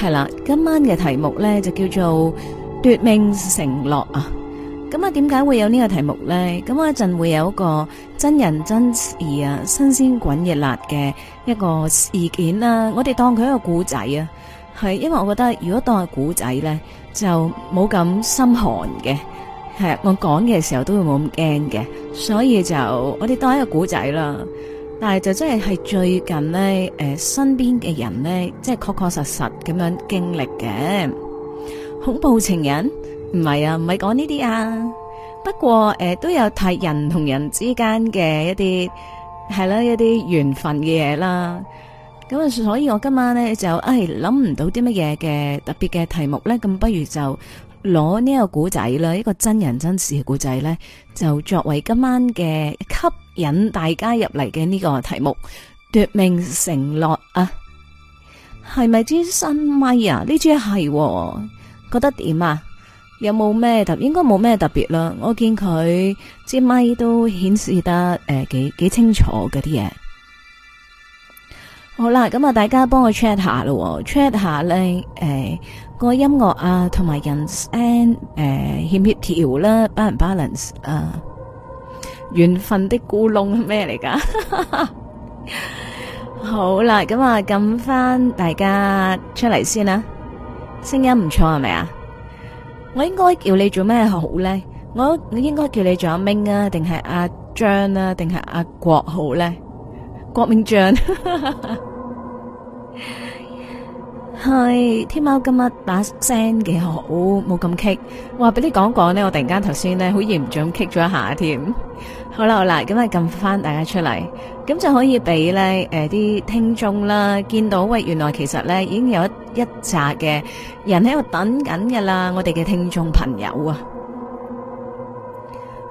係啦，今晚嘅題目呢就叫做《奪命承諾》啊！咁啊，點解會有呢個題目呢？咁我一陣會，會有一個真人真事啊，新鮮滾熱辣嘅一個事件啦。我哋當佢一個古仔啊，係因為我覺得如果當係古仔呢，就冇咁心寒嘅。係我講嘅時候都會冇咁驚嘅，所以就我哋當一個古仔啦。但係就真係係最近咧，誒、呃、身邊嘅人咧，即係確確實實咁樣經歷嘅恐怖情人，唔係啊，唔係講呢啲啊。不過誒、呃、都有睇人同人之間嘅一啲係、啊、啦，一啲緣分嘅嘢啦。咁啊，所以我今晚咧就誒諗唔到啲乜嘢嘅特別嘅題目咧，咁不如就。攞呢個古仔啦，一個真人真事嘅古仔咧，就作為今晚嘅吸引大家入嚟嘅呢個題目《奪命承諾》啊，係咪支新咪啊？呢支係，覺得點啊？有冇咩特？應該冇咩特別啦。我見佢支咪都顯示得誒幾幾清楚嗰啲嘢。好啦，咁啊，大家幫我 check 下咯。check 下咧，誒、呃。個音樂啊，同埋人聲誒，欠協調啦，balance balance 啊，緣分的孤窿咩嚟噶？好啦，咁啊，撳翻大家出嚟先啦，聲音唔錯係咪啊？我應該叫你做咩好咧？我我應該叫你做阿明啊，定係阿張啊，定係阿國好咧？國明張。係天貓，今日把聲幾好，冇咁 kick。我話俾你講講呢，我突然間頭先呢，好嚴重 kick 咗一下添。好啦好啦，咁啊撳翻大家出嚟，咁就可以俾咧誒啲聽眾啦，見到，喂，原來其實咧已經有一一紮嘅人喺度等緊噶啦，我哋嘅聽眾朋友啊。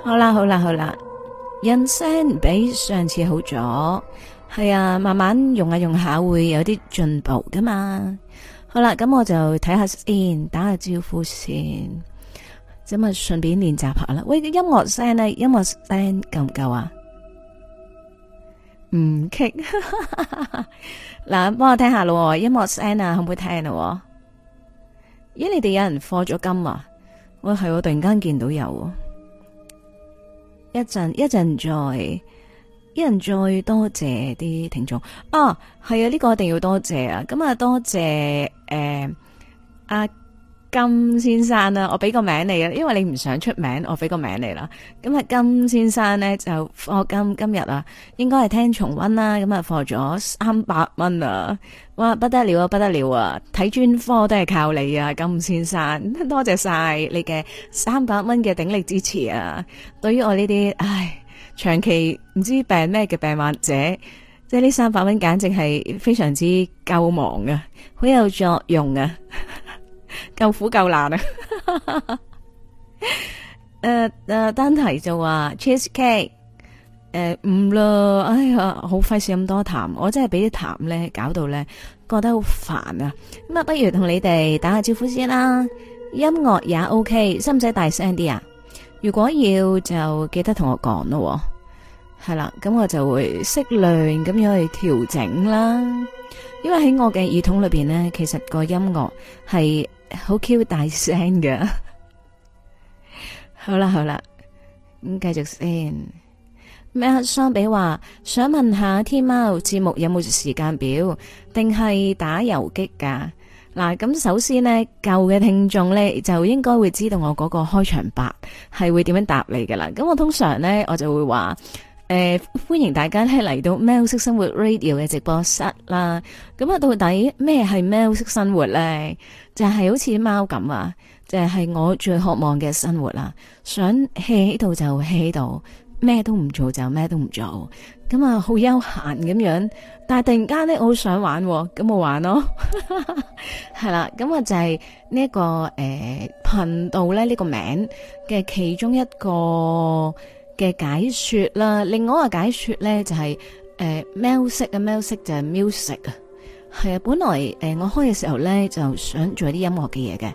好啦好啦好啦，人聲比上次好咗。係啊，慢慢用下用下會有啲進步噶嘛。好啦，咁我就睇下先看看，打下招呼先，咁啊順便練習下啦。喂，音樂聲呢？音樂聲夠唔夠啊？唔傾嗱，幫我聽下咯，音樂聲啊，可唔可以聽啊？咦、啊，你哋有人課咗金啊？喂，係我突然間見到有，一陣一陣再，一陣再多謝啲聽眾啊，係啊，呢、這個一定要多謝啊，咁啊多謝。誒，阿、uh, 金先生啦，我俾個名你啊，因為你唔想出名，我俾個名你啦。咁啊，金先生呢，就課金今日啊，應該係聽重溫啦。咁啊，課咗三百蚊啊，哇，不得了啊，不得了啊！睇專科都係靠你啊，金先生，多謝晒你嘅三百蚊嘅鼎力支持啊！對於我呢啲唉，長期唔知病咩嘅病患者。即係呢三百蚊，元簡直係非常之救亡啊！好有作用啊，救苦救難啊！誒 誒、呃呃，單提就話 cheesecake，誒唔咯，哎呀，好費事咁多痰，我真係俾啲痰咧搞到咧，覺得好煩啊！咁啊，不如同你哋打下招呼先啦。音樂也 OK，使唔使大聲啲啊？如果要就記得同我講咯。係啦，咁我就會適量咁樣去調整啦。因為喺我嘅耳筒裏邊呢，其實個音樂係好 Q 大聲嘅。 好啦好啦，咁繼續先。咩啊？相比話想問下天貓節目有冇時間表？定係打游擊噶？嗱，咁首先呢，舊嘅聽眾呢，就應該會知道我嗰個開場白係會點樣答你噶啦。咁我通常呢，我就會話。誒、呃，歡迎大家咧嚟到喵式生活 radio 嘅直播室啦。咁啊，到底咩係喵式生活咧？就係、是、好似貓咁啊，就係、是、我最渴望嘅生活啦。想 hea 喺度就 hea 喺度，咩都唔做就咩都唔做。咁啊，好悠閒咁樣。但係突然間咧，我好想玩、哦，咁我玩咯。係 啦，咁啊就係呢一個誒、呃、頻道咧呢、這個名嘅其中一個嘅解說啦，另外一個解說咧就係誒，music 嘅 music 就係 music 啊，係啊，本來誒、呃、我開嘅時候咧就想做一啲音樂嘅嘢嘅，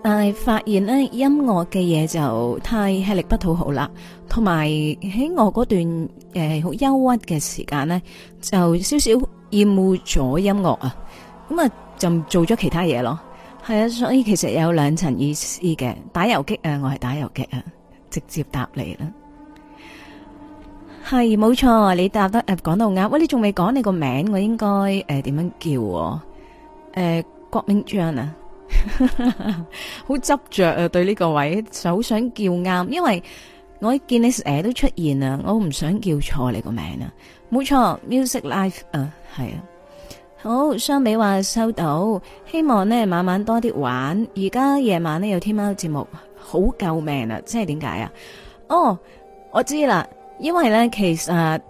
但係發現咧音樂嘅嘢就太吃力不討好啦，同埋喺我嗰段誒好憂鬱嘅時間咧，就少少厭惡咗音樂啊，咁啊就做咗其他嘢咯，係啊，所以其實有兩層意思嘅，打游擊啊、呃，我係打游擊啊。直接答你啦，係冇錯，你答得誒講到啱。喂，你仲未講你個名，我應該誒點樣叫我？誒、呃，郭明章啊，好執着啊，對呢個位，就好想叫啱，因為我見你成日都出現啊。我唔想叫錯你個名啊。冇錯，Music Life 啊，係啊，好相比話收到，希望呢慢慢多啲玩。而家夜晚咧有天貓節目。好救命啊！即係點解啊？哦，我知啦，因為咧，其實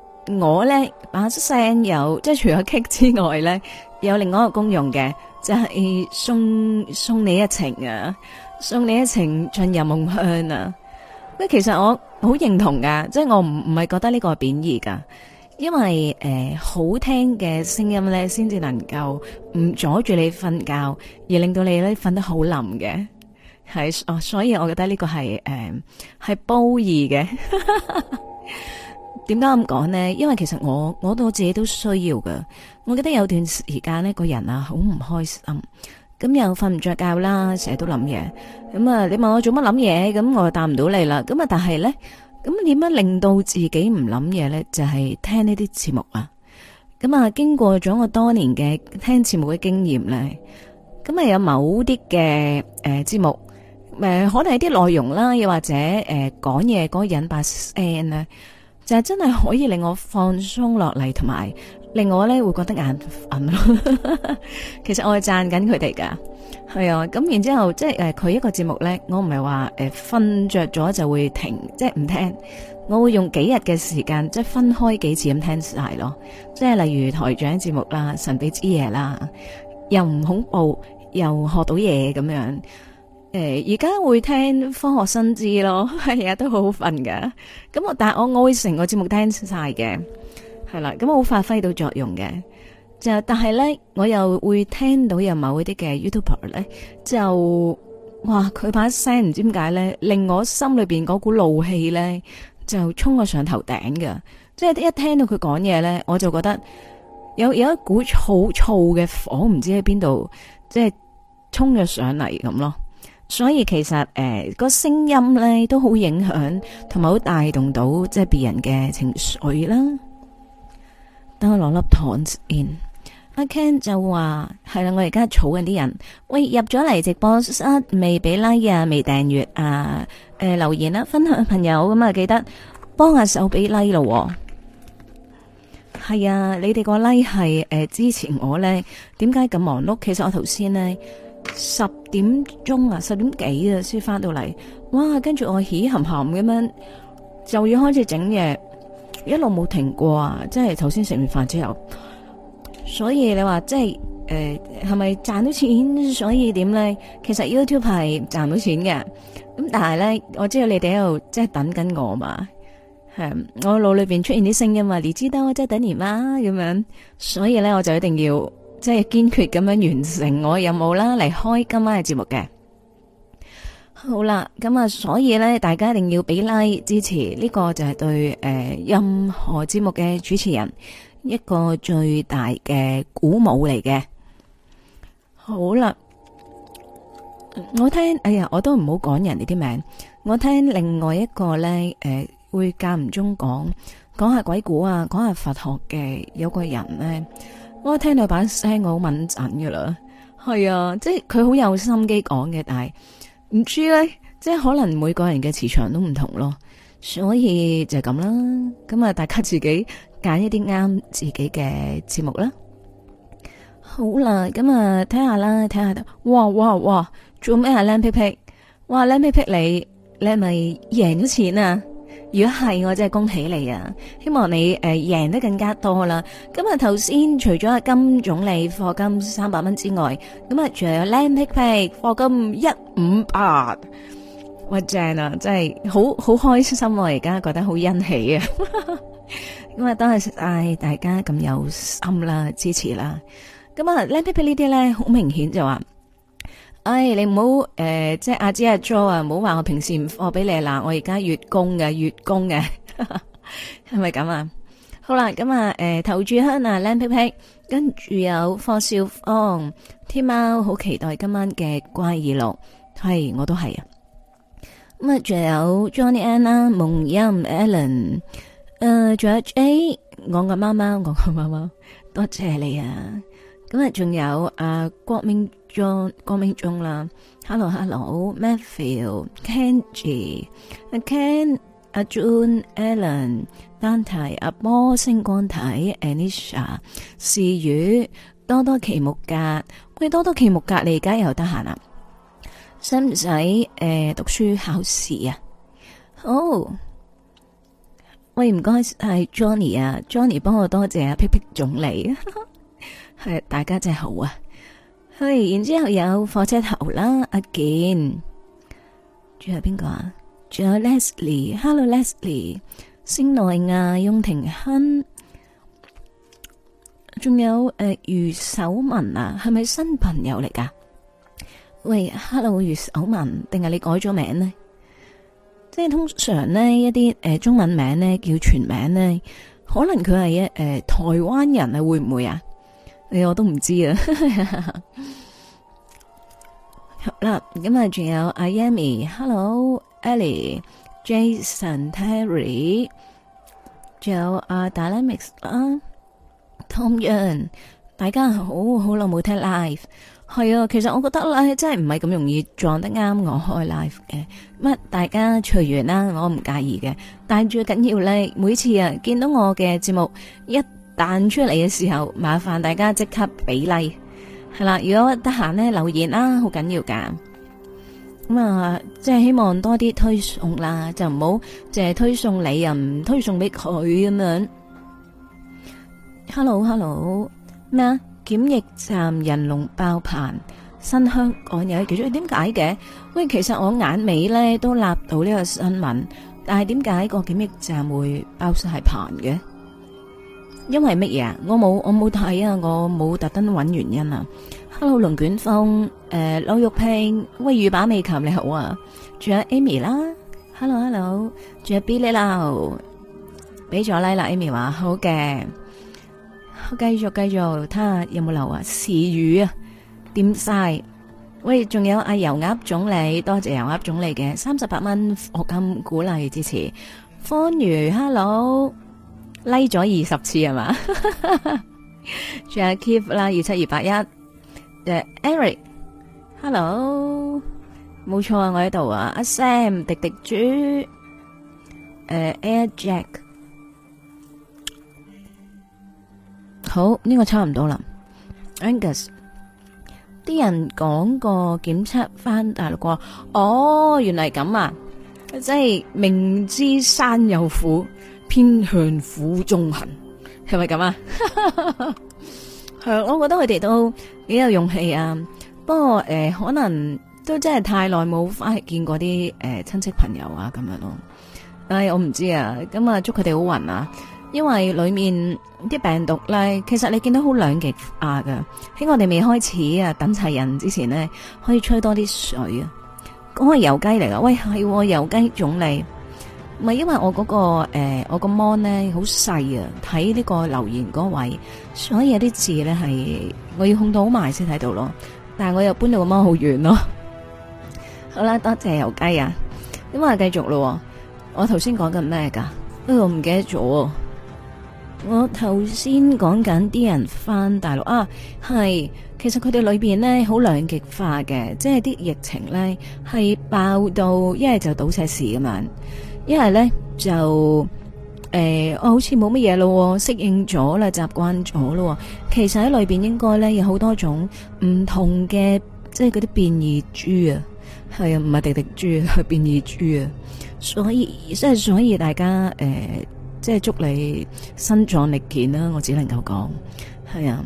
我咧把聲有，即係除咗 kick 之外咧，有另外一個功用嘅，就係、是、送送你一程啊，送你一程進入夢鄉啊！其實我好認同噶，即係我唔唔係覺得呢個係貶義噶，因為誒、呃、好聽嘅聲音咧，先至能夠唔阻住你瞓覺，而令到你咧瞓得好冧嘅。係哦，所以我覺得呢個係誒係褒義嘅。點解咁講呢？因為其實我我我自己都需要噶我記得有段時間呢個人啊好唔開心，咁又瞓唔着覺啦，成日都諗嘢。咁啊，你問我做乜諗嘢？咁我就答唔到你啦。咁啊，但係呢，咁點樣令到自己唔諗嘢呢？就係、是，聽呢啲節目啊。咁啊，經過咗我多年嘅聽節目嘅經驗呢，咁啊有某啲嘅誒節目。呃誒、呃，可能係啲內容啦，又或者誒講嘢嗰個人把聲咧，就係真係可以令我放鬆落嚟，同埋令我咧會覺得眼瞓咯。 其實我係讚緊佢哋噶，係啊。咁然之後即係誒，佢一個節目咧，我唔係話誒瞓着咗就會停，即係唔聽。我會用幾日嘅時間，即係分開幾次咁聽晒咯。即係例如台長節目啦、神秘之夜啦，又唔恐怖，又學到嘢咁樣。誒，而家會聽科學新知咯，係啊，都好好瞓噶。咁我但係我我會成個節目聽晒嘅，係啦。咁我發揮到作用嘅就，但係咧我又會聽到有某啲嘅 YouTuber 咧，就哇佢把聲，唔知點解咧，令我心裏邊嗰股怒氣咧就衝咗上頭頂嘅。即係一聽到佢講嘢咧，我就覺得有有一股好燥嘅火，唔知喺邊度，即係衝咗上嚟咁咯。所以其實誒、呃那個聲音咧都好影響，同埋好帶動到即係別人嘅情緒啦。等我攞粒糖先。阿 Ken、okay, 就話係啦，我而家草緊啲人，喂，入咗嚟直播室未俾 like 啊，未訂閱啊，誒、呃、留言啦、啊，分享朋友咁啊，記得幫下手俾 like 咯。係啊，你哋個 like 係誒支持我咧。點解咁忙碌？其實我頭先咧。十點鐘啊，十點幾啊先翻到嚟，哇！跟住我起含含咁樣就要開始整嘢，一路冇停過啊！即係頭先食完飯之後，所以你話即係誒係咪賺到錢？所以點咧？其實 YouTube 係賺到錢嘅，咁但係咧我知道你哋喺度即係等緊我嘛，係我腦裏邊出現啲聲音話，你知道我即係等你嘛咁樣，所以咧我就一定要。即係堅決咁樣完成我任務啦，嚟開今晚嘅節目嘅。好啦，咁啊，所以呢，大家一定要俾拉、like, 支持呢、這個就是，就係對誒任何節目嘅主持人一個最大嘅鼓舞嚟嘅。好啦，我聽，哎呀，我都唔好講人哋啲名，我聽另外一個呢，誒、呃，會間唔中講講下鬼故啊，講下佛學嘅，有個人呢。我聽到把聲，我好敏感噶啦。係啊，即係佢好有心機講嘅，但係唔知咧，即係可能每個人嘅磁場都唔同咯，所以就係咁啦。咁啊，大家自己揀一啲啱自己嘅節目啦。好啦，咁、嗯、啊，睇下啦，睇下，哇哇哇，做咩啊，靚皮皮，哇靚皮皮，你你係咪贏咗錢啊！如果係，我真係恭喜你啊！希望你誒贏、呃、得更加多啦。咁啊，頭先除咗阿金總理課金三百蚊之外，咁啊，仲有 land pick pick 課金一五八，哇正啊！真係好好開心，我而家覺得好欣喜啊！咁 啊，多謝大家咁有心啦，支持啦。咁啊，land pick pick 呢啲咧，好明顯就話。哎，你唔好誒，即係阿姐阿 Jo 啊，唔好話我平時唔貨俾你嗱，我而家月供嘅月供嘅，係咪咁啊？好啦，咁啊，誒，投住香啊，靚皮皮，跟住有霍少方，天貓好期待今晚嘅怪異錄，係我都係啊。咁啊，仲有 Johnny Anna 啦，夢音 Alan 誒，George A，我個貓貓，我個貓貓，多謝你啊！咁啊，仲有啊，郭明仲，郭明仲啦，Hello，Hello，Matthew，Kenji，阿 Ken，阿 John，Ellen，丹提，阿波，星光睇，Anisha，是雨，多多奇木格，喂，多多奇木格，你而家又得閒啊？使唔使誒讀書考試啊？好，喂，唔該係 Johnny 啊，Johnny，幫我多謝阿辟辟總理。.係大家真係好啊！係，然之後有火車頭啦，阿健，仲有邊個啊？仲有 Leslie，Hello Leslie，星奈亞，雍廷亨，仲有誒余守文啊？係咪新朋友嚟噶？喂，Hello 余守文，定係你改咗名呢？即係通常呢，一啲誒、呃、中文名呢叫全名呢，可能佢係一誒台灣人啊？會唔會啊？你我都唔知啊！ 嗱，咁啊，仲有 Yami，Hello，Ellie，Jason，Terry，仲有阿 Dynamics 啊，Tommy，大家好好耐冇聽 live，係啊，其實我覺得咧，真係唔係咁容易撞得啱我開 live 嘅。乜大家隨緣啦，我唔介意嘅。但係最緊要咧，like，每次啊見到我嘅節目一。彈出嚟嘅時候，麻煩大家即刻俾例、like。係啦。如果得閒呢，留言啦，好緊要噶。咁啊，即係希望多啲推送啦，就唔好淨係推送你，又唔推送俾佢咁樣。Hello，Hello，咩 hello，啊？檢疫站人龍爆棚，新香港又係點解嘅？喂，其實我眼尾咧都立到呢個新聞，但係點解個檢疫站會爆晒棚嘅？因為乜嘢啊？我冇我冇睇啊！我冇特登揾原因啊！Hello 龍捲風，誒、呃，柳玉平，喂，魚把未求你好啊！仲有 Amy 啦，Hello Hello，仲有 Billy 啦，俾咗拉啦，Amy 話好嘅，繼續繼續，睇下有冇流啊？是雨啊，點晒？喂，仲有阿、啊、油鴨總理，多謝油鴨總理嘅三十八蚊學金鼓勵支持，歡愉 Hello。拉咗二十次係嘛？仲有 Keep 啦，二七二八一。誒，Eric，Hello，冇錯啊，我喺度啊。阿 Sam，迪迪豬。誒、uh,，Air Jack，好，呢、這個差唔多啦。Angus，啲人講過檢測翻大陸過哦，原來咁啊，即係明知山有虎，偏向苦中行，係咪咁啊？係， 我覺得佢哋都幾有勇氣啊。不過誒、呃，可能都真係太耐冇翻去見過啲誒、呃、親戚朋友啊咁樣咯。但係我唔知啊。咁、嗯、啊，祝佢哋好運啊！因為裏面啲病毒咧，其實你見到好兩極壓噶。喺我哋未開始啊等齊人之前呢，可以吹多啲水啊。嗰個油雞嚟噶，喂係、哦、油雞總理。唔係，因為我嗰、嗰個誒、欸，我個芒 o 咧好細啊，睇呢個留言嗰位，所以有啲字咧係我要控到好埋先睇到咯。但係我又搬到個芒 好遠咯。好啦，多謝油雞啊。咁我係繼續咯。我頭先講緊咩噶誒，我唔記得咗。我頭先講緊啲人翻大陸啊，係其實佢哋裏邊咧好兩極化嘅，即係啲疫情咧係爆到一係就倒車事咁樣。一係咧就誒，我、欸哦、好似冇乜嘢咯，適應咗啦，習慣咗咯。其實喺裏邊應該咧有好多種唔同嘅，即係嗰啲變異豬啊，係啊，唔係滴滴豬，係變異豬啊。所以即係所以大家誒、欸，即係祝你身壯力健啦。我只能夠講係啊。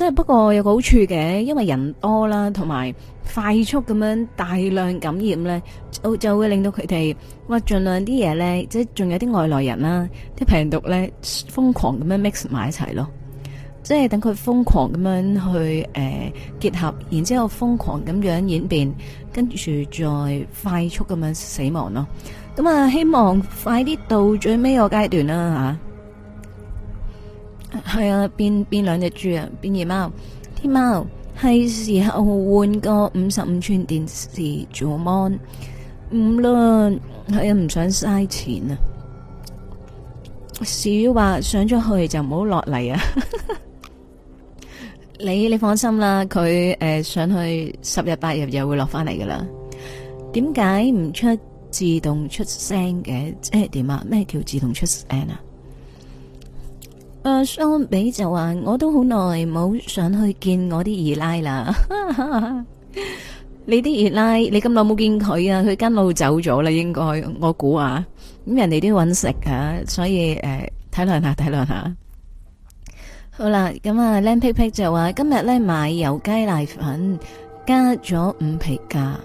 即係不過有個好處嘅，因為人多啦，同埋快速咁樣大量感染呢，就就會令到佢哋話盡量啲嘢呢，即係仲有啲外來人啦，啲病毒呢，瘋狂咁樣 mix 埋一齊咯，即係等佢瘋狂咁樣去誒、呃、結合，然之後瘋狂咁樣演變，跟住再快速咁樣死亡咯。咁、嗯、啊，希望快啲到最尾個階段啦吓。啊係啊，邊邊兩隻豬啊，邊二貓，天貓係時候換個五十五吋電視做 mon，唔論係唔想嘥錢啊，小話上咗去就唔好落嚟啊！ 你你放心啦，佢誒、呃、上去十日八日又會落翻嚟噶啦。點解唔出自動出聲嘅？即係點啊？咩叫自動出聲啊？s 誒，阿 Son 比就話，我都好耐冇上去見我啲二奶啦。哈 哈你啲二奶，你咁耐冇見佢啊？佢跟路走咗啦，應該我估啊。咁、嗯、人哋都要揾食噶、啊，所以誒、呃，體諒下，體諒下。好啦，咁啊，靚皮皮就話今日呢買油雞瀨粉，加咗五皮架。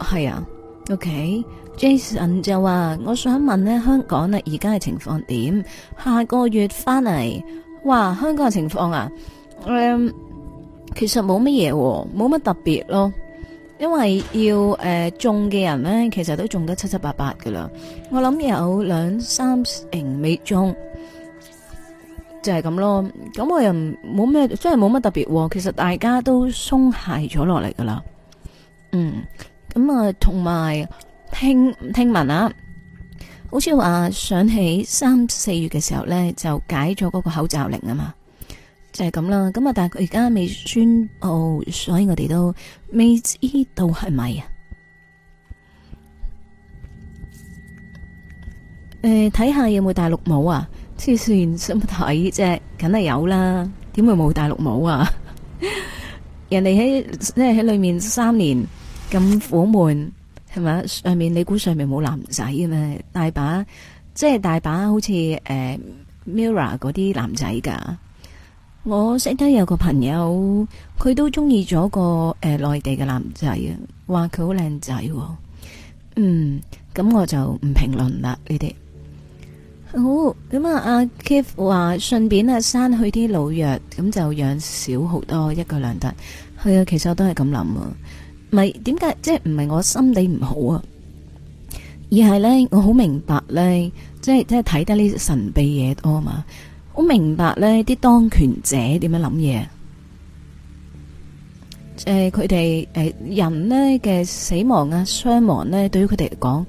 係啊，OK。Jason 就話，我想問咧，香港咧而家嘅情況點？下個月翻嚟。哇，香港嘅情況啊、嗯，其實冇乜嘢，冇乜特別咯。因為要誒、呃、種嘅人咧，其實都種得七七八八噶啦。我諗有兩三成未種，就係、是、咁咯。咁我又冇咩，真係冇乜特別。其實大家都鬆懈咗落嚟噶啦。嗯，咁、嗯、啊，同埋。聽聽聞啊，好似話想起三四月嘅時候呢，就解咗嗰個口罩令啊嘛，就係、是、咁啦。咁啊，但係佢而家未宣布，所以我哋都未知道係咪啊？誒、呃，睇下有冇大陸帽啊？之前想睇啫，梗係有啦。點會冇大陸帽啊？人哋喺即係喺裏面三年咁苦悶。係嘛？上面你估上面冇男仔嘅咩？大把，即係大把，好似誒、欸、Mirror 嗰啲男仔噶。我識得有個朋友，佢都中意咗個誒內、呃、地嘅男仔啊，話佢好靚仔喎。嗯，咁我就唔評論啦呢啲。好，咁啊，阿 Keith 話順便啊刪去啲老弱，咁就養少好多，一個兩得。」係啊，其實我都係咁諗。唔係，點解？即係唔係我心理唔好啊？而係咧，我好明白咧，即係即係睇得呢神秘嘢多啊嘛。好明白咧，啲當權者點樣諗嘢，誒，佢哋誒人呢嘅死亡啊、傷亡咧，對於佢哋嚟講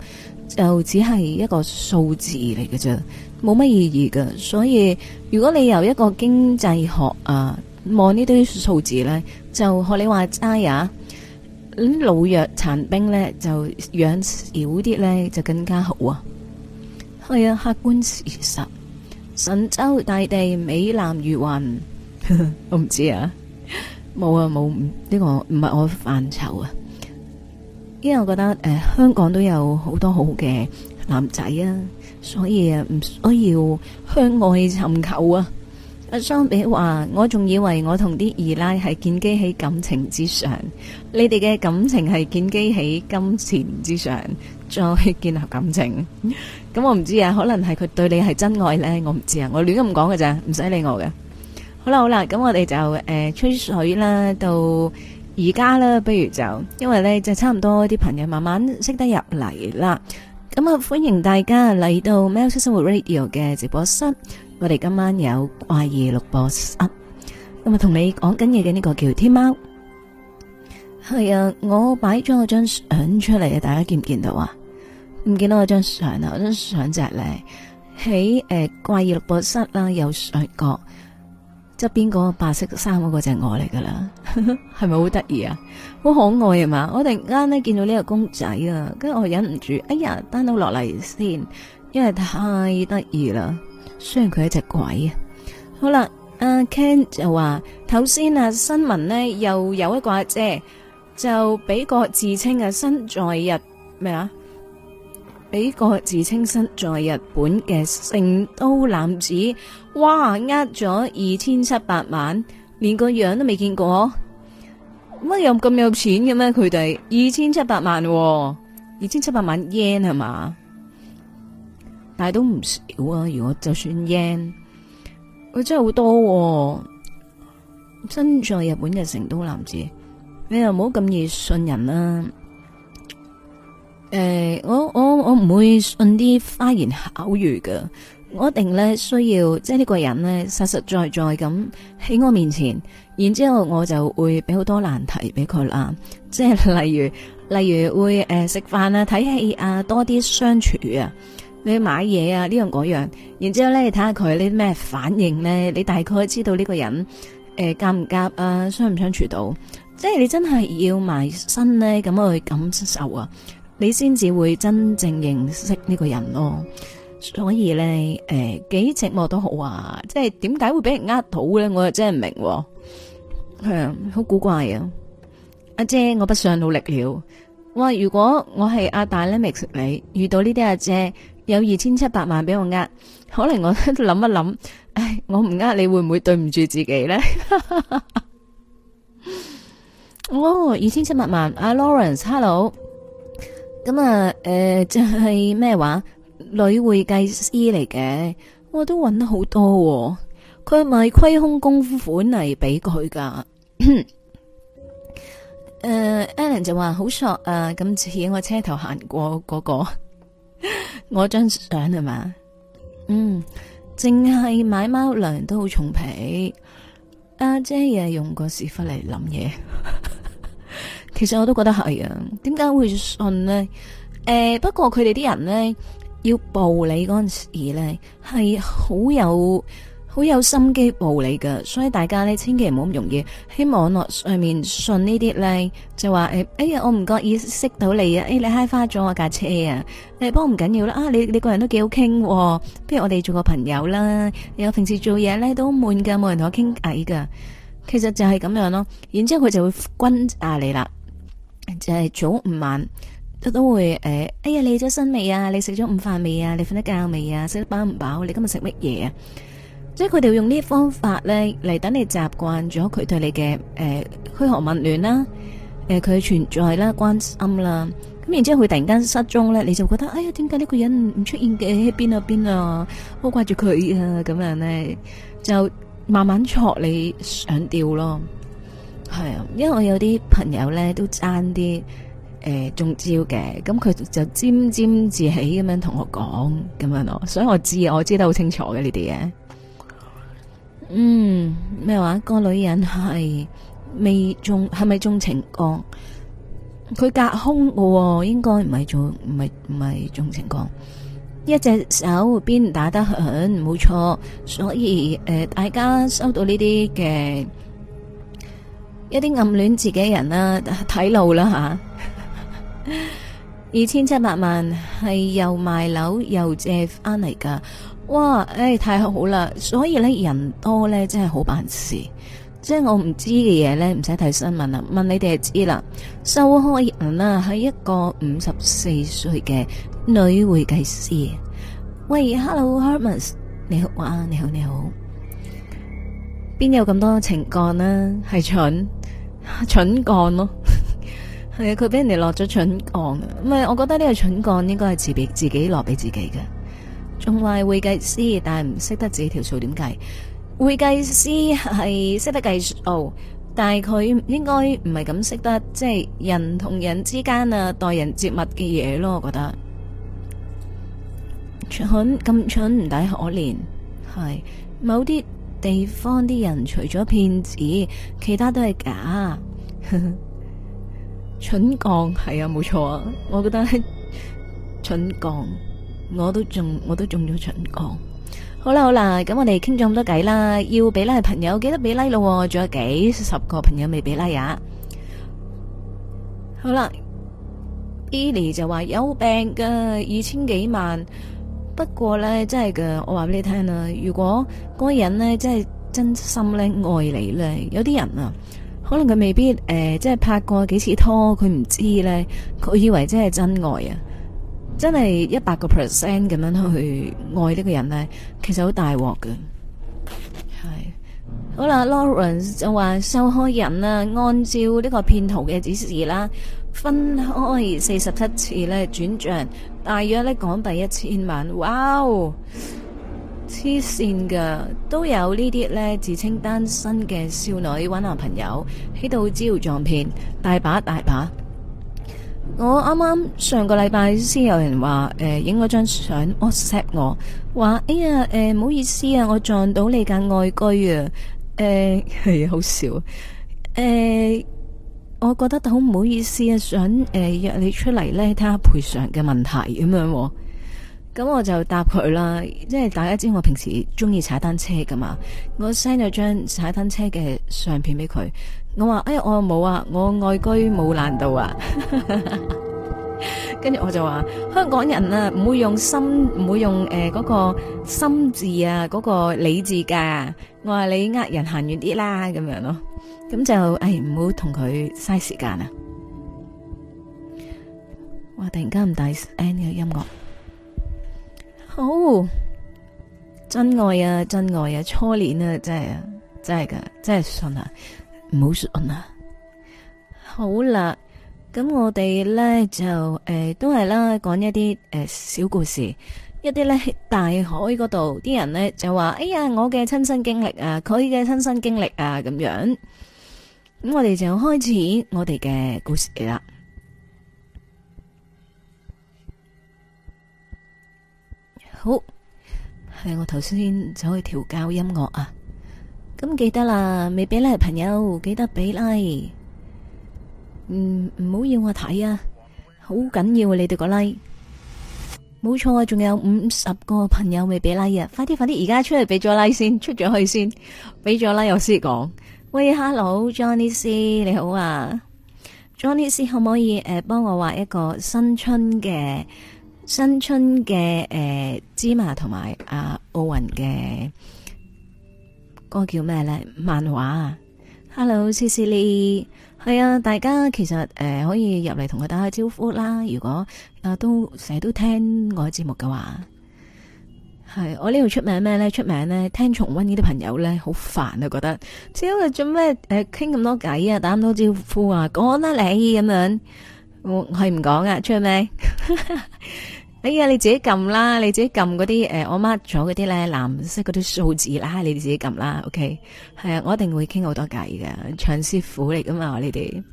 就只係一個數字嚟嘅啫，冇乜意義噶。所以如果你由一個經濟學啊，望呢堆數字咧，就學你話齋啊。啲老弱殘兵咧就養少啲咧就更加好啊！係啊，客觀事實。神州大地美男如雲，呵呵，我唔知啊，冇啊冇，呢個唔係我範疇啊。因為我覺得誒、呃、香港都有好多好嘅男仔啊，所以啊唔需要向外尋求啊。相比話，我仲以為我同啲二奶係建基喺感情之上，你哋嘅感情係建基喺金錢之上，再建立感情。咁我唔知啊，可能係佢對你係真愛呢，我唔知啊，我亂咁講嘅咋，唔使理我嘅。好啦好啦，咁我哋就誒吹水啦，到而家啦，不如就因為呢，就差唔多啲朋友慢慢識得入嚟啦。咁啊，歡迎大家嚟到喵式生活 Radio 嘅直播室。我哋今晚有怪異錄播室，咁啊同你講緊嘢嘅呢個叫天貓。係啊，我擺咗我張相出嚟啊，大家見唔見到,見到、就是呃、啊？唔見到我張相 啊？我張相只咧喺誒怪異錄播室啦，右上角側邊嗰個白色衫嗰個隻我嚟噶啦，係咪好得意啊？好可愛啊嘛！我突然間咧見到呢個公仔啊，跟住我忍唔住，哎呀，download 落嚟先，因為太得意啦。雖然佢係一隻鬼了啊，好啦，阿 Ken 就話頭先啊新聞呢又有一個阿姐就俾個自稱嘅身在日咩啊？俾個自稱身在日本嘅聖都男子，哇，呃咗二千七百萬，連個樣都未見過，乜又咁有錢嘅咩？佢哋二千七百萬，哦，二千七百萬 yen 係嘛？是但係都唔少啊！如果就算 y o n 佢真係好多喎、啊。身在日本嘅成都男子，你又唔好咁易信人啦、啊。誒、欸，我我我唔會信啲花言巧語嘅，我一定咧需要即係呢個人咧實實在在咁喺我面前，然之後我就會俾好多難題俾佢啦。即係例如例如會誒食飯啊、睇戲啊、多啲相處啊。你去買嘢啊，呢樣嗰樣，然之後咧，你睇下佢啲咩反應咧，你大概知道呢個人誒夾唔夾啊，相唔相處到。即係你真係要埋身咧，咁去感受啊，你先至會真正認識呢個人咯、啊。所以咧，誒、呃、幾寂寞都好啊。即係點解會俾人呃到咧？我又真係唔明，係啊，好古怪啊。阿姐，我不想努力了。喂，如果我係阿大咧 meet 你遇到呢啲阿姐。有二千七百萬俾我呃，可能我諗一諗，唉，我唔呃，你會唔會對唔住自己呢？ 哦，二千七百萬，阿 Lawrence，hello，咁啊，誒，即係咩話？女會計師嚟嘅，我、哦、都揾得好多、哦。佢係咪虧空公款嚟俾佢噶？誒、 呃、，Alan 就話好索啊，咁似我車頭行過嗰、嗰個。 我張相係嘛，嗯，淨係買貓糧都好重皮，阿姐又用個屎忽嚟諗嘢， 其實我都覺得係啊，點解會信呢？誒、欸，不過佢哋啲人呢，要暴你嗰陣時咧，係好有。好有心機暴你噶，所以大家咧千祈唔好咁容易喺網絡上面信呢啲咧，就話誒，哎呀，我唔覺意識到你啊，誒，你揩花咗我架車啊，誒，不過唔緊要啦，啊，你你個人都幾好傾，不如我哋做個朋友啦。又平時做嘢咧都悶噶，冇人同我傾偈噶。其實就係咁樣咯，然之後佢就會跟下你啦，就係早午晚都都會誒，哎呀，你咗身未啊？你食咗午飯未啊？你瞓得覺未啊？食得飽唔飽？你今日食乜嘢啊？即係佢哋用呢啲方法咧嚟，等你習慣咗佢對你嘅誒噓寒問暖啦，誒、呃、佢存在啦關心啦，咁然之後佢突然間失蹤咧，你就覺得哎呀，點解呢個人唔出現嘅，喺邊啊邊啊，好掛住佢啊咁、啊、樣咧，就慢慢戳你上吊咯，係啊，因為我有啲朋友咧都爭啲誒中招嘅，咁佢就沾沾自喜咁樣同我講咁樣咯，所以我知，我知得好清楚嘅呢啲嘢。嗯，咩話？個女人係未中，係咪中情降？佢隔空喎，應該唔係中，唔係唔係中情降。一隻手邊打得響，冇錯。所以誒、呃，大家收到呢啲嘅一啲暗戀自己人啦，睇路啦吓、啊。二千七百萬係又賣樓又借翻嚟噶。哇，誒、哎，太好啦！所以咧，人多咧，真係好辦事。即係我唔知嘅嘢咧，唔使睇新聞啦，問你哋就知啦。受害人啊，係一個五十四歲嘅女會計師。喂，Hello，Hermes，你好啊，你好你好。邊有咁多情乾呢、啊？係蠢，啊、蠢乾咯。係啊，佢俾人哋落咗蠢乾啊。唔係，我覺得呢個蠢乾應該係自俾自己落俾自己嘅。仲話會計師，但係唔識得自己條數點計。會計師係識得計數，但係佢應該唔係咁識得，即係人同人之間啊，待人接物嘅嘢咯。我覺得蠢咁蠢，唔抵可憐。係某啲地方啲人，除咗騙子，其他都係假。 蠢戇係啊，冇錯啊，我覺得蠢戇。我都中，我都中咗七個。好啦，好啦，咁我哋傾咗咁多偈啦，要俾拉嘅朋友記得俾拉、like 咯，仲有幾十個朋友未俾拉呀。好啦，Eli l 就話有病㗎二千幾萬，不過呢，真係㗎，我話俾你聽啦，如果嗰個人呢，真係真心咧愛你呢。有啲人啊，可能佢未必誒，即、呃、係拍過幾次拖，佢唔知呢，佢以為真係真愛啊。真係一百個 percent 咁樣去愛呢個人呢，其實好大鑊嘅。係好啦，Lawrence 就話受害人啊，按照呢個騙徒嘅指示啦，分開四十七次呢轉賬，大約呢港幣一千萬。哇！黐綫噶，都有呢啲呢，自稱單身嘅少女搵男朋友喺度招搖撞騙，大把大把。我啱啱上個禮拜先有人話誒，影、呃、咗張相，WhatsApp 我話，哎呀，誒、呃，唔好意思啊，我撞到你架外居啊，誒、呃，係、哎、好笑，誒、呃，我覺得好唔好意思啊，想誒、呃、約你出嚟呢，睇下賠償嘅問題咁樣，哦，咁我就答佢啦，即係大家知我平時中意踩單車噶嘛，我 send 咗張踩單車嘅相片俾佢。我話哎呀，我冇啊，我外居冇難度啊，跟住我就話香港人啊，唔會用心，唔會用誒嗰個心字啊，嗰個理字噶。我話你呃人行遠啲啦，咁樣咯，咁就誒唔好同佢嘥時間啊。哇突然間唔帶 any 嘅音樂，好真愛啊，真愛啊，初戀啊，真係啊，真係噶，真係信啊。唔好說啊！好啦，咁我哋呢就誒，都係啦，講一啲誒小故事，一啲呢大海嗰度啲人呢就話：哎呀，我嘅親身經歷啊，佢嘅親身經歷啊，咁樣。咁我哋就開始我哋嘅故事啦。好，係我頭先走去調教音樂啊。咁記得啦，未俾 like 朋友記得俾 like，唔唔好要我睇啊！好緊要啊！你對個 like，冇錯啊！仲有五十個朋友未俾 like 呀！快啲快啲，而家出嚟，俾咗 like 先，出咗去先，俾咗 like 我先講。喂，Hello，Johnny C，你好啊，Johnny C，可唔可以誒、呃、幫我畫一個新春嘅新春嘅誒、呃、芝麻同埋阿奧運嘅？嗰個叫咩咧？漫畫啊！Hello，Cecily 係啊！大家其實誒、呃、可以入嚟同佢打下招呼啦。如果啊、呃、都成日都聽我嘅節目嘅話，係我呢度出名咩咧？出名咧聽重温呢啲朋友咧好煩啊，覺得，只要佢做咩誒傾咁多偈啊，打唔到招呼啊，講啦你咁樣，我係唔講啊，出咩？ 哎呀，你自己撳啦，你自己撳嗰啲誒，我 mark 咗嗰啲咧藍色嗰啲數字啦，你哋自己撳啦，OK。係啊，我一定會傾好多偈嘅，唱師傅嚟噶嘛，你哋。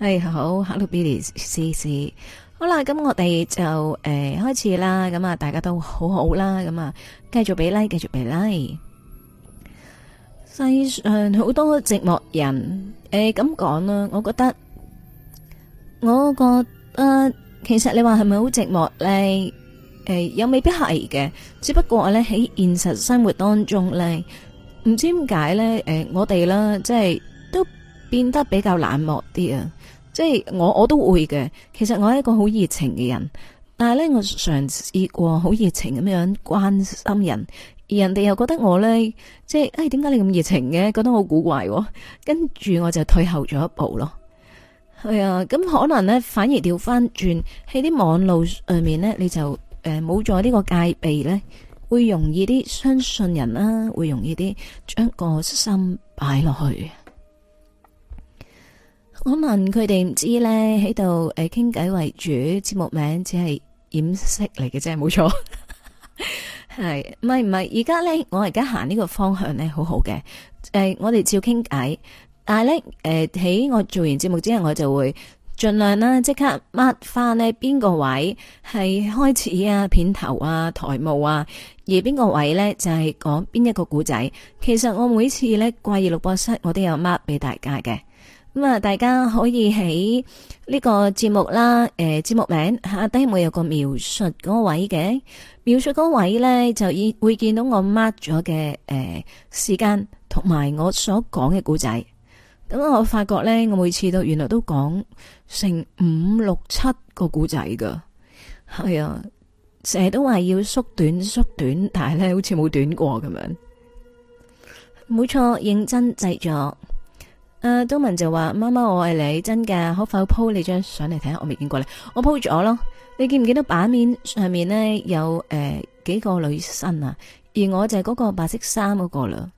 係好，Hello，Billy，CC。好啦，咁、嗯、我哋就誒、呃、開始啦，咁、嗯、啊，大家都好好啦，咁、嗯、啊，繼續俾 like，繼續俾 like。世上好多寂寞人，誒咁講啦，我覺得，我覺得。其實你話係咪好寂寞呢？誒，又未必係嘅，只不過呢喺現實生活當中呢，唔知點解呢，誒，我哋啦，即係都變得比較冷漠啲啊！即係我我都會嘅，其實我係一個好熱情嘅人，但係呢，我嘗試過好熱情咁樣關心人，而人哋又覺得我呢，即係誒，點解你咁熱情嘅？覺得我好古怪哦，跟住我就退後咗一步咯。係啊，咁可能咧，反而調翻轉喺啲網路上面咧，你就誒冇咗呢個戒備咧，會容易啲相信人啦，會容易啲將個心擺落去。可能佢哋唔知咧，喺度誒傾偈為主，節目名只係掩飾嚟嘅啫，冇錯。係， 唔係唔係，而家咧，我而家行呢個方向咧，好好嘅。誒、呃，我哋照傾偈。但係咧，誒、呃，喺我做完節目之後，我就會盡量啦、啊、即刻 mark 翻，呢邊個位係開始啊，片頭啊，台務啊，而邊個位咧就係、是、講邊一個古仔。其實我每次咧怪異錄播室，我都有 mark 俾大家嘅。咁、嗯、啊，大家可以喺呢個節目啦，誒、呃，節目名下低下會有個描述嗰位嘅描述嗰位咧，就以會見到我 mark 咗嘅誒時間同埋我所講嘅古仔。咁我發覺呢，我每次都原來都講成五六七個故仔噶，係、哎、啊，成日都話要縮短縮短，但係呢，好似冇短過咁樣。冇錯，認真製作。誒、啊，東文就話，媽媽我愛你，真㗎，可否鋪你張相嚟睇下？我未見過你，我鋪咗咯。你見唔見到版面上面呢？有誒、呃、幾個女生啊？而我就係嗰個白色衫嗰個啦，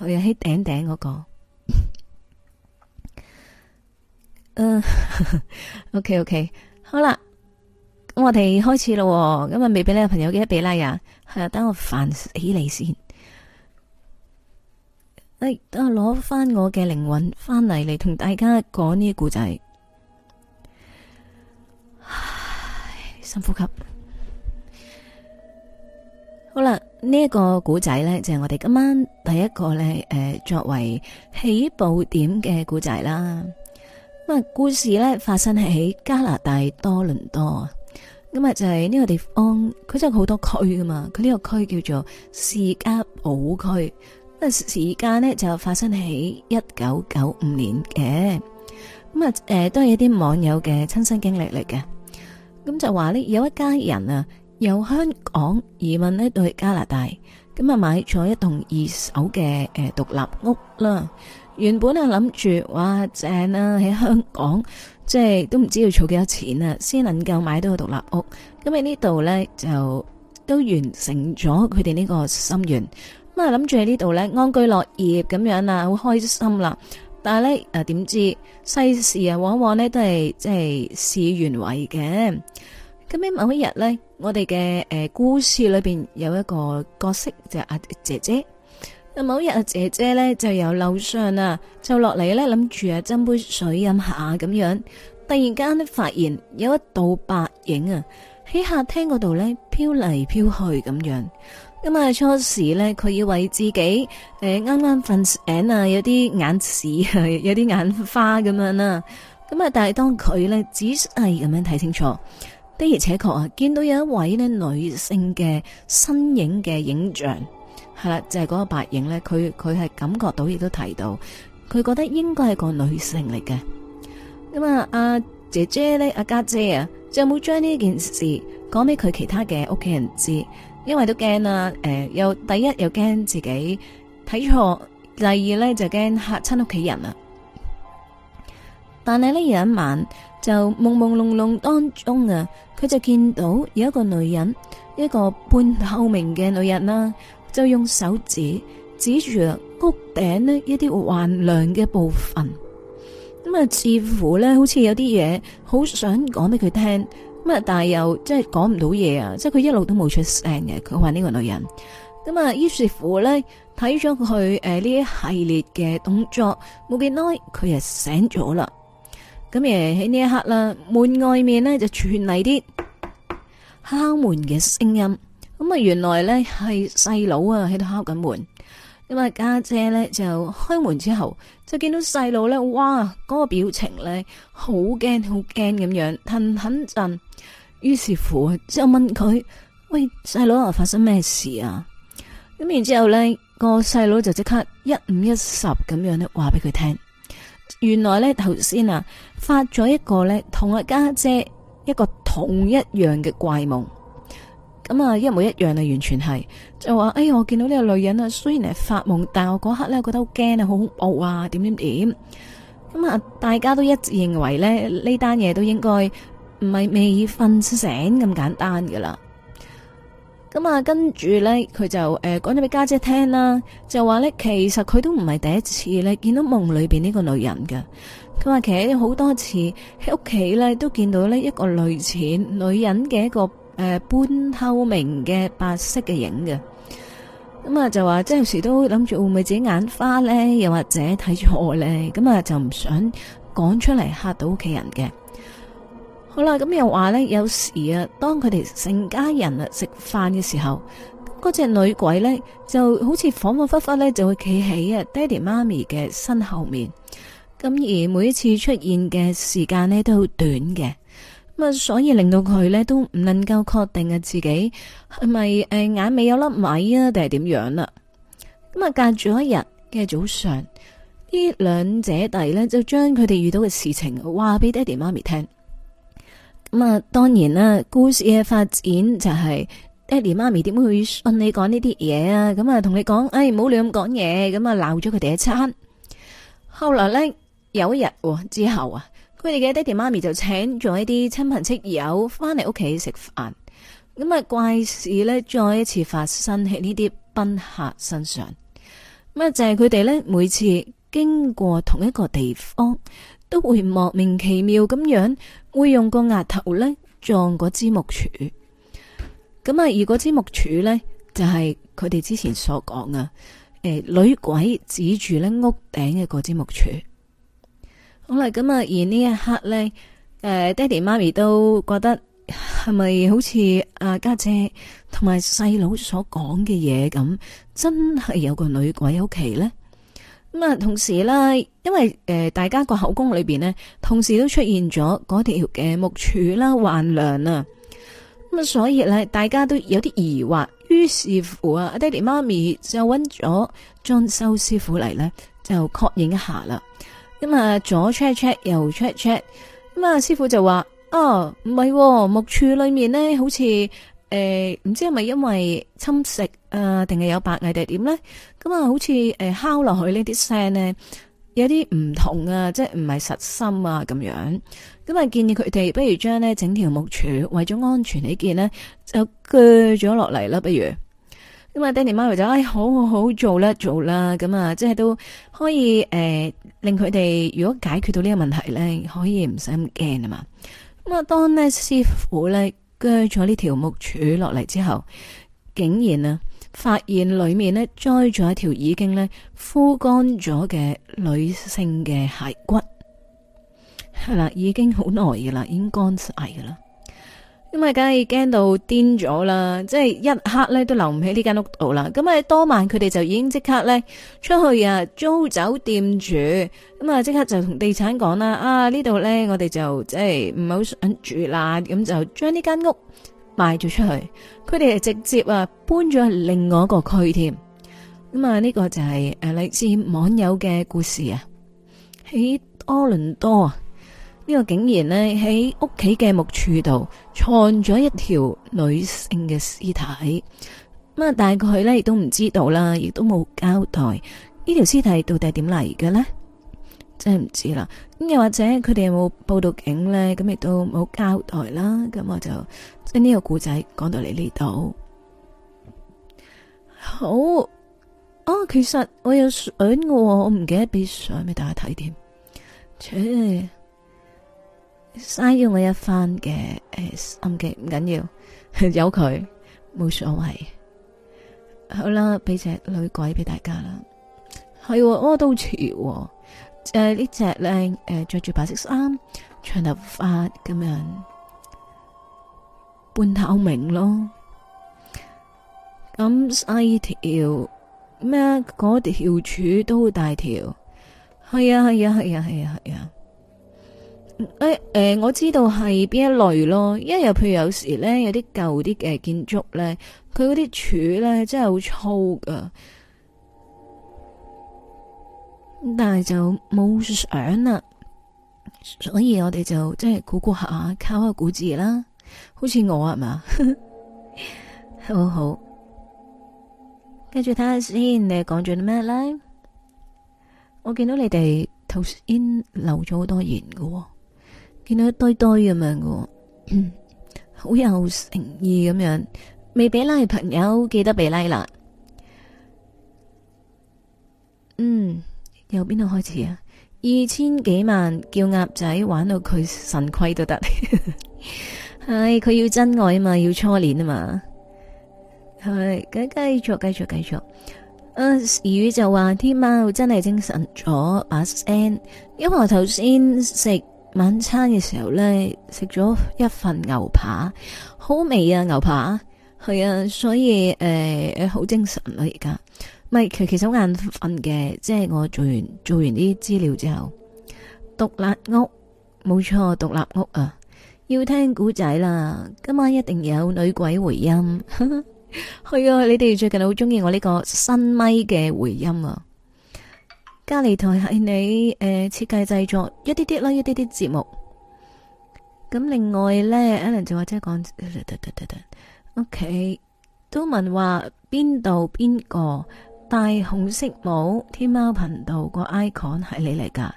去、哎、喺頂頂嗰、嗰個。嗯、uh, ，OK，OK，、okay, okay. 好啦，咁我哋開始咯。咁啊，未俾呢個朋友記得俾拉呀？係啊，等我煩死你先。等我攞翻我嘅靈魂翻嚟嚟同大家講呢個故仔。唉，深呼吸。好啦，呢、這、一個故仔呢，就係、是、我哋今晚第一個呢誒、呃，作為起步點嘅故仔啦。咁啊，故事咧發生喺加拿大多倫多啊，咁啊就係、是、呢個地方，佢就好多區噶嘛，佢呢個區叫做士加堡區。咁啊，時間咧就發生喺一九九五年嘅，咁啊，誒都係一啲網友嘅親身經歷嚟嘅，咁就話呢，有一家人啊由香港移民咧到去加拿大，咁啊買咗一棟二手嘅誒獨立屋啦。原本想啊諗住哇正啦喺香港，即係都唔知道要儲幾多少錢啊，先能夠買到個獨立屋。咁喺呢度呢，就都完成咗佢哋呢個心願。咁啊諗住喺呢度呢，安居樂業咁樣很啊，好開心啦。但係呢，誒點知世事啊，往往呢都係即係事與願違嘅。咁喺某一日呢，我哋嘅誒故事裏邊有一個角色就阿、係啊、姐姐。某日啊，姐姐咧就由樓上啊，就落嚟咧，諗住啊斟杯水飲下咁樣。突然間呢，發現有一道白影啊，喺客廳嗰度咧飄嚟飄去咁樣。咁啊，初時咧，佢以為自己誒啱啱瞓醒啊，有啲眼屎啊，有啲眼花咁樣啦。咁啊，但係當佢咧仔細咁樣睇清楚，的而且確啊，見到有一位呢女性嘅身影嘅影像。係啦，就係、是、嗰個白影呢。佢佢係感覺到，亦都提到，佢覺得應該係個女性嚟嘅。咁、嗯、啊，阿姐姐呢，阿、啊、家姐，姐啊，就冇將呢件事講俾佢其他嘅屋企人知，因為都驚啊。誒、呃，又第一又驚自己睇錯，第二呢，就驚嚇親屋企人啊。但係呢，有一晚就朦朦朧朧當中啊，佢就見到有一個女人，一個半透明嘅女人啦、啊。就用手指指住谷頂呢一啲橫梁嘅部分，咁、嗯、啊，似乎咧好似有啲嘢好想講俾佢聽，咁啊，但係又即係講唔到嘢啊，即係佢一路都冇出聲嘅。佢話呢個女人，咁、嗯、啊，於是乎咧睇咗佢誒呢一、呃、系列嘅動作，冇幾耐佢就醒咗啦。咁而喺呢一刻啦，門外面咧就傳嚟啲敲門嘅聲音。咁啊，原來呢係細佬啊喺度敲緊門，咁啊家姐呢就開門之後就見到細佬呢，哇，嗰個表情呢好驚好驚咁樣，騰騰震。於是乎啊，就問佢：喂，細佬啊，發生咩事啊？咁然之後呢個細佬就即刻一五一十咁樣呢話俾佢聽，原來呢頭先啊發咗一個呢同阿家姐一個同一樣嘅怪夢。咁啊，一模一樣啊，完全係就話，哎，我見到呢個女人啊，雖然係發夢，但我嗰刻呢，覺得好驚啊，好恐怖啊，點點點。咁啊，大家都一致認為呢呢單嘢都應該唔係未瞓醒咁簡單噶啦。咁啊，跟住呢，佢就誒講咗俾家姐聽啦，就話呢，其實佢都唔係第一次呢見到夢裏邊呢個女人㗎。佢話其實好多次喺屋企呢，都見到呢一個類似女人嘅一個。誒、呃，半透明嘅白色嘅影嘅，咁啊就話即係有時都諗住會唔會自己眼花呢？又或者睇錯呢？咁啊就唔想講出嚟，嚇到屋企人嘅。好啦，咁又話呢，有時啊，當佢哋成家人啊食飯嘅時候，嗰隻女鬼呢就好似恍恍惚惚呢，就會企喺啊爹哋媽咪嘅身後面，咁而每一次出現嘅時間呢，都好短嘅。咁啊，所以令到佢咧都唔能夠確定啊，自己係咪誒眼尾有粒米啊，定係點樣啦？咁啊，隔住一日嘅早上，呢兩姐弟呢就將佢哋遇到嘅事情話俾爹哋媽咪聽。咁啊，當然啦，故事嘅發展就係爹哋媽咪點會信你講呢啲嘢啊？咁啊，同你講，哎，唔好亂咁講嘢，咁啊，鬧咗佢哋一餐。後來呢，有一日之後啊。佢哋嘅爹哋媽咪就請咗一啲親朋戚友翻嚟屋企食飯，咁啊怪事呢，再一次發生喺呢啲賓客身上，咁啊就係佢哋呢，每次經過同一個地方，都會莫名其妙咁樣，會用個額頭呢撞嗰支木柱，咁啊而嗰支木柱呢，就係佢哋之前所講啊，誒、呃、女鬼指住呢屋頂嘅嗰支木柱。好啦，咁啊，而呢一刻咧，誒，爹哋媽咪都覺得係咪好似阿家姐同埋細佬所講嘅嘢咁，真係有個女鬼喺屋企咧？咁啊，同時咧，因為誒，大家個口供裏邊呢，同時都出現咗嗰條嘅木柱啦、橫樑啊，咁啊，所以咧，大家都有啲疑惑。於是乎啊，阿爹哋媽咪就揾咗裝修師傅嚟咧，就確認一下啦。咁啊，左 check check，右 check check，咁啊，師傅就話：啊、哦，唔係木柱裏面呢，好似誒，唔知係咪因為侵蝕啊，定係有白蟻定係點呢？咁啊，好似誒敲落去呢啲聲呢，聲有啲唔同啊，即係唔係實心啊，咁樣咁啊，建議佢哋不如將呢整條木柱為咗安全起見呢，就鋸咗落嚟啦，不如。咁啊，爹哋媽咪就哎好好好，做啦，做啦，咁啊，即係都可以誒、呃，令佢哋如果解決到呢個問題咧，可以唔使咁驚啊嘛。咁啊，當呢師傅咧鋸咗呢條木柱落嚟之後，竟然啊發現裏面咧栽咗一條已經咧枯乾咗嘅女性嘅骸骨，係啦，已經好耐嘅啦，已經乾晒噶啦。咁啊，梗係驚到癲咗啦！即係一刻咧都留唔喺呢間屋度啦。咁啊，當晚佢哋就已經即刻咧出去啊租酒店住。咁啊，即刻就同地產講啦。啊呢度咧，我哋就即係唔好想住啦。咁就將呢間屋賣咗出去。佢哋係直接啊搬咗去另外一個區添。咁啊，呢個就係誒嚟自網友嘅故事啊，喺多倫多啊。呢個竟然呢，喺屋企嘅木柱度藏咗一條女性嘅屍體，咁啊，但係佢咧亦都唔知道啦，亦都冇交代呢條屍體到底係點嚟嘅呢？真唔知啦。咁又或者佢哋有冇報到警呢？咁亦都冇交代啦。咁我就將呢個故仔講到嚟呢度。好，哦，其實我有相嘅，我唔記得俾相俾大家睇添，切。嘥咗我一番嘅心機唔緊要，有佢冇所謂。好啦，俾隻女鬼俾大家啦，係屙到潮誒呢隻靚誒着住白色衫，長頭髮咁樣，半透明咯。咁細條咩？嗰條柱都好大條，係啊係啊係啊係啊係啊！是啊是啊是啊是啊誒誒、欸欸，我知道係邊一類咯。因為又譬如有時咧，有啲舊啲嘅建築咧，佢嗰啲柱咧真係好粗㗎，但係就冇相啦，所以我哋就即係估估下，靠下估字啦。好似我係嘛， 好好。跟住睇下先，你哋講咗啲咩咧？我見到你哋頭先留咗好多言噶。見到一堆堆咁樣喎，好 有誠意咁樣，未俾拉朋友記得俾拉啦。嗯，由邊度開始啊？二千幾萬叫鴨仔玩到佢腎虧都得，係 佢、哎、要真愛啊嘛，要初戀啊嘛，係繼繼續繼續繼續。啊，魚、呃、就話天貓真係精神咗把聲，因為我頭先食，晚餐嘅時候呢，食咗一份牛扒，好味啊！牛扒係啊，所以誒好精神咯而家，咪其其實好眼瞓嘅，即係我做完做完啲資料之後，獨立屋冇錯，獨立屋啊，要聽古仔啦，今晚一定有女鬼回音，係啊，你哋最近好中意我呢個新咪嘅回音啊！隔離台係你誒設計製作一啲啲啦，一啲啲節目。咁另外咧 Alan 就話即係講 OK 都問話邊度邊個戴紅色帽，天貓頻道個 icon 係你嚟噶，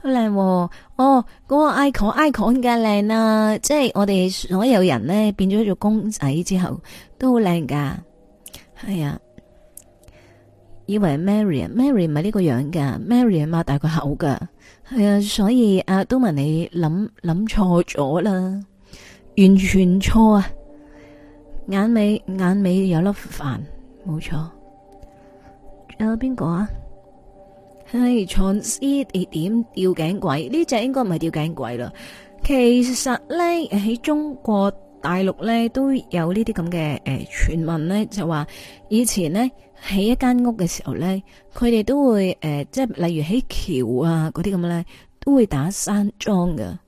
好靚喎！哦，嗰、那個 icon icon 嘅靚啊，即、就、係、是、我哋所有人咧變咗做公仔之後都好靚噶，係啊。以為 Mary，Mary 唔係呢個樣噶，Mary 啊，擘大個口噶，係啊，所以啊，都問你諗諗錯咗啦，完全錯啊！眼尾眼尾有粒飯，冇錯。仲有邊個啊？係、啊《床、哎、思》係點吊頸鬼？呢隻應該唔係吊頸鬼啦。其實咧，喺中國大陸咧都有呢啲咁嘅誒傳聞咧，就話以前呢。喺一間屋嘅時候咧，佢哋都會誒，即、呃、係例如起橋啊嗰啲咁咧，都會打生樁噶，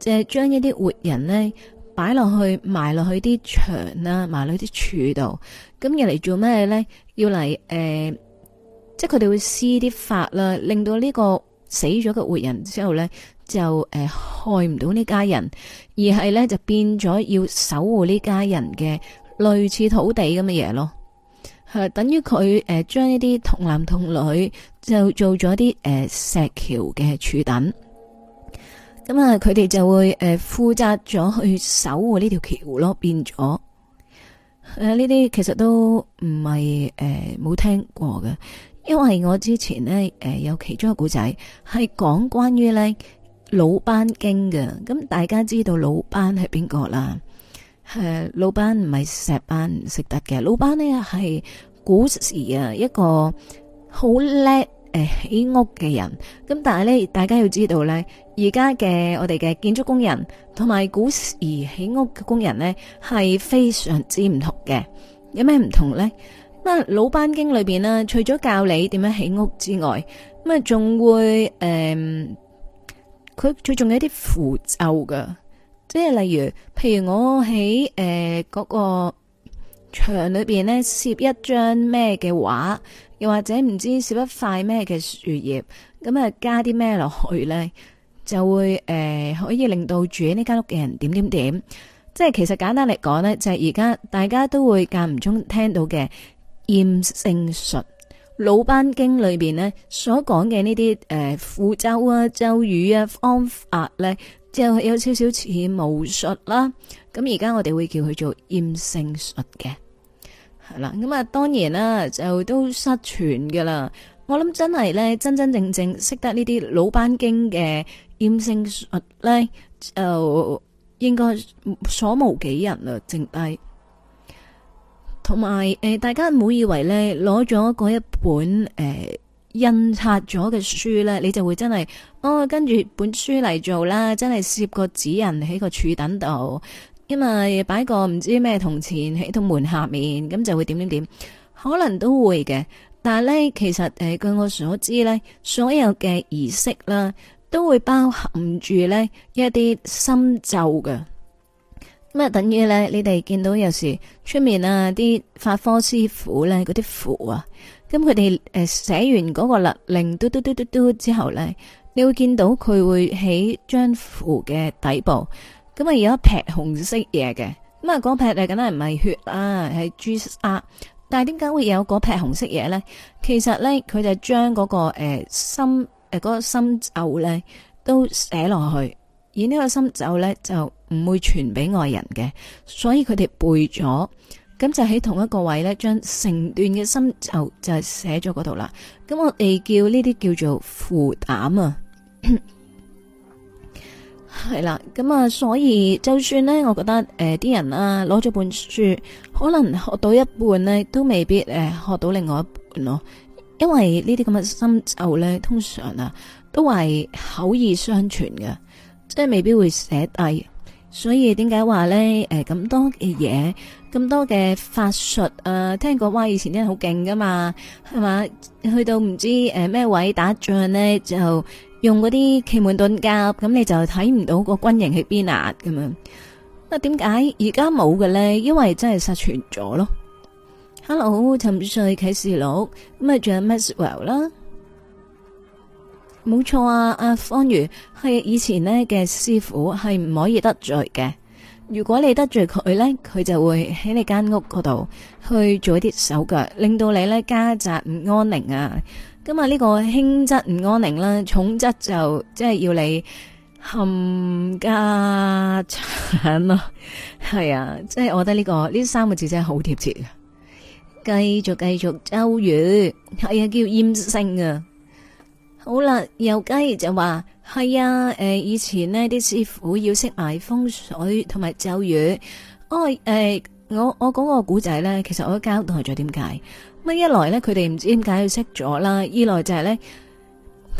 即係將一啲活人咧擺落去埋落去啲牆啦，埋落去啲柱度。咁入嚟做咩咧？要嚟誒，即係佢哋會施啲法啦，令到呢個死咗嘅活人之後咧，就誒、呃、害唔到呢家人，而係咧就變咗要守護呢家人嘅類似土地咁嘅嘢咯。係等於佢誒，將一啲童男童女就做咗啲誒石橋嘅柱墩，咁啊，佢哋就會誒負責咗去守護呢條橋咯，變咗誒呢啲其實都唔係誒冇聽過嘅，因為我之前呢誒、呃、有其中一個故仔係講關於呢魯班經嘅，咁大家知道魯班係邊個啦。誒，老班唔係石班唔食得嘅，老班呢係古時啊一個好叻誒起屋嘅人。咁但係咧，大家要知道咧，而家嘅我哋嘅建築工人同埋古時起屋嘅工人呢係非常之唔同嘅。有咩唔同呢？咁老班經裏邊呢，除咗教你點樣起屋之外，咁啊仲會誒，佢最仲有啲符咒㗎。即係例如，譬如我喺誒嗰個牆裏邊呢，攝一張咩嘅畫，又或者唔知攝一塊咩嘅樹葉，咁啊加啲咩落去呢，就會誒、呃、可以令到住喺呢間屋嘅人點點點。即係其實簡單嚟講呢，就係而家大家都會間唔中聽到嘅厭勝術、魯班經裏邊呢，所講嘅呢啲誒符咒啊、咒語啊、方法呢。就有少少似武術啦，咁而家我哋會叫佢做驗性術嘅，係啦，咁啊當然啦就都失傳噶啦。我諗真係呢，真真正正識得呢啲老班經嘅驗性術呢，就應該所無幾人啦，剩低。同埋誒，大家唔好以為呢，攞咗嗰一本誒。呃印刷咗嘅書呢，你就會真係哦，跟住本書嚟做啦，真係攝個紙人喺個柱頂度，因為擺個唔知咩銅錢喺度門下面，咁就會點點點，可能都會嘅。但係呢，其實誒，據我所知呢，所有嘅儀式啦，都會包含住呢一啲深咒嘅。咁啊，等於呢，你哋見到有時出面啊啲法科師傅呢嗰啲符啊。咁佢哋誒寫完嗰個勒令嘟嘟嘟嘟嘟之後咧，你會見到佢會喺張符嘅底部，咁啊有一撇紅色嘢嘅，咁、那個、啊嗰撇係梗係唔係血啦，係朱砂。但係點解會有嗰撇紅色嘢咧？其實咧佢就將嗰、那個誒、呃、心誒嗰、呃那個心咒咧都寫落去，而呢個心咒咧就唔會傳俾外人嘅，所以佢哋背咗。咁就喺同一個位咧，將成段嘅心咒就寫咗嗰度啦。咁我哋叫呢啲叫做符膽啊，係啦。咁 啊，所以就算呢，我覺得誒，啲、呃、人啊，攞咗本書，可能學到一半呢都未必誒、呃、學到另外一半咯。因為呢啲咁嘅心咒呢，通常啊，都係口耳相傳嘅，即係未必會寫低。所以點解話呢，誒、呃，咁多嘅嘢。咁多嘅法術啊，聽講哇！以前真係好勁噶嘛，係嘛？去到唔知誒咩、呃、位打仗呢，就用嗰啲奇門遁甲，咁你就睇唔到個軍營喺邊啊！咁樣啊，點解而家冇嘅呢？因為真係失傳咗咯。Hello，陳瑞啟示錄咁啊，仲有 Maxwell 啦，冇錯啊！阿方如係以前呢嘅師傅，係唔可以得罪嘅。如果你得罪佢咧，佢就會喺你間屋嗰度去做一啲手腳，令到你咧家宅唔安寧啊！咁啊，呢個輕則唔安寧啦，重則就即係要你冚家鏟咯。係啊，即係我覺得呢個呢三個字真係好貼切啊。繼續繼續周月係啊，叫閹性啊！好啦，又雞就話。係啊，誒、呃，以前呢啲師傅要識埋風水同埋咒語，哦呃、我誒我我講個古仔咧，其實我都交代咗點解，乜、嗯、一來咧佢哋唔知點解要識咗啦，二來就係咧，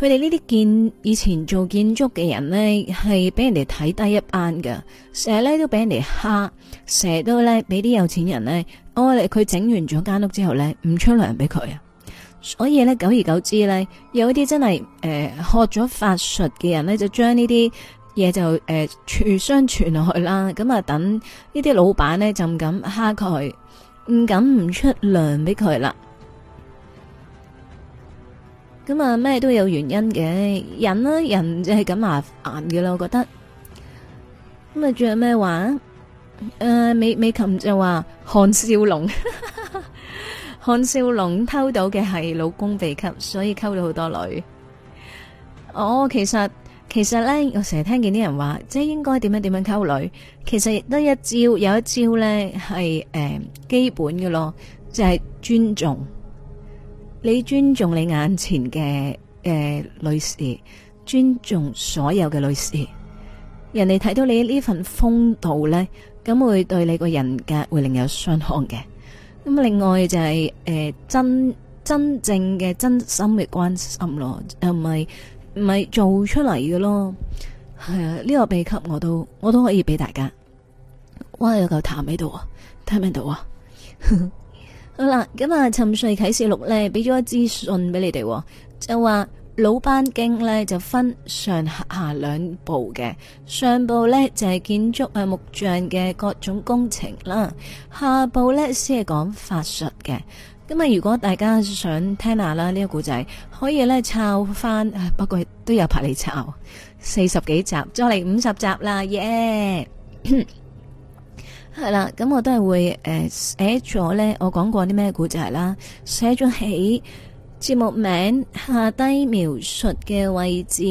佢哋呢啲建以前做建築嘅人咧，係俾人哋睇低一班噶，成日咧都俾人哋蝦，成日都咧俾啲有錢人咧，我哋佢整完咗間屋之後咧，唔出糧俾佢啊。所以呢，久而久之呢，有一啲真係誒、呃、學咗法術嘅人呢，就將呢啲嘢就誒傳相傳落去啦。咁、呃、啊，等呢啲老闆呢，就唔敢蝦佢，唔敢唔出糧俾佢啦。咁啊，咩都有原因嘅，人呢，人就係咁麻煩嘅啦，我覺得。咁啊，仲有咩話？誒、呃，美美琴就話韓少龍。 韓少龍偷到嘅係老公秘笈，所以溝咗好多女。我、哦、其實其實呢，我成日聽見啲人話，即係應該點樣點樣溝女。其實亦得一招，有一招呢係誒、呃、基本嘅咯，就係、是、尊重。你尊重你眼前嘅誒、呃、女士，尊重所有嘅女士，人哋睇到你呢份風度呢，咁會對你個人格會另有傷害嘅。咁另外就係、是、誒、呃、真真正嘅真心嘅關心咯，又唔係唔係做出嚟嘅咯，係啊，呢個秘笈我都我都可以俾大家。我有嚿痰喺度，聽唔聽到啊？ 好啦，咁啊沉睡啟示錄咧，俾咗一資訊俾你哋，就話。《魯班經》呢咧就分上下兩部嘅，上部咧就係、是、建築啊木匠嘅各種工程啦，下部咧先係講法術嘅。咁啊，如果大家想聽下啦呢個故仔，可以咧抄翻，不過都有拍你抄四十幾集，再嚟五十集啦，耶、yeah！係 啦，咁我都係會誒寫咗咧，我講過啲咩故仔啦，寫咗起。節目名下低描述嘅位置，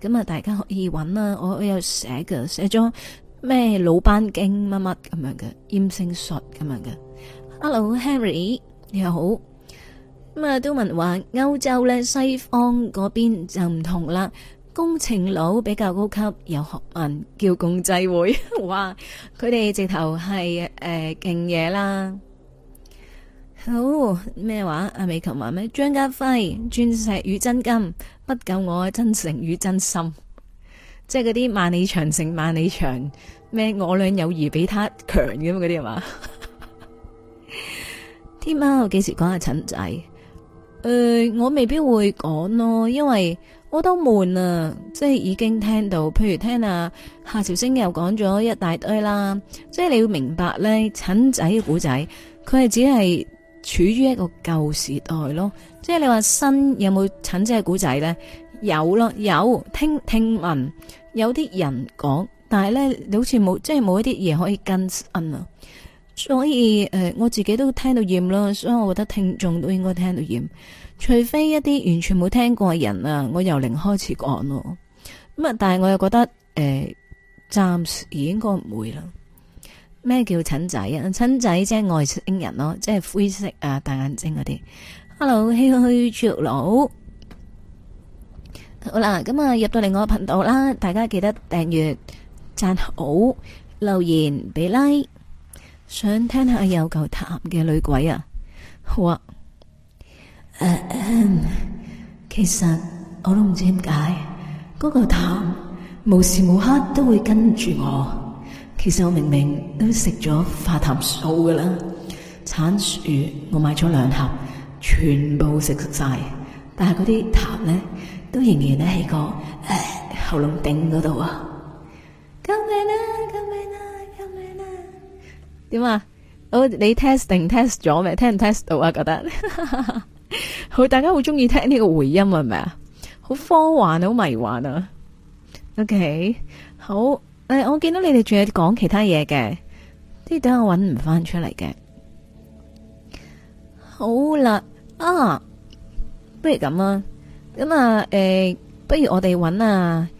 咁啊大家可以揾啦我有寫嘅，寫咗咩魯班經乜乜咁樣嘅，陰性術咁樣嘅。Hello Harry，你好。咁啊，都問話歐洲咧，西方嗰邊就唔同啦，工程佬比較高級，有學問，叫共濟會， 哇！佢哋直頭係誒勁嘢啦。呃好咩、哦、話？阿美琴話咩？張家輝鑽石與真金不夠我真誠與真心，即係嗰啲萬里長城萬里長咩？ 我倆友誼比他強咁，嗰啲係嘛？天貓我幾時講下陳仔？誒、呃，我未必會講咯，因為我都悶啊，即係已經聽到。譬如聽阿夏朝星又講咗一大堆啦，即係你要明白咧，陳仔嘅古仔，佢係只係。處於一個舊時代咯，即係你話新有冇新啲嘅古仔呢？有咯，有聽聽聞有啲人講，但係呢，你好似冇即係冇一啲嘢可以更新啊。所以誒、呃，我自己都聽到厭啦，所以我覺得聽眾都應該聽到厭，除非一啲完全冇聽過嘅人啊，我由零開始講咯。咁啊，但係我又覺得誒、呃、暫時應該唔會啦。咩叫蠢仔啊？蠢仔即係外星人咯，即係灰色啊，大眼睛嗰啲。Hello，希區豬肉佬，好啦，咁啊入到另外個頻道啦，大家記得訂閱、讚好、留言、俾 like。想聽下有嚿痰嘅女鬼啊？好啊。誒，其實我都唔知點解嗰嚿痰無時無刻都會跟住我。其實我明明都食咗化痰素㗎喇，橙樹我買咗兩盒，全部食晒，但係嗰啲痰咧都仍然咧喺個誒喉嚨頂嗰度啊！救命啊！救命啊！救命啊！點啊？我、oh, 你 test 定 test 咗未？聽唔 test 到啊？覺得 好大家好中意聽呢個回音係咪啊？好科幻，好迷幻啊！OK，好。誒、呃，我見到你哋仲有講其他嘢嘅，啲等我搵唔翻出嚟嘅好啦，啊，不如咁啊，咁啊，誒、欸，不如我哋搵啊，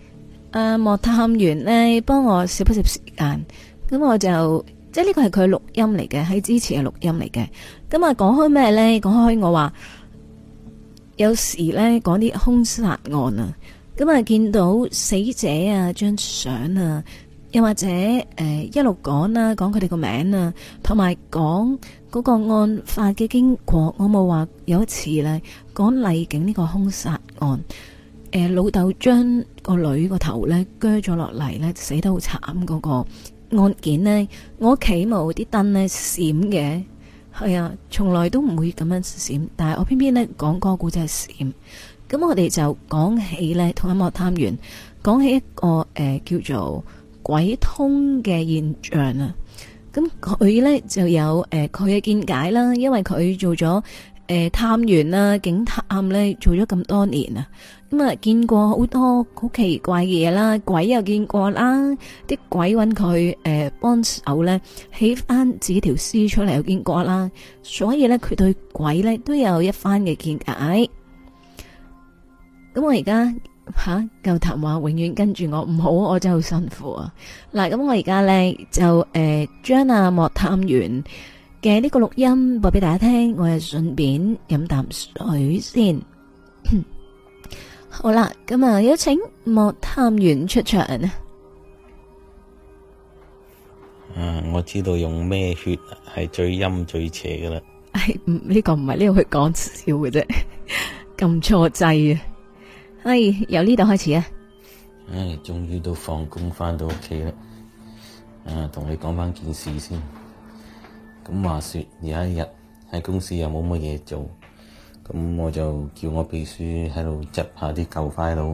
啊，莫探員呢幫我攝一攝時間。咁我就，即係呢個係佢錄音嚟嘅，喺之前嘅錄音嚟嘅。咁啊，講開咩呢？講開我話，有時呢講啲凶殺案啊。咁啊、嗯，見到死者啊張相啊，又或者、呃、一路講啦，講佢哋個名啊，同埋講嗰個案發嘅經過。我冇話有，有一次呢，講麗景呢個兇殺案，呃、老豆將個女個頭呢，鋸咗落嚟呢，死得好慘嗰、嗰個案件呢，我屋企冇啲燈呢閃嘅，係啊，從來都唔會咁樣閃，但係我偏偏呢，講個故仔係閃。咁我哋就講起咧，同一幕探員講起一個誒、呃、叫做鬼通嘅現象啦。咁佢咧就有誒佢嘅見解啦，因為佢做咗誒、呃、探員啦，警探咧做咗咁多年啊，咁、嗯、啊見過好多好奇怪嘅嘢啦，鬼又見過啦，啲鬼揾佢誒幫手咧，起翻自己條屍出嚟又見過啦，所以咧佢對鬼咧都有一番嘅見解。咁我而家吓舊談話永遠跟住我唔好，我真係好辛苦啊！嗱，咁我而家咧就誒將阿莫探員嘅呢個錄音播俾大家聽，我係順便飲啖水先。好啦，咁啊有請莫探員出場。嗯，我知道用咩血係最陰最邪噶啦。係唔呢個唔係呢個去講笑嘅啫，撳錯掣啊！哎，由呢度開始啊！唉、哎，終於都放工翻到屋企啦。啊，同你講翻件事先。咁話說有一日喺公司又冇乜嘢做，咁我就叫我秘書喺度執下啲舊快佬，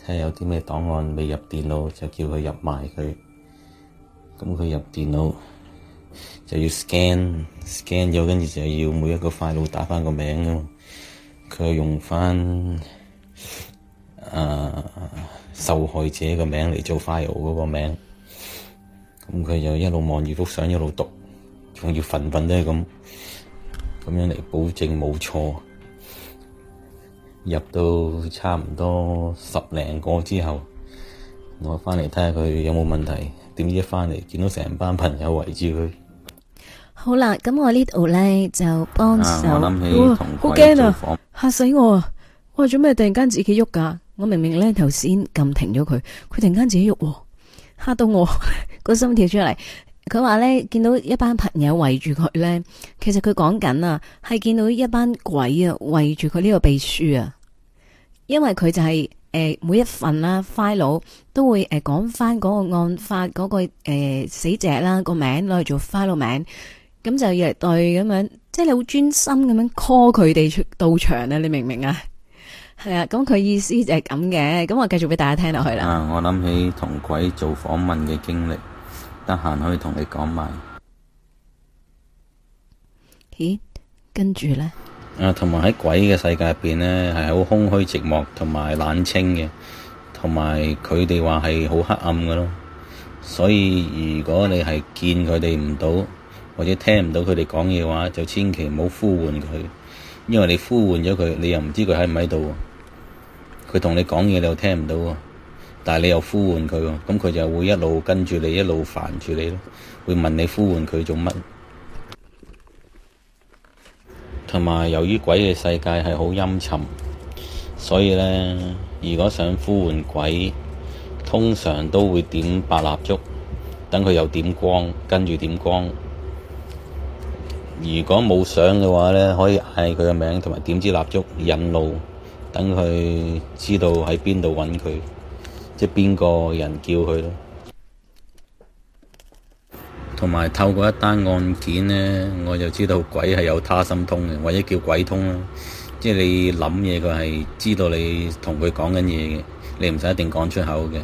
睇下有啲咩檔案未入電腦，就叫佢入埋佢。咁佢入電腦就要 scan scan 咗，跟住就要每一個快佬打翻個名咯。佢又用翻。誒、啊，受害者嘅名嚟做 file 嗰個名，咁佢就一路望住幅相，想一路讀，仲要份份都係咁，咁樣嚟保證冇錯。入到差唔多十零個之後，我翻嚟睇下佢有冇問題。點知一翻嚟見到成班朋友圍住佢。好啦，咁我呢度咧就幫手。我諗起好驚啊，吓死我啊！喂，做咩突然間自己喐㗎？我明明咧頭先撳停咗佢，佢突然間自己喐、哦，嚇到我個心跳出嚟。佢話咧見到一班朋友圍住佢咧，其實佢講緊啊，係見到一班鬼啊圍住佢呢個秘書啊。因為佢就係、是、誒、呃、每一份啦、啊、file 都會誒講翻嗰個案發嗰、那個誒、呃、死者啦個名攞嚟做 file 名，咁就要嚟對咁樣，即係你好專心咁樣 call 佢哋出到場啊！你明唔明啊？係啊，咁佢意思就係咁嘅，咁我繼續俾大家聽落去啦。啊，我諗起同鬼做訪問嘅經歷，得閒可以同你講埋。咦？跟住咧？啊，同埋喺鬼嘅世界入邊咧，係好空虛、寂寞同埋冷清嘅，同埋佢哋話係好黑暗嘅咯。所以如果你係見佢哋唔到，或者聽唔到佢哋講嘢嘅話，就千祈唔好呼喚佢。因為你呼喚咗佢，你又唔知佢喺唔喺度喎。佢同你講嘢你又聽唔到喎。但係你又呼喚佢喎，咁佢就會一路跟住你，一路煩住你咯。會問你呼喚佢做乜。同埋由於鬼嘅世界係好陰沉，所以咧，如果想呼喚鬼，通常都會點白蠟燭，等佢又點光，跟住點光。如果冇相嘅話呢，可以嗌佢嘅名，同埋點支蠟燭引路，等佢知道喺邊度搵佢，即係邊個人叫佢咯。同埋透過一單案件呢，我就知道鬼係有他心通嘅，或者叫鬼通啦。即係你諗嘢，佢係知道你同佢講緊嘢嘅，你唔使一定講出口嘅，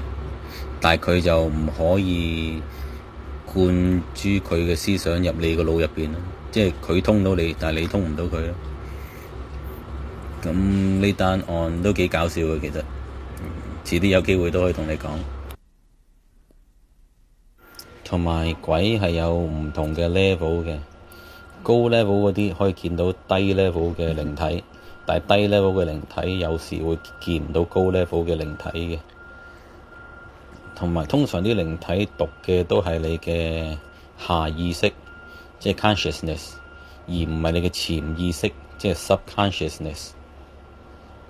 但係佢就唔可以灌注佢嘅思想入你個腦入邊咯。即係佢通到你，但係你通唔到佢咯。咁呢單案都幾搞笑嘅，其實。遲啲，嗯，有機會都可以同你講。同埋鬼係有唔同嘅 level 嘅，高 level 嗰啲可以見到低 level 嘅靈體，但係低 level 嘅靈體有時會見唔到高 level 嘅靈體嘅。同埋通常啲靈體讀嘅都係你嘅下意識。即係 consciousness，而唔係你嘅潛意識，即係 subconsciousness。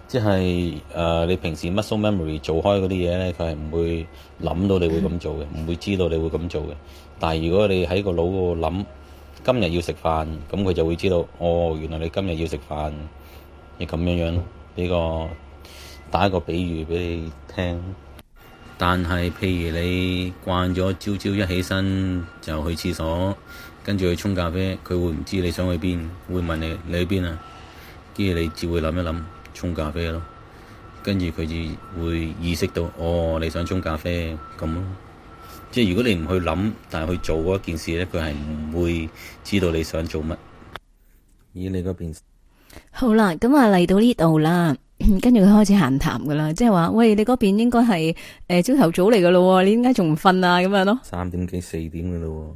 即係、呃、你平時 muscle memory 做開嗰啲嘢咧，佢係唔會諗到你會咁做嘅，唔、嗯、會知道你會咁做嘅。但係如果你喺個腦度諗，今日要食飯，咁佢就會知道，哦，原來你今日要食飯，你咁樣樣。呢個打一個比喻俾你聽。但係譬如你慣咗朝朝一起身就去廁所。跟住去沖咖啡，佢會唔知你想去邊，會問你，你去邊啊？跟住你只會諗一諗沖咖啡咯。跟住佢就會意識到，哦，你想沖咖啡咁咯。即係如果你唔去諗，但係去做嗰件事咧，佢係唔會知道你想做乜。咦？你嗰邊好啦，咁啊，嚟到呢度啦，跟住佢開始閒談噶啦，即係話，喂，你嗰邊應該係誒，朝頭早嚟噶咯，你點解仲唔瞓啊？咁樣咯，三點幾四點噶咯。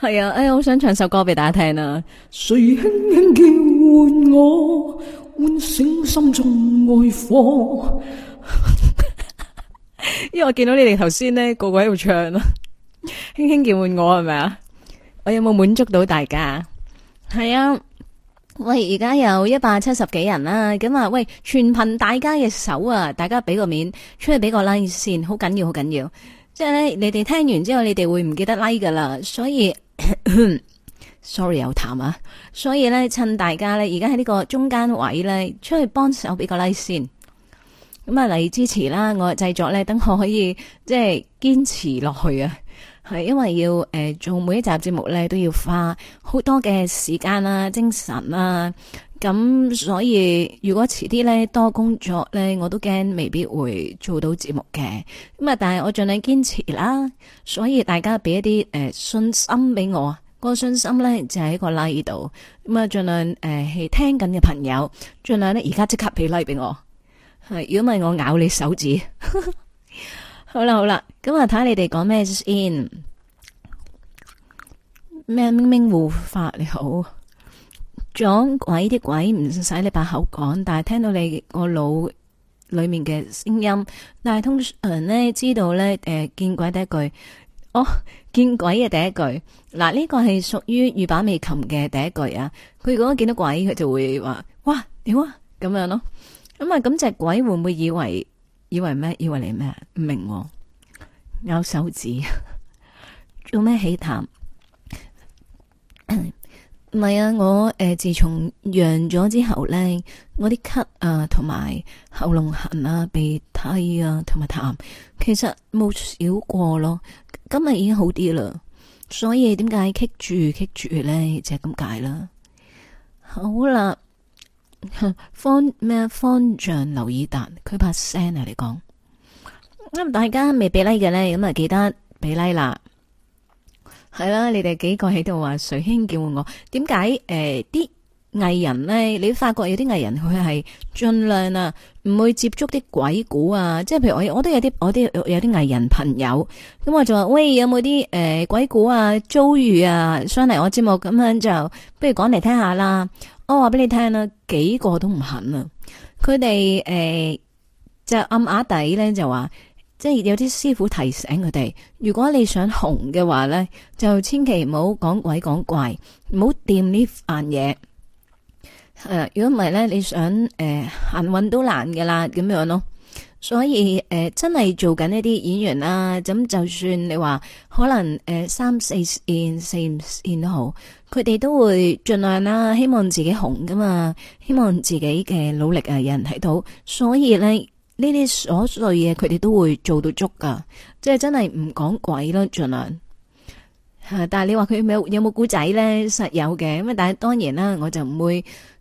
係 啊，哎呀，我好想唱首歌俾大家聽啦，啊。誰輕輕叫喚我，喚醒心中愛火。 因為我見到你哋頭先呢個個喺度唱啦，啊， 輕輕叫喚我係咪啊？我有冇滿足到大家？係啊，喂，而家有一百七十幾人啦，咁啊，喂，全憑大家嘅手啊，大家俾個面，出去俾個 like 先，好緊要，好緊要。即係咧，你哋聽完之後，你哋會唔記得 like 噶啦，所以 sorry 有痰啊，所以咧趁大家咧而家喺呢個中間位咧，出去幫手俾個 like 先，咁啊嚟支持啦，我製作咧，等我可以即係堅持落去啊。係，因為要誒、呃、做每一集節目咧，都要花好多嘅時間啦、啊、精神啦、啊，咁所以如果遲啲咧多工作咧，我都驚未必會做到節目嘅。咁啊，但係我盡量堅持啦。所以大家俾一啲誒、呃、信心俾我，個信心咧就係一個拉、like、度，咁啊，盡量誒係聽緊嘅朋友，盡量咧而家即刻俾拉俾我。係，如果唔係我咬你手指。 好啦好啦，咁啊睇下你哋講咩先？咩明明護法你好，撞鬼啲鬼唔使你把口講，但係聽到你個腦裡面嘅聲音，但係通常咧知道咧，誒、呃、見鬼第一句，哦，見鬼嘅第一句，嗱呢、呢個係屬於欲把未擒嘅第一句啊。佢如果見到鬼，佢就會話，哇，屌啊！咁樣咯，咁啊咁隻鬼會唔會以為？以為咩？以為你咩？唔明、哦，咬手指呵呵，做咩起痰？唔係 啊！我誒，自從陽咗之後呢，我啲咳啊，同埋喉嚨痕啊，鼻涕啊，同埋痰，其實冇少過咯。今日已經好啲啦，所以點解咳住咳住咧？就係咁解啦。好啦。方咩？方丈劉爾達，佢把聲嚟講。咁大家未俾 like 嘅呢，咁啊，記得俾 like 啦。係啦，你哋幾個喺度話瑞軒叫我，點解？誒、呃，啲藝人呢，你發覺有啲藝人佢係盡量啊。唔會接觸啲鬼故啊，即係譬如我我都有啲我都有啲藝人朋友，咁我就話喂，有冇啲誒鬼故啊、遭遇啊，上嚟我節目咁樣，就不如講嚟聽下啦。我話俾你聽啦，幾個都唔肯啊，佢哋誒就暗啞底咧就話，即係有啲師傅提醒佢哋，如果你想紅嘅話咧，就千祈唔好講鬼講怪，唔好掂呢眼嘢。誒，如果唔係咧，你想誒、呃、行運都難㗎啦，咁樣咯。所以誒、呃，真係做緊一啲演員啦、啊，咁就算你話可能誒、呃、三四綫、四綫都好，佢哋都會盡量啦、啊，希望自己紅噶嘛，希望自己嘅努力啊，有人睇到。所以咧，呢啲瑣碎嘢，佢哋都會做到足噶，即係真係唔講鬼囉，盡量、啊、但係你話佢有有冇古仔咧？實有嘅，咁但係當然啦，我就唔會。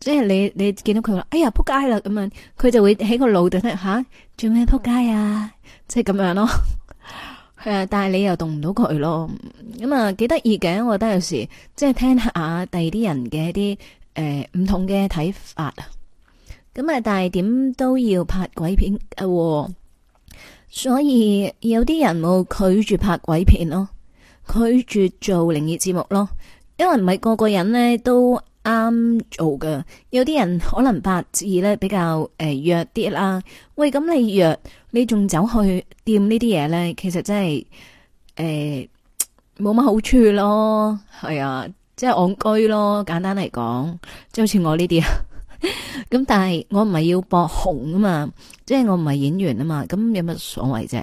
即係你你見到佢話，哎呀撲街啦，咁樣佢就會喺個腦度咧吓做咩撲街啊？即係咁樣咯， 誒，但係你又動唔到佢咯，咁啊幾得意嘅，我覺得有時即係聽下第二啲人嘅一啲誒唔同嘅睇法啊，咁啊，但係點都要拍鬼片啊，所以有啲人冇拒絕拍鬼片咯，拒絕做靈異節目咯，因為唔係個個人咧都。啱做噶。有啲人可能八字咧比較誒、呃、弱啲啦。喂，咁你弱，你仲走去掂呢啲嘢咧？其實真係誒冇乜好處咯。係啊，即係戇居咯。簡單嚟講，即係好似我， 但我、就是、我係呢啲咁。但係我唔係要博紅啊嘛，即係我唔係演員啊嘛。咁有乜所謂啫？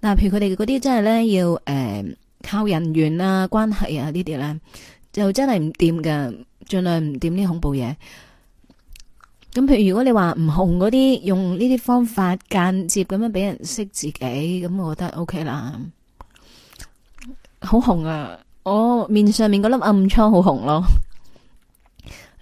但係譬如佢哋嗰啲真係咧要誒、呃、靠人緣啊、關係啊呢啲咧，就真係唔掂噶。盡量唔掂呢恐怖嘢，咁譬如如果你話唔紅嗰啲，用呢啲方法間接咁樣俾人識自己，咁我覺得 O K 啦。好紅啊！我面上面嗰粒暗瘡好紅咯，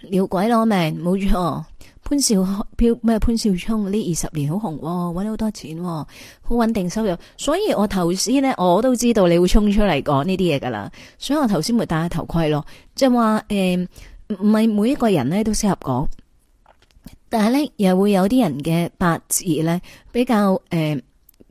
了鬼攞命，冇錯。潘少飄咩？潘少聰呢二十年好紅，揾咗好多錢，好穩定收入。所以我頭先呢，我都知道你會衝出嚟講呢啲嘢噶啦，所以我頭先咪戴頭盔咯，即係話誒。嗯唔係係每一個人咧都適合講，但係咧又會有啲人嘅八字咧比較誒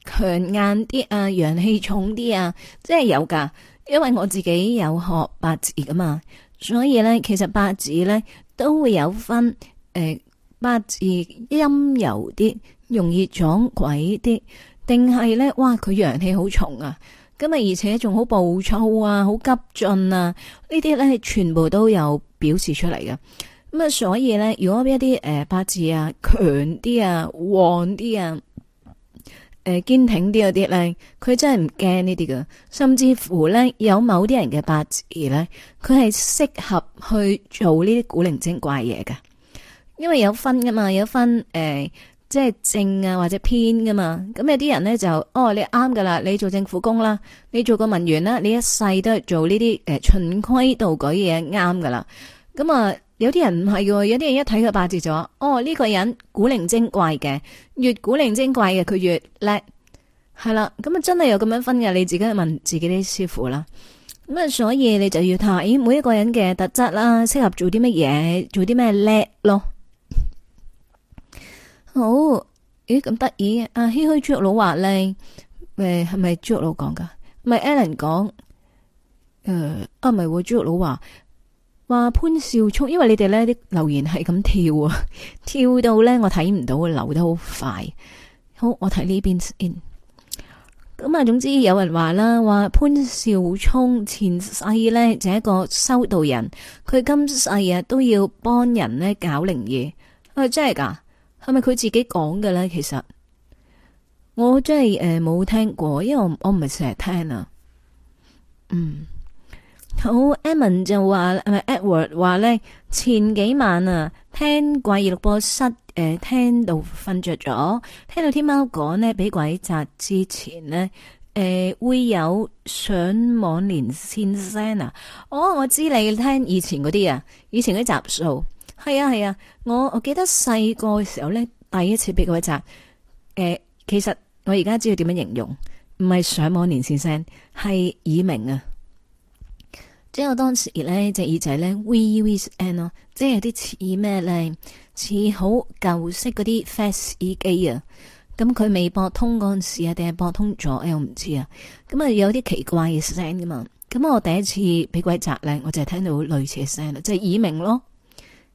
強硬啲啊，陽氣重啲啊，即係有噶，因為我自己有學八字噶嘛，所以咧其實八字咧都會有分誒八字陰柔啲，容易撞鬼啲，定係咧哇佢陽氣好重啊。咁啊！而且仲好暴躁啊，好急進啊，這些呢啲咧係全部都有表示出嚟嘅。咁啊，所以咧，如果一啲誒、呃、八字啊強啲啊旺啲啊誒堅挺啲嗰啲咧，佢真係唔驚呢啲噶。甚至乎咧，有某啲人嘅八字咧，佢係適合去做呢啲古靈精怪嘢噶，因為有分噶嘛，有分誒。呃即係正啊，或者偏噶嘛，咁有啲人咧就哦，你啱噶啦，你做政府工啦，你做個文員啦，你一世都係做呢啲誒循規蹈矩嘢，啱噶啦。咁啊，有啲人唔係喎，有啲人一睇佢八字就話，哦，呢個人古靈精怪嘅，越古靈精怪嘅佢越叻，係啦。咁啊真係有咁樣分嘅，你自己問自己啲師傅啦。咁啊，所以你就要睇，哎，每一個人嘅特質啦，適合做啲乜嘢，做啲咩叻咯。好咦，咁得意？阿希去朱玉佬話咧，誒係咪朱玉佬講噶？唔係 Allen 講誒，啊唔係朱玉佬話，話潘紹聰。因為你哋咧啲留言係咁跳啊，跳到咧我睇唔到啊，流得好快。好，我睇呢邊先。咁啊，總之有人話啦，話潘紹聰前世咧就一個修道人，佢今世啊都要幫人咧搞靈嘢啊，真係噶。係咪佢自己講嘅咧？其實我真係誒冇聽過，因為我我唔係成日聽啊嗯。嗯，好 Evan 就話唔係 Edward 話咧，前幾晚啊，聽怪異錄播室誒、呃、聽到瞓着咗，聽到天貓講咧，俾鬼砸之前咧，誒、呃、會有上網連線聲啊！哦，我知你聽以前嗰啲啊，以前啲集數。係啊，係啊。我我記得細個嘅時候咧，第一次俾鬼砸。誒、呃，其實我而家知道點樣形容，唔係上網連線聲，係耳鳴啊。 即係我當時咧隻耳仔咧 v v s n 咯， 即係有啲似咩咧，似好舊式嗰啲 fax 機啊。咁、嗯、佢未撥通嗰陣時啊，定係撥通咗？誒、嗯，我唔知啊。咁、嗯、啊，有啲奇怪嘅聲噶嘛。咁、嗯、我第一次俾鬼砸咧，我就係聽到類似嘅聲啦，即係耳鳴咯。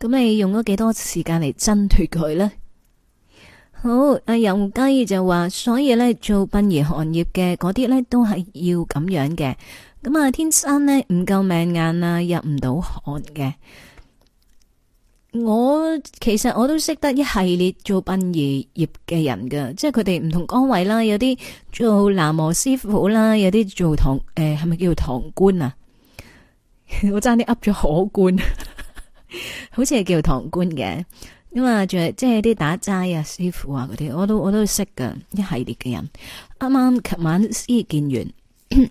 咁你用咗幾多時間嚟爭奪佢呢？好，阿任佳就話，所以咧做殯儀行業嘅嗰啲咧都係要咁樣嘅。咁啊，天生咧唔夠命硬啊，入唔到行嘅。我其實我都識得一系列做殯儀業嘅人噶即係佢哋唔同崗位啦，有啲做南無師傅啦，有啲做堂誒係、欸、咪叫堂官啊？ 我爭啲噏咗可官。 好似係叫堂倌嘅，咁啊，仲即係啲打齋啊、師傅啊嗰啲，我都我都識噶，一系列嘅人。啱啱琴晚師傅見完，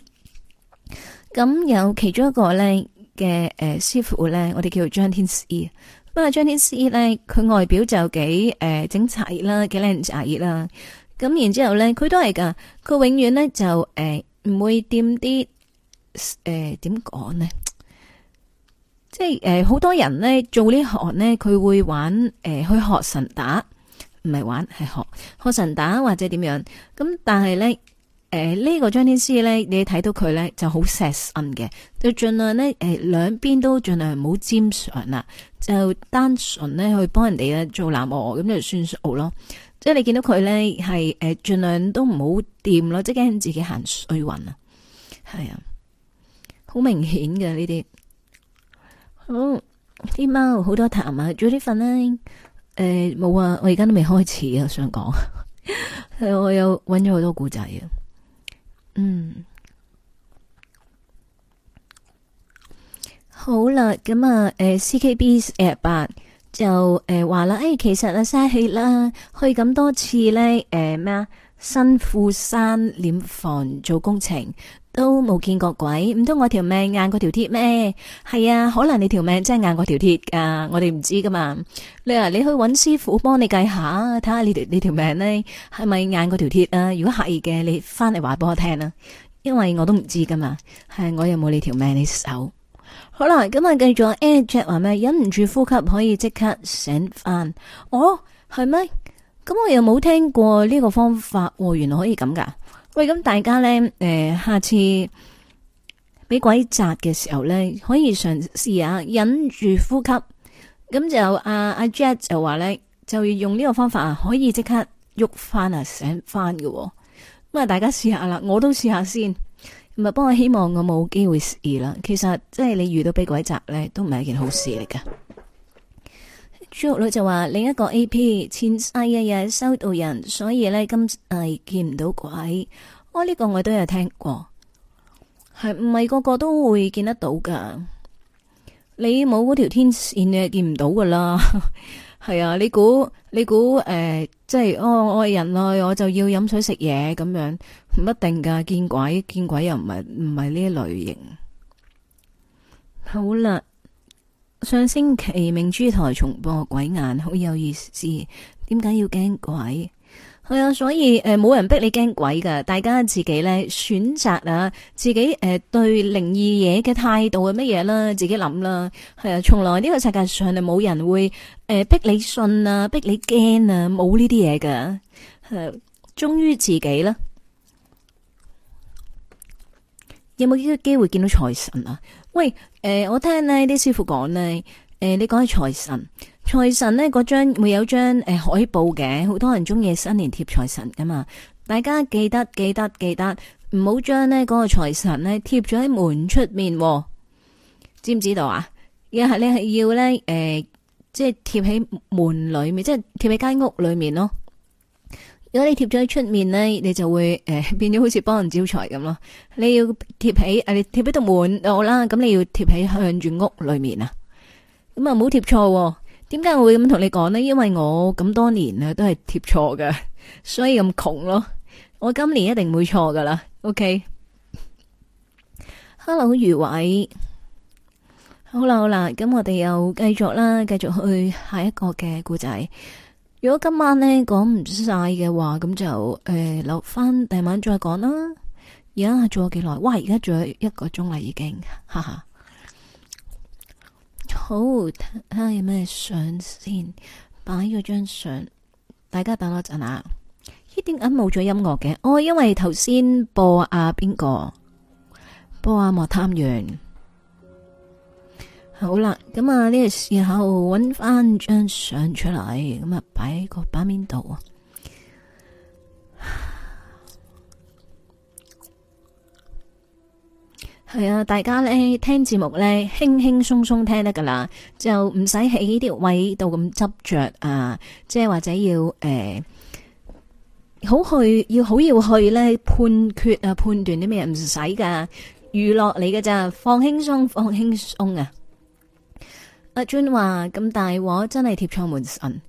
咁 有其中一個咧嘅誒師傅咧，我哋叫做張天師傅。咁啊，張天師咧，佢外表就幾誒整齊啦，幾靚仔啦。咁、呃、然之後咧，佢都係噶，佢永遠咧就誒唔、呃、會掂啲誒點講咧。呃即係誒，好多人咧做呢行咧，佢會玩誒、呃、去學神打，唔係玩係學學神打或者點樣。咁但係咧誒呢、呃這個張天師咧，你睇到佢咧就好細心嘅，就盡量咧誒兩邊都盡量唔好尖上啦，就單純咧去幫人哋咧做喃嘸，咁就算數咯。即係你見到佢咧係誒盡量都唔好掂咯，即係驚自己行衰運啊。係啊，好明顯嘅呢啲。好啲貓好多痰啊！早啲瞓啦。誒，冇啊，我而家都未開始啊，想講。係 我有揾咗好多故仔啊。嗯，好啦，咁啊，誒，C K B eight 八就誒話啦。誒，其實啊，嘥氣啦，去咁多次咧。誒，咩啊？新富山殮房做工程。都冇見過鬼，唔通我條命硬過條鐵咩？係啊，可能你條命真係硬過條鐵噶，我哋唔知噶嘛。你啊，你去揾師傅幫你計下，睇下你條你條命呢係咪硬過條鐵啊？如果係嘅，你翻嚟話俾我聽啦，因為我都唔知噶嘛。係、啊、我又冇你條命，你手好啦。咁日繼續 a、欸、Jack 話話咩？忍唔住呼吸可以即刻醒翻，哦係咩？咁我又冇聽過呢個方法、哦，原來可以咁噶。喂，咁大家咧，誒，下次俾鬼砸嘅時候咧，可以嘗試下忍住呼吸。咁就阿阿 Jack 就話咧，就要用呢個方法啊，可以即刻喐翻啊，醒翻嘅，哦。咁啊，大家試下啦，我都試下先。咁係，不過希望我冇機會試啦。其實即係你遇到俾鬼砸咧，都唔係一件好事嚟噶。朱玉女就話另一個 A P 前世日日收到人，所以咧今世見唔到鬼。我、哦、呢、這個我都有聽過，係唔係個個都會見得到噶？你冇嗰條天線，你係見唔到噶啦。係啊，你估你估誒、呃，即係哦我人類，我就要飲水食嘢咁樣，唔一定噶。見鬼見鬼又唔係唔係呢一類型。好啦。上星期明珠台重播《鬼眼》，好有意思。點解要驚鬼？係啊，所以誒，冇、呃、人逼你驚鬼噶，大家自己咧選擇啊、呃，自己誒對靈異嘢嘅態度係，乜嘢啦，自己諗啦。係啊，從來呢個世界上係，冇人會誒逼、呃、你信啊，逼你驚啊，冇呢啲嘢噶。忠於自己啦。有冇呢個機會見到財神啊？喂！誒，我聽呢啲師傅講呢誒，你講係財神，財神呢嗰張會有張誒海報嘅，好多人中意新年貼財神噶嘛，大家記得記得記得，唔好將呢嗰個財神呢貼咗喺門出面喎，知唔知道啊？一係你係要咧，誒，即係貼喺門裏面，即係貼喺間屋裏面咯。如果你貼咗喺出面呢，你就會誒、呃、變咗好似幫人招財咁咯。你要貼喺、啊、你貼喺度門好啦，咁你要貼喺向住屋裏面啊。咁啊，唔好貼錯。點解我會咁同你講呢？因為我咁多年咧都係貼錯㗎，所以咁窮咯。我今年一定唔會錯噶啦。OK，Hello，OK? 余偉，好啦好啦，咁我哋又繼續啦，繼續去下一個嘅故仔。如果今晚咧講唔晒嘅話，咁就誒、欸、留翻第晚再講啦。而家係做咗幾耐？哇，而家仲有一個鐘啦已經，哈哈。好，睇下有咩相先，擺咗張相，大家等多陣啊。呢，點解冇咗音樂嘅？我、哦、因為頭先播阿邊個，播阿莫探員。好啦，咁啊呢個時候揾翻張相出嚟，咁啊擺喺個版面度啊。係啊，大家呢聽節目呢輕輕松鬆聽得噶啦，就唔使喺呢啲位度咁執着啊。即係或者要誒、呃、好去，要好要去呢判決啊判斷啲咩唔使噶娛樂嚟噶咋，放輕鬆，放輕鬆啊！阿尊話咁大鑊，真係貼錯門神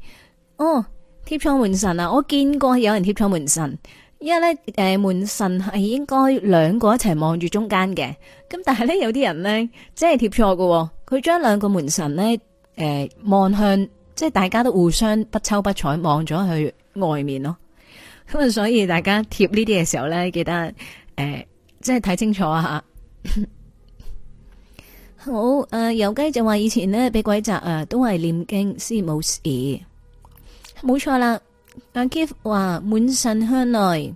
哦！貼錯門神啊，我見過有人貼錯門神，因為咧，誒、呃，門神係應該兩個一齊望住中間嘅，咁但係咧，有啲人咧，真係貼錯喎。佢將兩個門神咧，誒、呃，望向即係大家都互相不抽不睬，望咗去外面咯。咁啊，所以大家貼呢啲嘅時候咧，記得誒、呃，即係睇清楚啊！ 好誒、啊，游雞就話以前呢，俾鬼襲啊，都係念經先冇事，冇錯啦。阿 Kif 話滿身香奈，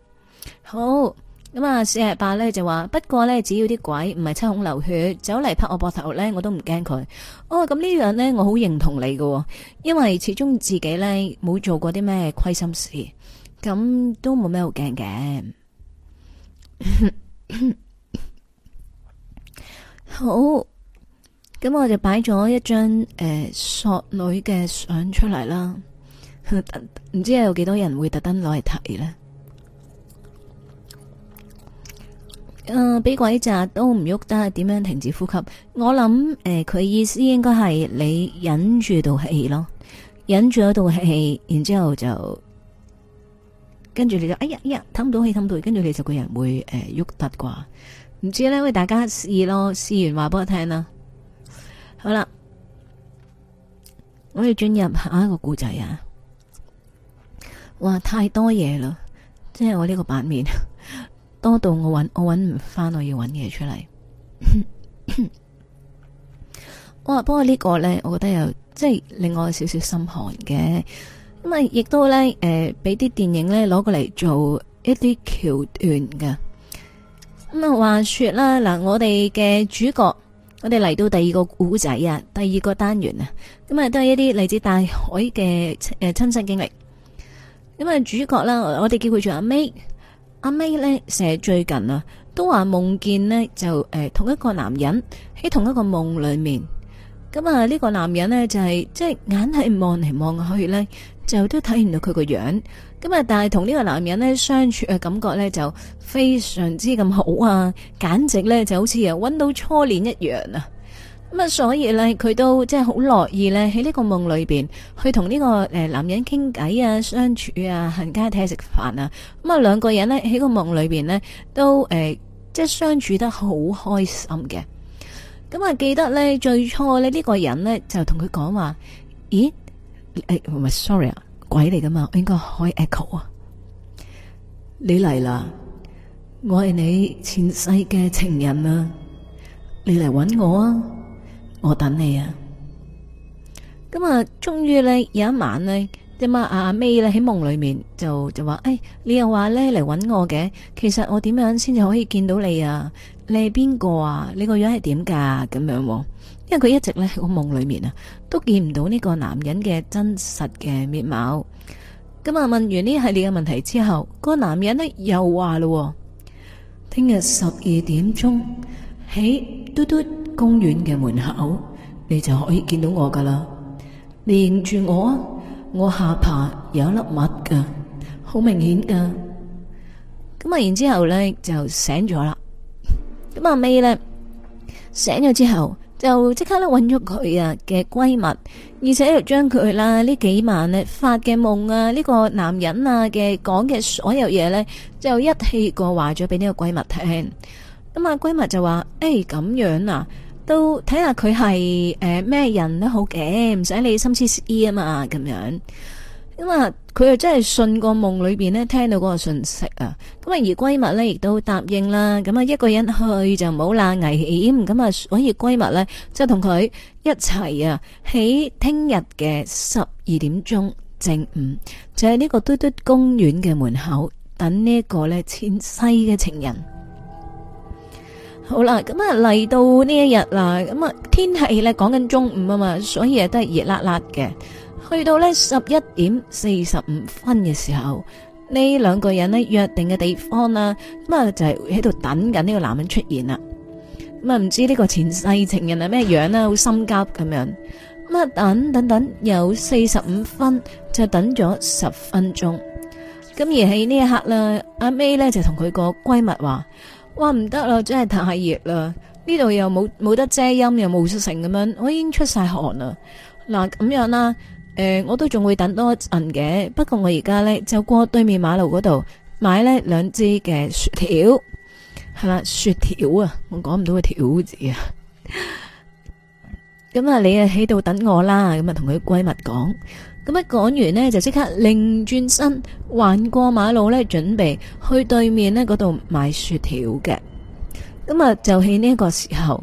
好，咁啊四阿八咧就話，不過咧只要啲鬼唔係七孔流血走嚟拍我膊頭咧，我都唔驚佢。哦，咁呢樣咧我好認同你喎，因為始終自己咧冇做過啲咩虧心事，咁都冇咩好驚嘅。 好。咁我就擺咗一張誒索、呃、女嘅相出嚟啦，唔 知有幾多人會特登攞嚟睇呢？誒、呃，俾鬼扎都唔喐得，點樣停止呼吸？我諗誒，佢、呃、意思應該係你忍住道氣咯，忍住嗰道氣，然之後就跟住你就哎呀哎呀，唞唔到氣唞唔到氣，跟住你就個人會誒喐、呃、得啩？唔知呢，喂大家試咯，試完話俾我聽啦。好啦，我要進入下一個故仔啊！哇，太多嘢啦，即係我呢個版面多到我搵我搵唔翻，我要搵嘢出嚟。 哇，不過呢個呢，我覺得又即係令我有少少心寒嘅，咁啊，亦都呢，誒、呃，俾啲電影呢攞過嚟做一啲橋段㗎。咁、嗯、啊，話說啦，嗱，我哋嘅主角。我哋嚟到第二個故仔啊，第二個單元啊，咁啊都係一啲嚟自大海嘅誒親身經歷。咁啊主角啦，我哋叫佢做阿 May。阿 May 呢，成日最近啊，都話夢見呢，就誒同一個男人喺同一個夢裏面。咁啊呢個男人呢、就是，就係即係眼係望嚟望去呢，就都睇唔到佢個樣。咁啊！但係同呢個男人呢相處嘅感覺呢，就非常之咁好啊，簡直呢就好似啊搵到初戀一樣啊！咁啊，所以呢，佢都即係好樂意呢，喺呢個夢裏邊去同呢個誒男人傾偈啊、相處啊、行街睇食飯啊！咁啊，兩個人呢，喺個夢裏邊呢，都誒即係相處得好開心嘅。咁啊，記得呢，最初呢，呢個人呢，就同佢講話：，咦誒唔係 sorry 啊！鬼嚟噶嘛？我應該開 Echo 啊！你嚟啦，我係你前世嘅情人啊！你嚟搵我啊，我等你啊！咁啊，終於咧有一晚咧，阿 May 咧喺夢裏面就就話誒、哎，你又話咧嚟搵我嘅？其實我點樣先至可以見到你啊？你係邊個啊？你個樣係點噶？咁樣喎、哦。因為佢一直咧喺我夢裏面啊，都見唔到呢個男人嘅真實嘅面貌。咁啊，問完呢系列嘅問題之後，個男人咧又話咯，聽日十二點鐘喺嘟嘟公園嘅門口，你就可以見到我噶啦。認住我啊，我下巴有一粒物噶，好明顯噶。咁啊，然之後咧就醒咗啦。咁啊，尾咧醒咗之後。就即刻咧揾咗佢啊嘅閨蜜，而且又將佢啦呢幾晚咧發嘅夢啊，呢、這個男人啊嘅講嘅所有嘢呢，就一氣過話咗俾呢個閨蜜聽。咁啊，閨蜜就話：誒，咁樣啊，都睇下佢係誒咩人都好嘅，唔使你心思思啊嘛，咁樣。咁啊，佢又、嗯、真係信個夢裏邊呢聽到嗰個信息啊。咁啊，而閨蜜呢亦都答應啦。咁、嗯、啊，一個人去就唔好啦，危險。咁、嗯、啊，所以閨蜜呢，就同佢一齊啊，喺聽日嘅十二點鐘正午，就喺、是、呢個嘟嘟公園嘅門口等呢一個呢前世嘅情人。好啦，咁啊嚟到一、嗯、呢一日啦，咁啊天氣呢講緊中午啊嘛，所以啊都係熱辣辣嘅。去到呢十一點四十五分嘅時候，呢兩個人呢約定嘅地方啦，咁啊就係喺度等緊呢個男人出現啦。咁啊唔知呢個前世情人係咩樣啦，好心急咁樣。咁啊等等等，有四十五分就等咗十分鐘。咁而喺呢一刻啦，阿 May 呢就同佢個閨蜜話，哇唔得啦，真係太熱啦！呢度又冇冇得遮陰，又冇出城咁樣，我已經出晒汗啦。嗱咁樣啦。誒、呃，我都仲會等多一陣嘅，不過我而家呢，就過對面馬路嗰度買呢兩支嘅雪條，係啦，雪條啊，我講唔到個條字啊。咁 啊，你啊喺度等我啦，咁啊同佢閨蜜講，咁一講完呢，就即刻擰轉身，橫過馬路呢，準備去對面呢嗰度買雪條嘅。咁啊，就喺呢一個時候，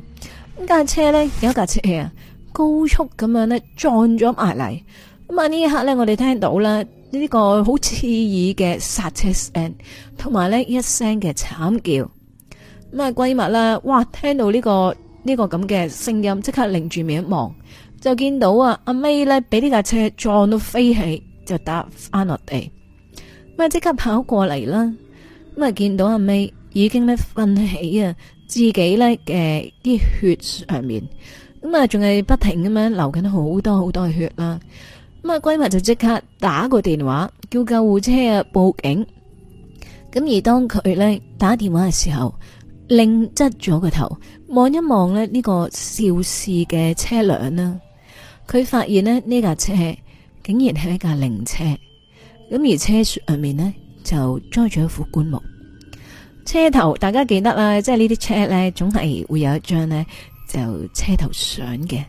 架車呢，有一架車啊。高速咁樣咧撞咗埋嚟，咁啊呢一刻咧，我哋聽到啦呢個好刺耳嘅剎車聲，同埋咧一聲嘅慘叫。咁啊閨蜜啦，哇聽到呢、呢個呢、呢個咁嘅聲音，即刻擰住面一望，就見到啊阿 May 咧俾呢架車撞到飛起，就打翻落地。咁啊即刻跑過嚟啦，咁啊見到阿 May 已經咧瞓喺啊，自己咧嘅啲血上面。咁啊，仲係不停咁樣流緊好多好多血啦！咁啊，閨蜜就即刻打個電話叫救護車啊，報警。咁而當佢咧打電話嘅時候，另側擰側咗個頭望一望咧呢個肇事嘅車輛啦，佢發現呢呢架車竟然係一架靈車，咁而車上面呢，就載咗一副棺木。車頭大家記得啦，即係呢啲車呢，總係會有一張呢。就車頭上嘅，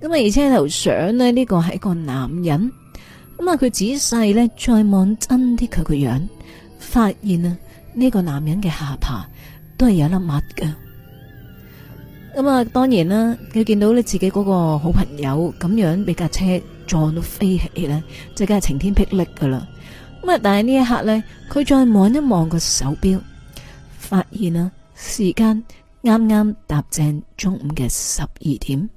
咁啊，而車頭上呢，呢、這個係一個男人，咁啊，佢仔細咧再望真啲佢個樣，發現啊呢、這個男人嘅下巴都係有一粒物嘅，咁啊，當然啦，佢見到你自己嗰個好朋友咁樣被架車撞到飛起咧， 就梗係晴天霹靂噶啦，咁啊，但係呢一刻咧，佢再望一望個手錶，發現啊時間。啱啱搭正中午嘅十二點，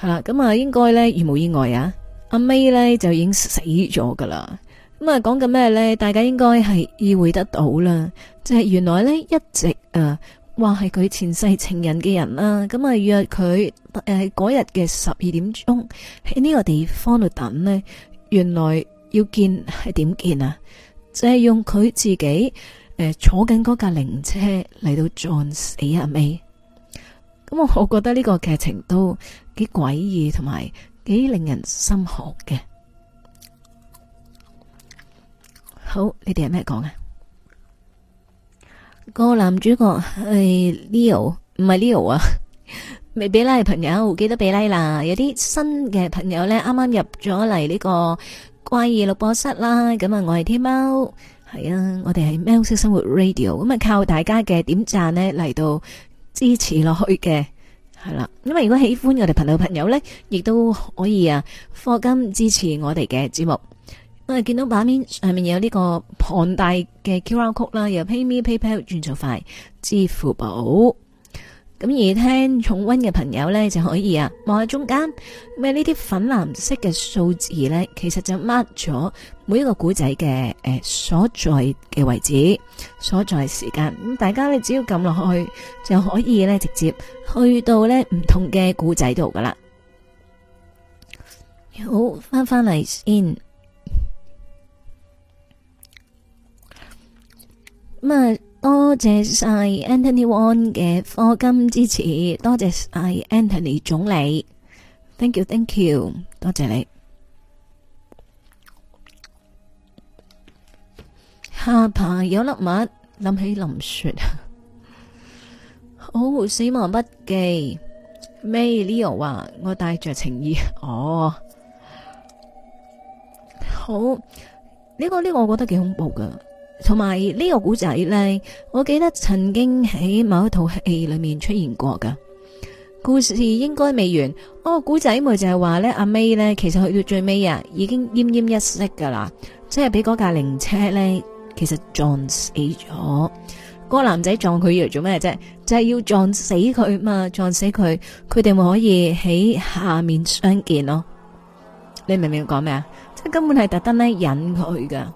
係啦，咁啊，應該呢，如無意外啊，阿 May 呢就已經死咗噶啦。咁啊，講緊咩呢？大家應該係意會得到啦，即係原來呢，一直啊話係佢前世情人嘅人啦。咁啊約佢誒嗰日嘅十二點鐘喺呢個地方度等呢。原來要見係點見啊？就係用佢自己。誒，坐緊嗰架靈車嚟到撞死阿妹，咁我我覺得呢個劇情都幾詭異，同埋幾令人心寒嘅。好，你哋係咩講啊？個男主角係 Leo，唔係 Leo 啊，未畀拉嘅朋友記得畀拉啦。有啲新嘅朋友呢，啱啱入咗嚟呢個怪異錄播室啦。咁啊，我係天貓。係啊，我哋係 s 生活 radio，咁啊靠大家嘅點讚呢嚟到支持落去嘅，係啦。因為如果喜歡我哋朋,朋友，朋友呢亦都可以啊貨金支持我哋嘅節目。我哋見到版面上面有呢個龐大嘅 QR code 啦，又 PayMe PayPal 轉到快支付寶。咁而聽重溫嘅朋友咧，就可以啊望喺中間，咁呢啲粉藍色嘅數字咧，其實就 mark 咗每一個古仔嘅，誒所在嘅位置、所在時間。咁大家咧只要撳落去，就可以咧直接去到咧唔同嘅古仔度噶啦。好翻翻嚟先，咁啊。多謝晒 Anthony Wong 嘅課金支持，多謝晒 Anthony 總理，Thank you，Thank you，多謝你。下巴有粒物，諗起林雪，好死亡筆記，May Leo 話我帶着情意，哦，好，呢個呢個我覺得幾恐怖㗎。同埋、這個、呢個古仔咧，我記得曾經喺某一套戲裏面出現過噶故事應該未完，個古仔妹就係話咧，阿 May 咧，其實去到最尾啊，已經奄奄一息噶啦，即係俾嗰架靈車咧，其實撞死咗。個男仔撞佢嚟做咩啫？就係、是、要撞死佢嘛，撞死佢，佢哋咪可以喺下面相見咯。你明唔明我講咩啊？即係根本係特登咧引佢噶。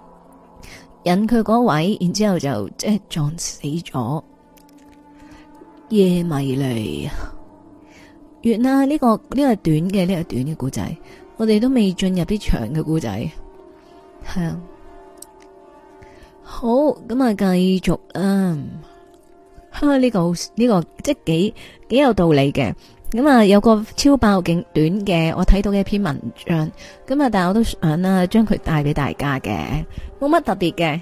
引佢嗰位，然之後就即係撞死咗。夜迷離，完啦！呢個呢個短嘅，呢個短嘅故仔，我哋都未進入啲長嘅故仔。係啊，好咁啊，那就繼續啊，嗯，呢個呢個即係幾幾有道理嘅。咁啊、嗯，有個超爆勁短嘅，我睇到嘅一篇文章咁啊、嗯，但我都想啦，將佢帶俾大家嘅，冇乜特別嘅，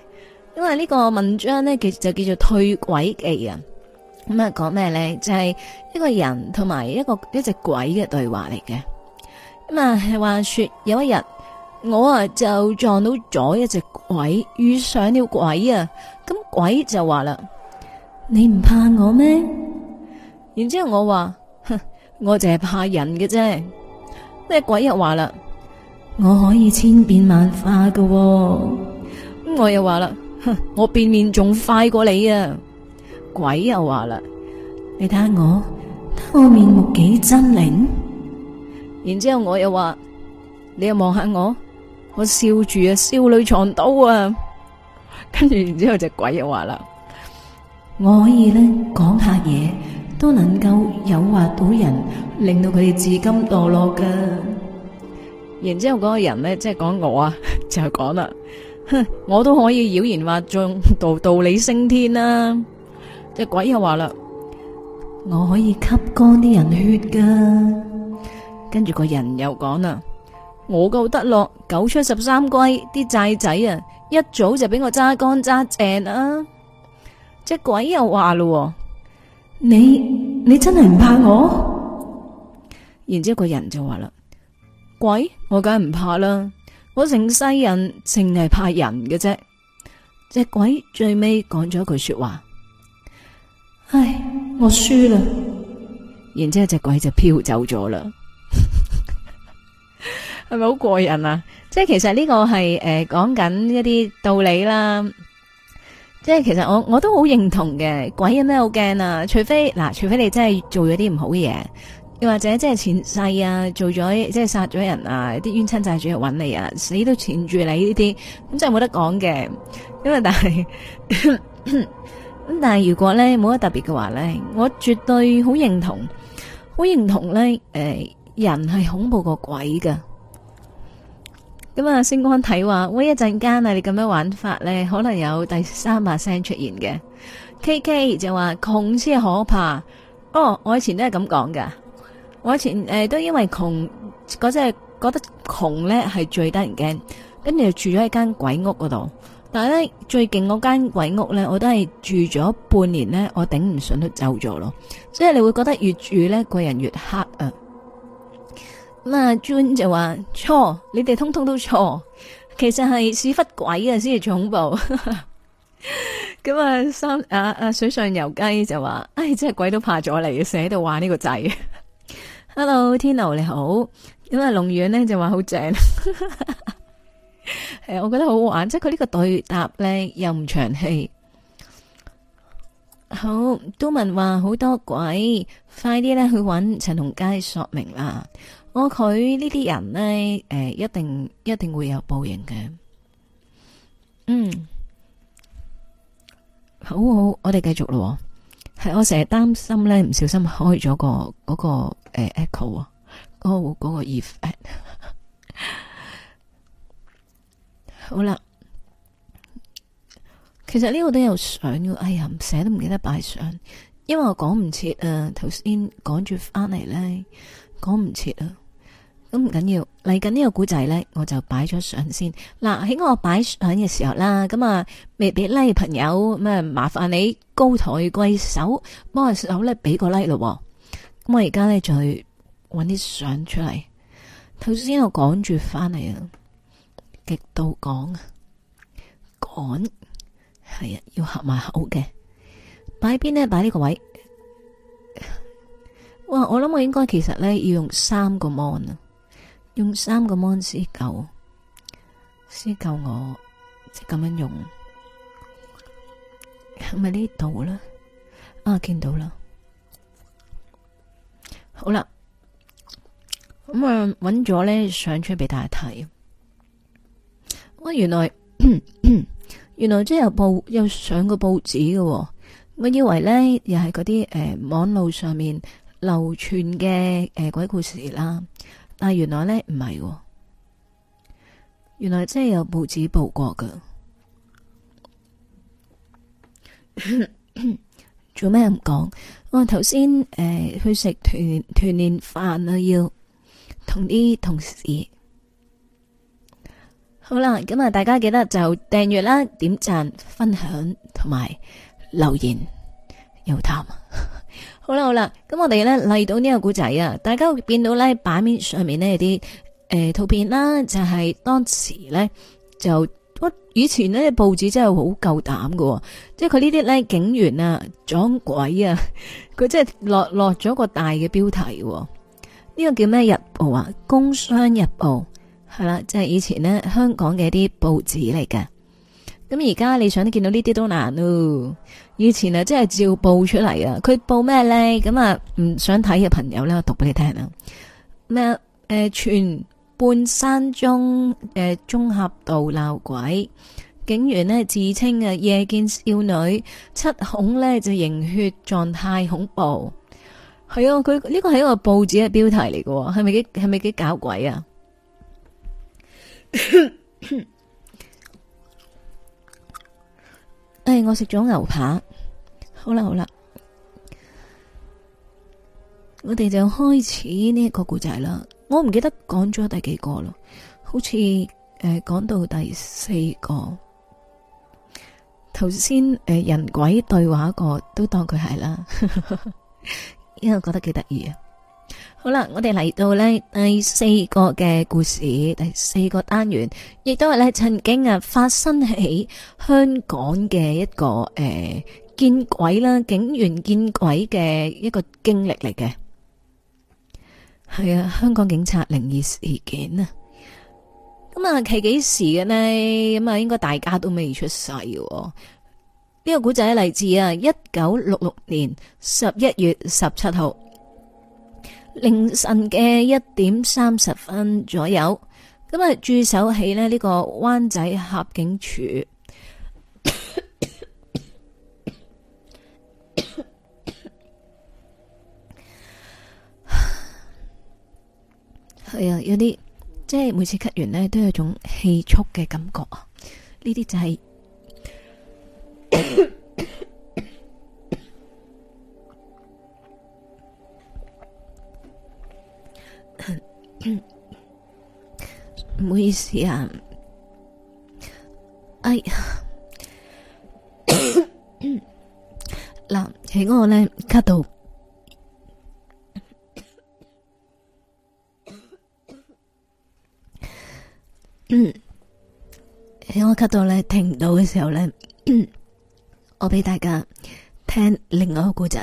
因為呢個文章咧，其實就叫做《退鬼嘅人」嗯。咁啊，講咩咧？就係、是、一個人同埋一個一隻鬼嘅對話嚟嘅。咁、嗯、啊，係話說有一日，我啊就撞到咗一隻鬼，遇上了鬼啊。咁、嗯、鬼就話啦，你唔怕我咩？然之後我話。我就係怕人嘅啫。咩，鬼又話啦，我可以千變萬化嘅喎。咁我又話啦，我變面仲快過你啊！鬼又話啦，你睇下我，我面目幾猙獰。然之後我又話，你又望下我，我笑住啊，少女藏刀啊。跟住然之後隻鬼又話啦，我可以咧講一下嘢，都能夠誘惑到人，令到佢哋至今墮落嘅。然之後嗰個人呢，即係講我啊，就講啦，哼，我都可以妖言惑眾，道道理升天啦、啊。隻鬼又話啦，我可以吸乾啲人血噶跟住個人又講啦，我夠得落九出十三歸，啲債仔啊，一早就俾我揸乾揸淨啦。隻、啊、鬼又話啦、啊。你你真係唔怕我？然之後個人就話啦，鬼我梗係唔怕啦，我成世人淨係怕人嘅啫。隻鬼最尾講咗一句說話，唉，我輸啦。然之後隻鬼就飄走咗啦。係咪好過癮啊？即係其實呢個係誒講緊一啲道理啦。即係其實我我都好認同嘅，鬼有咩好驚啊？除非嗱，除非你真係做咗啲唔好嘢，又或者即係前世啊做咗即係殺咗人啊，啲冤親債主去揾你啊，死都纏住你呢啲，咁真係冇得講嘅。因為但係咁 但係如果咧冇乜特別嘅話咧，我絕對好認同，好認同咧誒、呃，人係恐怖過鬼噶。咁啊，星光睇話，喂一陣間啊，你咁樣玩法咧，可能有第三把聲出現嘅。K K 就話窮先可怕。哦，我以前都係咁講噶，我以前誒、呃、都因為窮，嗰陣覺得窮咧係最得人驚，跟住住咗喺間鬼屋嗰度。但係咧最勁嗰間鬼屋咧，我都係住咗半年咧，我頂唔順都走咗咯。即係你會覺得越住咧個人越黑啊。咁啊 Jun 就話錯，你哋通通都錯。其實係屎忽鬼啊，先係恐怖。咁啊，三啊水上游雞就話，唉、哎，真係鬼都怕咗你，成日喺度話呢個仔。 Hello，天喵你好。咁啊，龍遠呢就話好正，係啊，我覺得好好玩。即係佢呢個對答咧，又唔長氣。好，都文話好多鬼，快啲咧去搵陳同佳說明啦。我佢呢啲人呢，誒、欸，一定一定會有報應嘅。嗯，好好，我哋繼續咯。係我成日擔心呢，唔小心開咗個嗰、那個誒、欸、Echo 喎、喔。嗰、那、嗰個 If、e。 好啦，其實呢個都有相嘅，哎呀，成日都唔記得擺相，因為我講唔切啊。頭先趕住翻嚟呢，講唔切啊。咁唔緊要，嚟緊呢個古仔呢，我就擺咗相先。嗱，喺我擺相嘅時候啦，咁啊，未俾 like 朋友咁啊，麻煩你高抬貴手，幫我手咧俾個 like 咯。咁我而家呢，就去揾啲相出嚟。頭先我趕住翻嚟啊，極度趕，趕係啊，要合埋口嘅。擺邊呢？擺呢個位。哇，我諗我應該其實呢，要用三個 mon 啊。用三個 mon 救，先救我，即咁樣用，係咪呢度咧？啊，見到啦，好啦，咁、嗯、啊，揾咗咧，上出俾大家睇，嗯。原來 原來即係有報有上過報紙嘅，我以為咧又係嗰啲誒網絡上面流傳嘅誒鬼故事啦。但原來呢，唔係，原來真係有報紙報過㗎。做咩唔講？我頭先誒去食團團年飯啊，要同啲同事。好啦，咁啊，大家記得就訂閱啦、點讚、分享同埋留言，有談好啦好啦，咁我哋咧嚟到呢個古仔啊，大家會見到咧版面上面呢啲誒圖片啦、啊，就係、是、當時咧就以前啲報紙真係好夠膽噶，即係佢呢啲咧警員啊撞鬼啊，佢 真係落落咗個大嘅標題、哦，呢、呢個叫咩日報啊？工商日報係啦，即係以前咧香港嘅啲報紙嚟㗎。咁而家你想見到呢啲都難咯。以前啊，真係照報出嚟啊！佢報咩咧？咁啊，唔想睇嘅朋友咧，我讀俾你聽啦。咩？誒、呃，全半山中誒，綜合道鬧鬼，警員呢自稱啊，夜見少女七孔呢就凝血狀態，恐怖。係啊，佢呢個係一個報紙嘅標題嚟㗎，係咪幾係咪幾搞鬼啊？誒、 哎，我食咗牛扒。好啦，好啦，我哋就開始呢一個故仔啦。我唔記得講咗第幾個咯，好似誒講到第四個。頭先誒人鬼對話個都當佢係啦， 因為覺得幾得意啊。好啦，我哋嚟到呢第四個嘅故事，第四個單元亦都係咧曾經啊發生喺香港嘅一個誒。呃見鬼啦！警員見鬼嘅一個經歷嚟嘅，係啊，香港警察靈異事件啊！咁啊，其幾時嘅呢？咁啊，應該大家都未出世喎。呢、這個古仔嚟自啊，一九六六年十一月十七號凌晨嘅一點三十分左右。咁啊，駐守喺呢，呢、這個灣仔合警署。 係啊，有啲即係每次吸完咧，都有種氣促嘅感覺啊！呢啲就係，唔好意思啊，哎呀，嗱喺我咧吸到。嗯，喺我吸到呢，聽唔到嘅時候呢，我俾大家聽另外一個故仔。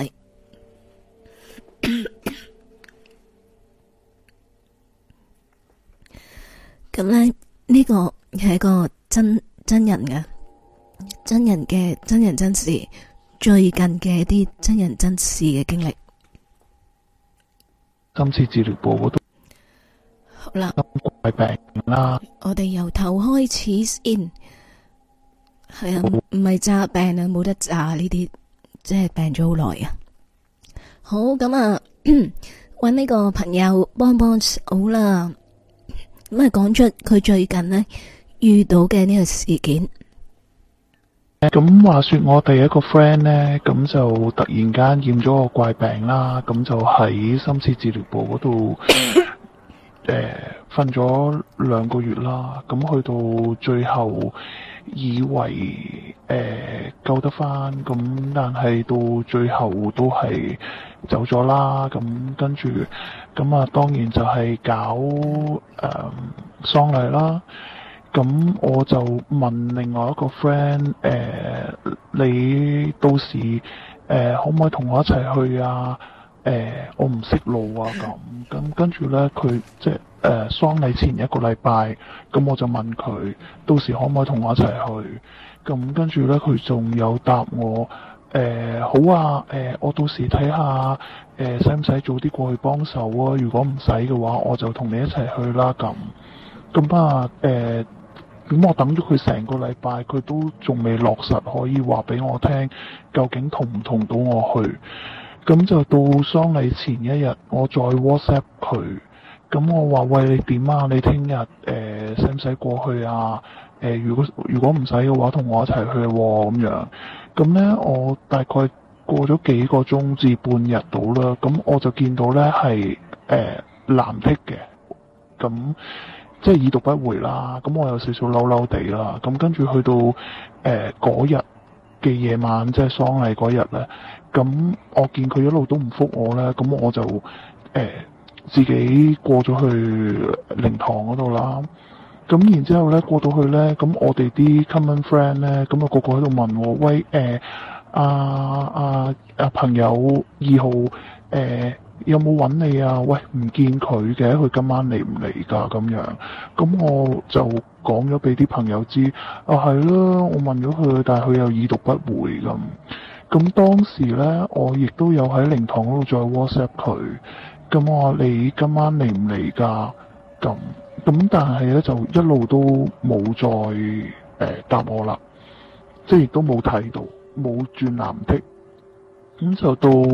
咁呢，呢、呢個係一個真真人嘅真人嘅真人真事，最近嘅一啲真人真事嘅經歷。今次治療報告好啦，怪病啦，我哋由頭開始先係啊，唔係詐病啊，冇得詐呢啲，即係病咗好耐啊。好咁啊，揾呢 個朋友幫幫手啦。咁啊，講出佢最近呢遇到嘅呢個事件。咁話說，我第一個 friend 呢，咁就突然間染咗個怪病啦，咁就喺深切治療部嗰度。 瞓咗、呃、兩個月啦，咁去到最後以為誒、呃、救得翻，咁但係到最後都係走咗啦，咁跟住咁啊當然就係搞誒、呃、喪禮啦，咁我就問另外一個 friend 誒、呃、你到時誒、呃、可唔可以同我一齊去啊？誒、呃，我唔識路啊！咁，咁跟住呢，佢即係誒喪禮前一個禮拜，咁我就問佢，到時可唔可以同我一齊去？咁跟住呢，佢仲有答我誒、呃、好啊、呃！我到時睇下誒使唔使早啲過去幫手啊？如果唔使嘅話，我就同你一齊去啦！咁，咁啊誒，呃、我等咗佢成個禮拜，佢都仲未落實，可以話俾我聽，究竟同唔同到我去？咁就到喪禮前一日，我再 WhatsApp 佢，咁我話：喂，你點啊？你聽日誒使唔使過去啊？誒、呃，如果如果唔使嘅話，同我一齊去喎、啊、咁樣。咁呢，我大概過咗幾個鐘至半日到啦。咁我就見到呢係誒、呃、藍剔嘅，咁即係已讀不回啦。咁我有少少嬲嬲地啦。咁跟住去到誒嗰日嘅夜晚，即係喪禮嗰日呢。咁我見佢一路都唔覆我咧，咁我就誒、欸、自己過咗去靈堂嗰度啦。咁然之後咧過到去咧，咁我哋啲 common friend 咧，咁啊個個喺度問我：喂「喂、欸、誒啊啊啊朋友二號誒、欸、有冇揾你啊？喂唔見佢嘅，佢今晚嚟唔嚟㗎？咁樣，咁我就講咗俾啲朋友知啊，係囉，我問咗佢，但係佢又已讀不回咁。咁當時咧，我亦都有喺靈堂嗰度再 WhatsApp 佢。咁我話，你今晚嚟唔嚟㗎？咁咁，但係咧就一路都冇再誒、呃、答我啦，即係亦都冇睇到冇轉藍的。咁就到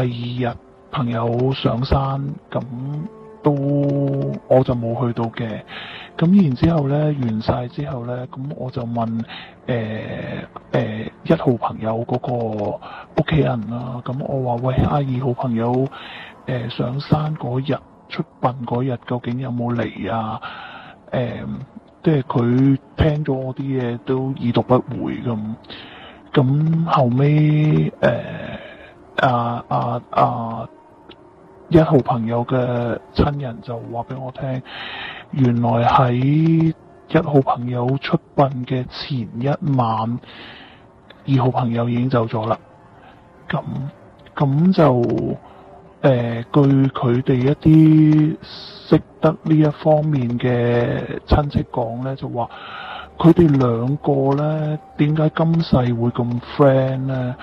第二日朋友上山，咁都我就冇去到嘅。咁然之後呢，完曬之後呢，咁我就問誒、呃呃、一號朋友嗰個屋企人啦、啊。咁我話：喂，阿二號朋友、呃、上山嗰日出殯嗰日，究竟有冇嚟啊？誒、呃，即係佢聽咗我啲嘢都已讀不回咁。咁後尾，誒阿阿一號朋友嘅親人就話俾我聽。原來喺一號朋友出殯嘅前一晚，二號朋友已經走咗啦。咁咁就誒、呃，據佢哋一啲識得呢一方面嘅親戚講呢，就話佢哋兩個呢，點解今世會咁 friend 呢？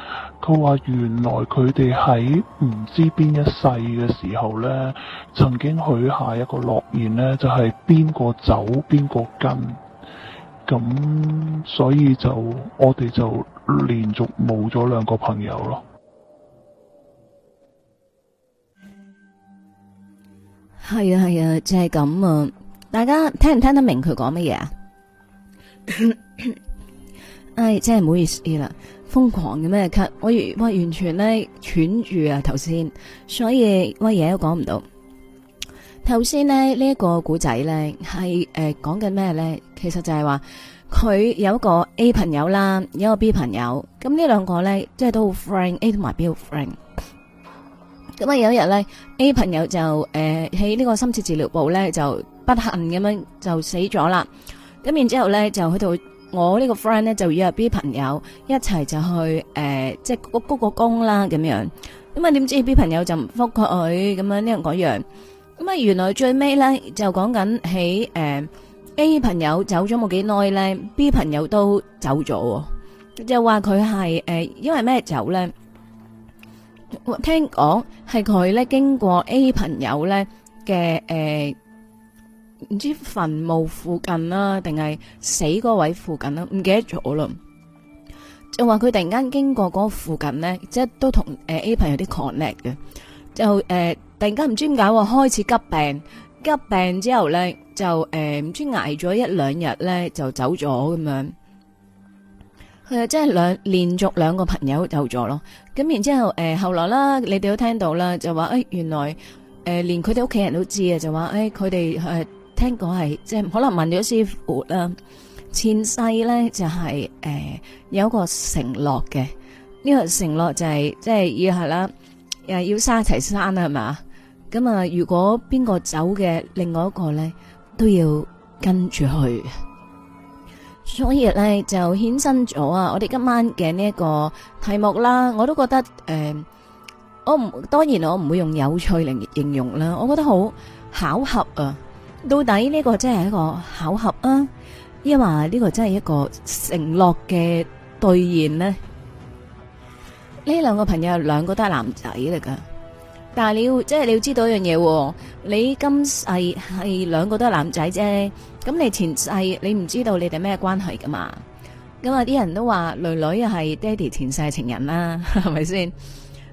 佢話原來佢哋喺唔知邊一世嘅時候呢，曾經許下一個諾言呢，就係，邊個走邊個跟，咁所以就我哋就連續冇咗兩個朋友咯。係啊係啊，就係咁啊！大家聽唔聽得明佢講乜嘢啊？ 唉，真係唔好意思啦。瘋狂嘅咩咳，我完我完全咧喘住啊頭先，所以乜嘢都講唔到。頭先咧呢一，呢個古仔咧係誒講緊咩咧？其實就係話佢有個 A 朋友啦，有個 B 朋友。咁呢兩個咧即係都好 friend，A 同埋 B 好 friend。咁啊有一日咧，啊，A 朋友就誒喺，呃、呢個深切治療部咧就不幸咁樣就死咗啦。咁然之後咧就去到。我呢個 friend 咧就約 B 朋友一齊就去誒，即係鞠個躬啦咁樣。咁啊點知 B 朋友就唔復佢，咁啊呢樣嗰樣。咁啊原來最尾咧就講緊喺誒 A 朋友走咗冇幾耐咧，B 朋友都走咗。就話佢係誒因為咩走咧？聽講係佢咧經過 A 朋友咧嘅誒。唔知墳墓附近啦，啊，定係死嗰位附近啦，啊，唔記得咗啦。就話佢突然間經過嗰個附近呢，即係都同誒 A 朋友啲 connect 嘅。就誒、呃、突然間唔知點解開始急病，急病之後呢，就誒唔、呃、知挨咗一兩日呢，就走咗咁樣。係啊，即、就、係、是、兩連續兩個朋友走咗咯。咁然之後誒、呃、後來啦，你哋都聽到啦，就話誒、哎、原來誒、呃、連佢哋屋企人都知啊，就話誒佢哋聽講係即係可能問咗師傅啦，前世咧就係、是、誒、呃、有一個承諾嘅呢、呢個承諾就係、是、即係以後啦，誒要生一齊生啦，係嘛咁啊？如果邊個走嘅，另外一個咧都要跟住去，所以咧就衍生咗啊！我哋今晚嘅呢一個題目啦，我都覺得誒、呃，我唔當然我唔會用有趣嚟形容啦，我覺得好巧合啊。到底呢個真係一個巧合啊，抑或呢個真係一個承諾嘅兌現呢？呢兩個朋友兩個都係男仔嚟噶，但係你要即係、就是、你要知道一樣嘢，啊，你今世係兩個都係男仔啫，咁你前世你唔知道你哋咩關係噶嘛？咁啊，啲人都話女女又係爹哋前世情人啦，係咪先？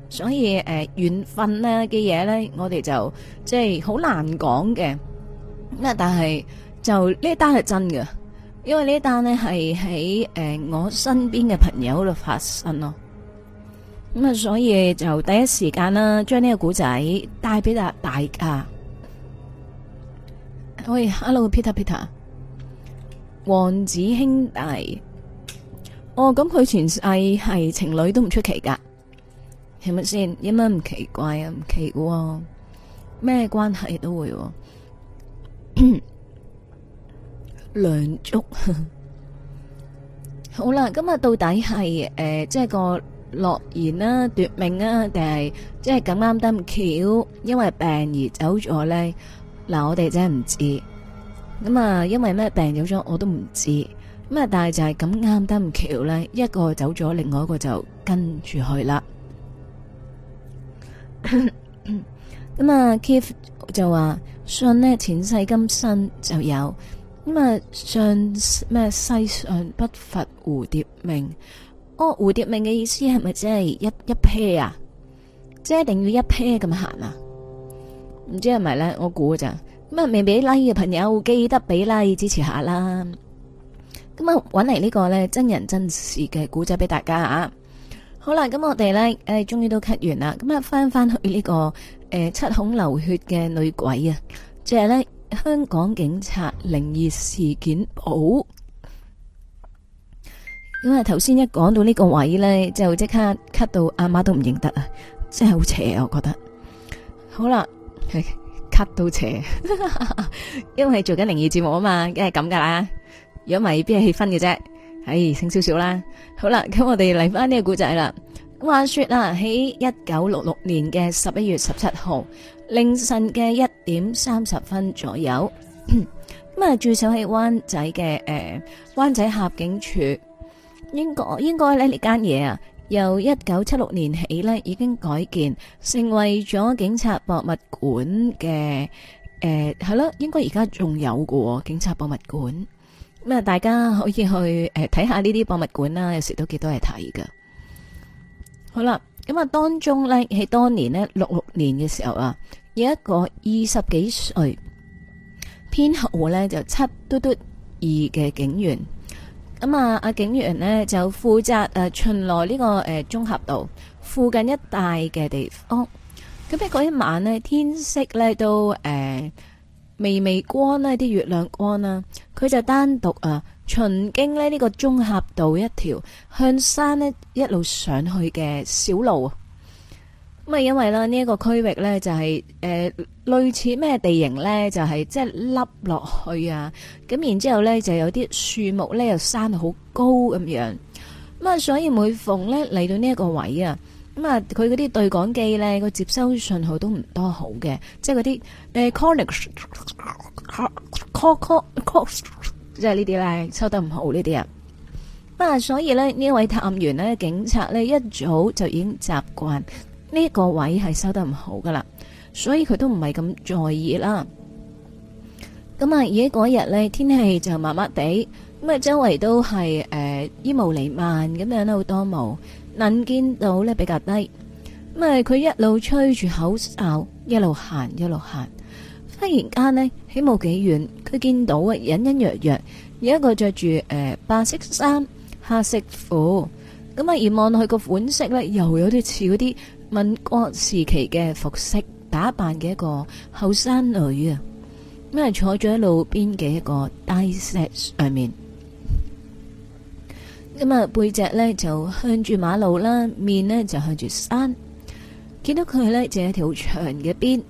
所以誒，緣、呃、分呢嘅嘢呢，我哋就即係好難講嘅。咁啊！但係就呢單係真嘅，因為呢單呢係喺誒我身邊嘅朋友度發生咯。咁、嗯、啊，所以就第一時間啦，將呢個古仔帶俾阿大家。喂，Hello，Peter，Peter，Peter 王子兄弟，哦，咁佢前世係情侶都唔出奇噶，係咪先？有乜唔奇怪啊？唔奇怪喎、啊，咩關係都會、啊。梁祝，好啦，咁啊到底係誒，即係個落言啦、奪命啊，定係即係咁啱得唔巧，因為病而走咗咧？嗱，我哋真係唔知。咁啊，因為咩病走咗我都唔知。咁啊，但係就係咁啱得唔巧咧，一個走咗，另外一個就跟住去啦。咁啊，Keith 就話。信呢前世今生就有咁啊！信咩世上不乏蝴蝶命？哦，蝴蝶命嘅意思係咪即係一一 pair 啊？即、就、係、是、一定要一 pair 咁行啊？唔知係咪咧？我估咋咁啊？未俾 like 嘅朋友記得俾拉、like、支持下啦！咁啊，搵嚟呢個咧真人真事嘅古仔俾大家啊！好啦，咁我哋咧誒，終於都 cut 完啦！咁啊，返返去呢個。誒，七孔流血嘅女鬼啊，即係咧香港警察靈異事件簿。因為頭先一講到呢個位咧，就即刻咳到阿媽都唔認得啊，真係好邪啊！我覺得，好啦，咳到邪，因為做緊靈異節目啊嘛，梗係咁噶啦，如果唔係邊係氣氛嘅啫。唉，醒少少啦，好啦，咁我哋嚟翻呢個故仔啦。話說啊，喺一九六六年嘅十一月十七號凌晨嘅一點三十分左右，咁啊駐守喺灣仔嘅誒灣仔峽警署，應該應該咧，呢間嘢啊，由一九七六年起咧已經改建成為咗警察博物館嘅誒係啦，應該而家仲有嘅警察博物館，咁啊大家可以去誒睇下呢啲博物館啦，有時都幾多嘢睇噶。好啦，咁啊當中咧喺當年咧六六年嘅時候啊，有一個二十幾歲編號咧就七嘟嘟二嘅警員，咁啊阿警員呢，就負責誒、啊、巡邏呢、這個誒綜合道附近一帶嘅地方，咁咧嗰一晚呢，天色咧都誒、呃、微微光啦，啲月亮光啦，佢就單獨啊。巡經咧呢、這個中峽道一條向山咧一路上去嘅小路，咁啊因為咧呢一、這個區域咧就係、是、誒、呃、類似咩地形咧就係、是、即係凹落去啊，咁然之後咧就有啲樹木咧又山好高咁樣，咁啊所以每逢咧嚟到呢一個位啊，咁啊佢嗰啲對講機咧個接收信號都唔多好嘅，即係嗰啲誒 connect, call call call 即係呢啲呢，收得唔好呢啲啊。咁啊，所以呢，呢一位探員咧，警察咧一早就已經習慣呢一個位係收得唔好噶啦，所以佢都唔係咁在意啦。咁啊，而家嗰日呢，天氣就麻麻地，咁啊周圍都係誒煙霧彌漫咁樣啦，好多霧，能見度呢比較低。咁啊，佢一路吹住口哨，一路行，一路行。忽然間呢，起冇幾遠，佢見到啊，隱隱約約有一個着住誒白色衫、黑色褲，咁啊而望落去個款式呢，又有啲似嗰啲民國時期嘅服飾打扮嘅一個後生女啊，咁啊，坐咗喺路邊嘅一個大石上面，咁啊背脊呢就向住馬路啦，面呢就向住山，見到佢呢就係條長嘅邊。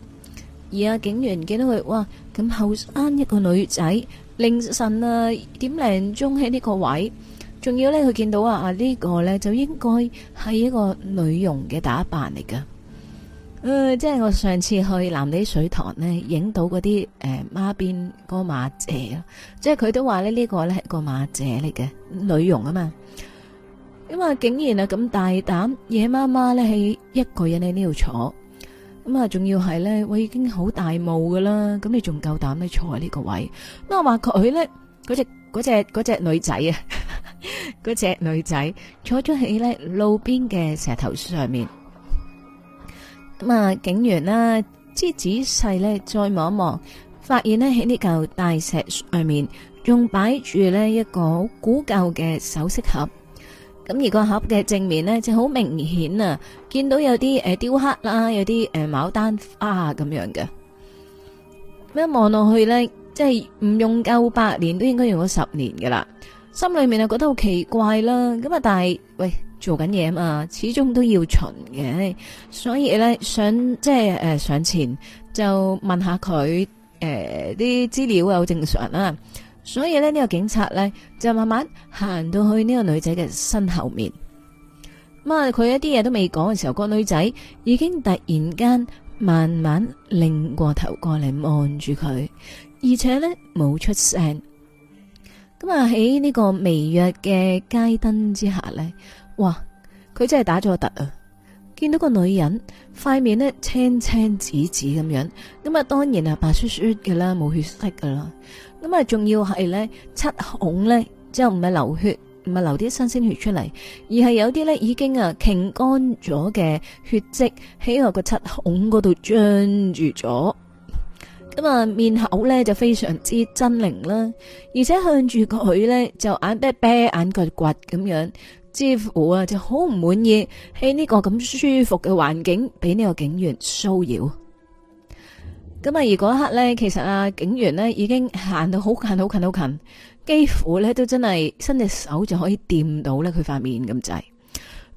而阿警員見到佢，哇！咁後生一個女仔，凌晨點啊，點零鐘喺呢個位，仲要呢？佢見到啊啊呢個呢，就應該係一個女傭嘅打扮嚟噶。誒、嗯，即係我上次去藍地水塘呢，影到嗰啲誒馬鞭哥馬姐咯，即係佢都話咧呢個呢，係個馬姐嚟嘅女傭啊嘛。咁、嗯、啊，竟然啊咁大膽，夜媽媽呢，喺一個人喺呢度坐。咁啊，仲要係咧，我已經好大霧噶啦，咁你仲夠膽咧坐喺呢個位？咁我話佢咧，嗰隻嗰隻嗰隻女仔啊，嗰隻女仔坐咗喺咧路邊嘅石頭上面。咁啊，警員啦，之仔細咧再望一望，發現咧喺呢嚿大石上面，仲擺住咧一個古舊嘅首飾盒。咁而個盒嘅正面呢，就好明顯啊，見到有啲誒雕刻啦、啊，有啲誒牡丹花咁、啊、樣嘅。咁一望落去呢，即係唔用夠百年都應該用咗十年噶啦，心裏面就覺得好奇怪啦。咁啊，但係喂做緊嘢啊嘛，始終都要巡嘅，所以呢，想即係誒、呃、上前就問下佢誒啲資料啊，好正常啦。所以呢呢、呢個警察呢，就慢慢行到去呢個女仔嘅身後面。咁、嗯、啊，佢、嗯、一啲嘢都未講嘅時候，呢個女仔已經突然間慢慢擰過頭過嚟望住佢，而且呢冇出聲。咁、嗯嗯嗯嗯、啊，喺呢個微弱嘅街燈之下呢，哇！佢真係打咗個突啊！見到個女人塊面呢青青紫紫咁樣，咁啊，當然啊白雪雪嘅啦，冇血色噶啦。咁啊，仲要係咧七孔咧，即係唔係流血，唔係流啲新鮮血出嚟，而係有啲咧已經啊傾乾咗嘅血跡喺我個七孔嗰度張住咗。咁啊，面口咧就非常之猙獰啦，而且向住佢咧就眼啤啤、眼掘掘咁樣，似乎啊就好唔滿意喺呢個咁舒服嘅環境俾呢個警員騷擾。咁啊！而嗰一刻咧，其實阿警員呢已經行到好近、好近、好近，幾乎咧都真係伸隻手就可以掂到咧佢塊面咁滯。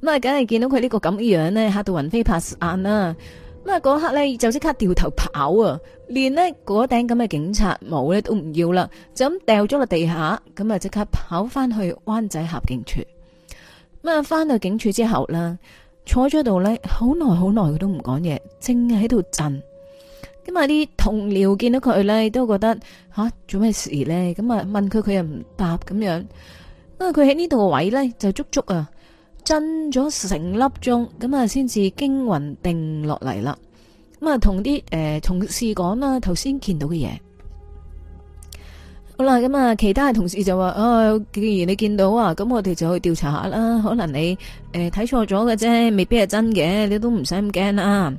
咁啊，梗係見到佢呢個咁嘅樣呢，吓到魂飛魄散啦！咁啊，嗰刻呢，就即刻掉頭跑啊，連呢嗰頂咁嘅警察帽咧都唔要啦，就咁掉咗落地下，咁啊即刻跑翻去灣仔峽警處。咁啊，翻到警署之後啦，坐咗度呢，好耐好耐，佢都唔講嘢，淨係喺度震。咁啊！啲同僚見到佢咧，都覺得吓做咩事咧？咁啊，問佢，佢又唔答咁樣。因為佢喺呢度嘅位咧，就足足啊，震咗成粒鐘，咁啊，先至驚魂定落嚟啦。咁、呃、啊，同啲誒同事講啦，頭先見到嘅嘢。好啦，咁啊，其他嘅同事就話：啊、哎，既然你見到啊，咁我哋就去調查下啦。可能你誒睇錯咗嘅啫，未必係真嘅，你都唔使咁驚啦。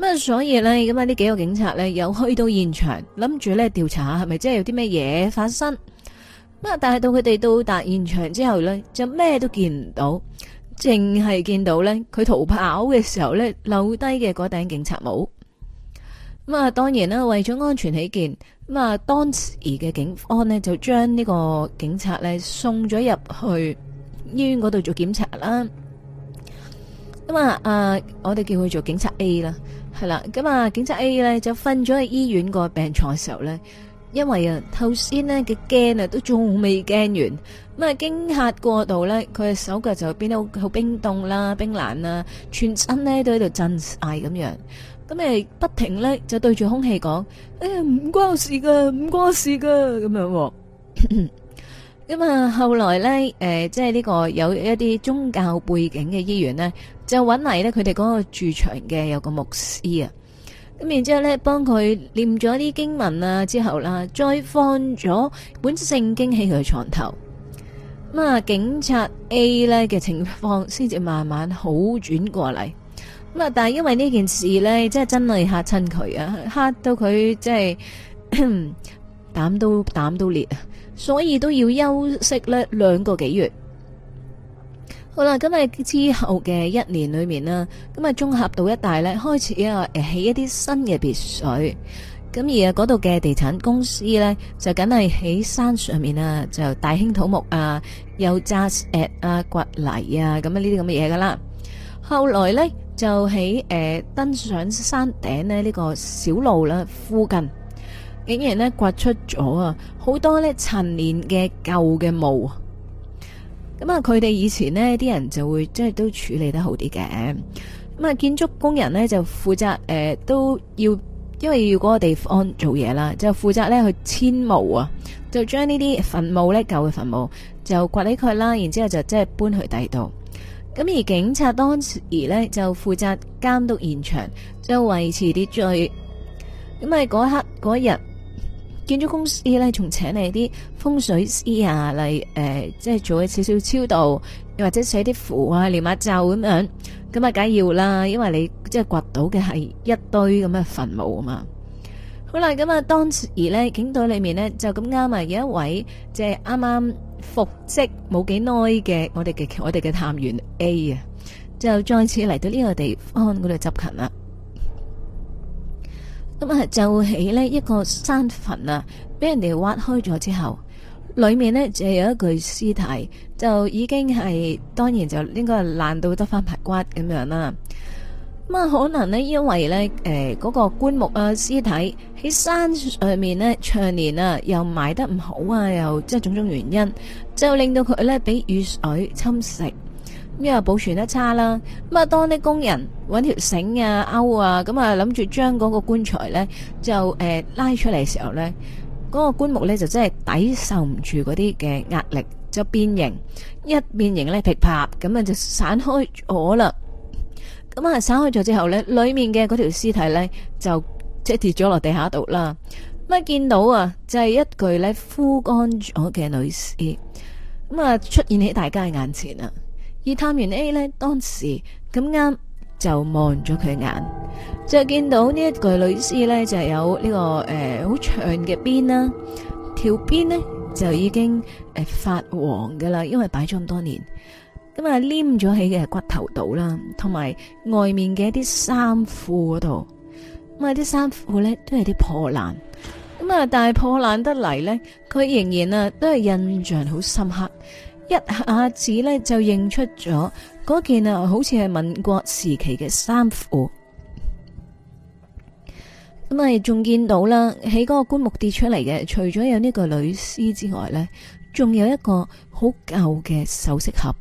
咁所以呢，咁啊，呢幾個警察呢，又去到現場，諗住呢調查下係咪真係有啲咩嘢發生。咁啊，但係到佢哋到達現場之後呢，就咩都見唔到，淨係見到呢，佢逃跑嘅時候呢，留低嘅嗰頂警察帽。咁啊，當然啦，為咗安全起見，咁啊，當時嘅警方呢，就將呢個警察呢，送咗入去醫院嗰度做檢查啦。咁啊，啊，我哋叫佢做警察 A 啦。係啦，咁啊，警察 A 咧就瞓咗喺醫院個病床嘅時候咧，因為啊，頭先咧佢驚啊都仲未驚完，咁啊驚嚇過度咧，佢嘅手腳就變得好冰凍啦、冰冷啦，全身咧都喺度震晒咁樣，咁誒不停咧就對住空氣講，哎呀唔關事噶，唔關事噶咁樣。咁啊，後來呢誒、呃，即係呢個有一啲宗教背景嘅醫院呢，就揾嚟，呢佢哋嗰個駐場嘅有個牧師啊，咁然之後呢幫佢念咗啲經文啊，之後啦，再放咗本聖經喺佢床頭。咁啊，警察 A 呢嘅情況先至慢慢好轉過嚟。咁啊，但係因為呢件事呢，即係真係真吓親佢啊，吓到佢即係膽都膽都裂啊！所以都要休息咧兩個幾月。好啦，咁啊之後嘅一年裏面啦，咁啊綜合到一大咧，開始啊誒，起一啲新嘅別墅。咁而啊嗰度嘅地產公司咧，就梗係喺山上面啊，就大興土木啊，又 just at 啊掘泥啊，咁啊呢啲咁嘅嘢噶啦。後來咧就喺誒登上山頂咧呢個小路啦附近。竟然咧掘出咗啊，好多咧陳年嘅舊嘅墓。咁啊，佢哋以前咧啲人就會即係都處理得好啲嘅。咁啊，建築工人呢就負責誒、呃、都要，因為要嗰個地方做嘢啦，就負責咧去遷墓啊，就將呢啲墳墓咧舊嘅墳墓就掘起佢啦，然之後就即係搬去第二度。咁而警察當時呢就負責監督現場，就維持秩序。咁啊，嗰刻嗰日。建築公司咧，仲請你啲風水師啊嚟，誒、呃，即係做一少少超度，又或者寫啲符啊、念下咒咁樣，咁啊梗要啦，因為你即係掘到嘅係一堆咁嘅墳墓啊嘛。好啦，咁啊當時咧，警隊裏面呢，就咁啱啊，有一位即係啱啱復職冇幾耐嘅我哋嘅我哋嘅探員 A 啊，就再次嚟到呢個地方嗰度執勤啦。咁啊、嗯，就起呢一個山墳啊，俾人哋挖開咗之後，裏面呢就有一具屍體，就已經係當然就應該係爛到得翻排骨咁樣啦。咁、嗯、可能呢，因為呢誒嗰、呃那個棺木啊，屍體喺山上面呢，長年啊又埋得唔好啊，又即係種種原因，就令到佢呢俾雨水侵蝕。因為保存得差啦，咁啊，當啲工人搵條繩啊、勾啊，咁啊諗住將嗰個棺材呢就誒、呃、拉出嚟嘅時候呢，嗰、嗰個棺木呢就真係抵受唔住嗰啲嘅壓力，就變形，一變形呢，噼啪咁啊就散開咗啦。咁啊散開咗之後呢，裏面嘅嗰條屍體呢就即係跌咗落地下度啦。咁啊見到啊就係、係、一具呢，枯乾咗嘅女屍，咁啊出現喺大家眼前啦。而探完 A 呢，當時咁啱就望咗佢眼，就見到呢一具女屍呢，就有呢、這個誒好、呃、長嘅辮，啦，條辮呢，就已經誒發黃噶啦，因為擺咗咁多年，咁啊黏咗喺嘅骨頭度啦，同埋外面嘅一啲衫褲嗰度，咁啊啲衫褲呢，都係啲破爛，咁啊但係破爛得嚟呢，佢仍然啊都係印象好深刻。一下子咧，就認出咗嗰件啊，好似係民國時期嘅衫褲。咁咪仲見到啦，喺嗰個棺木跌出嚟嘅，除咗有呢個女屍之外呢，仲有一個好舊嘅首飾盒。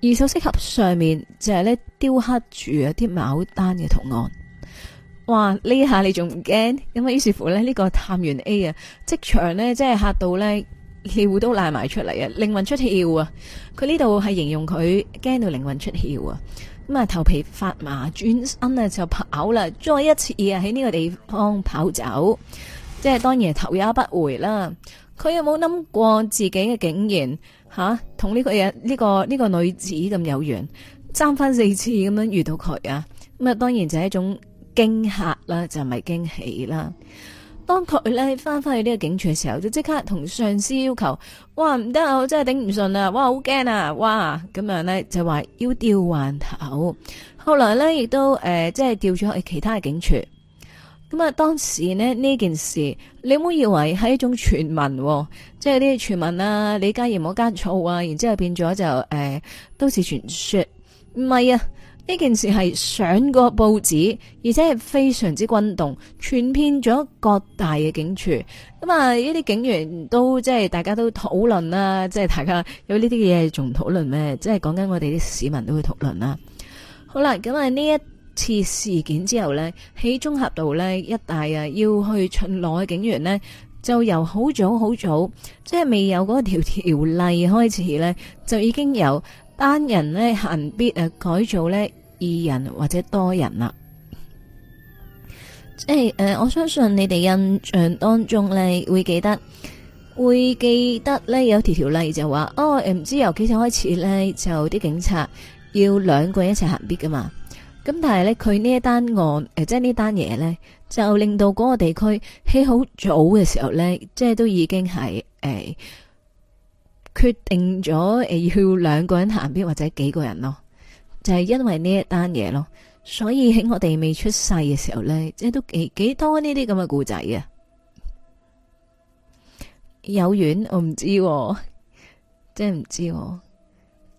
而首飾盒上面就係呢雕刻住一啲牡丹嘅圖案。哇！呢下你仲唔驚？咁啊於是乎咧，呢個探員 A 啊，即場呢，真係嚇到呢。尿都賴埋出嚟啊！靈魂出竅啊！佢呢度係形容佢驚到靈魂出竅啊！咁啊，頭皮發麻，轉身咧就跑啦，再一次啊喺呢個地方跑走，即係當然頭也不回啦。佢有冇諗過自己嘅竟然吓同呢個呢、呢個呢、呢個女子咁有緣，三番四次咁樣遇到佢啊？咁啊，當然就係一種驚吓啦，就唔係驚喜啦。當佢咧翻翻去呢個警署嘅時候，就即刻同上司要求，哇，唔得啊，我真係頂唔順啊，哇好驚啊，哇咁樣咧就話要調換頭，後來咧亦都誒即係調咗去其他嘅警署，咁啊當時呢呢件事，你有冇以為係一種傳聞？即係呢啲傳聞啊，李嘉怡唔好加醋啊，然之後變咗就誒、呃、都市傳說，唔係啊。呢件事係上過報紙，而且係非常之轟動，傳遍咗各大嘅警署。咁啊，呢啲警員都即係大家都討論啦，即係大家有呢啲嘢仲討論咩？即係講緊我哋啲市民都會討論啦。好啦，咁啊呢一次事件之後呢，喺中峽道呢一帶啊，要去巡邏嘅警員呢，就由好早好早，即係未有嗰條條例開始呢，就已經有。單人咧行必誒改造咧二人或者多人啦，即係誒、呃，我相信你哋印象當中咧會記得，會記得咧有條條例就話哦，唔、呃、知由幾時開始咧就啲警察要兩個人一齊行必噶嘛，咁但係咧佢呢一單案誒、呃，即係呢單嘢咧就令到嗰個地區喺好早嘅時候咧，即係都已經係誒。呃決定咗誒，要兩個人行邊或者幾個人咯，就係、是、因為呢一單嘢咯。所以喺我哋未出世嘅時候咧，即係都幾幾多呢啲咁嘅故仔啊。有緣我唔知，即係唔知喎。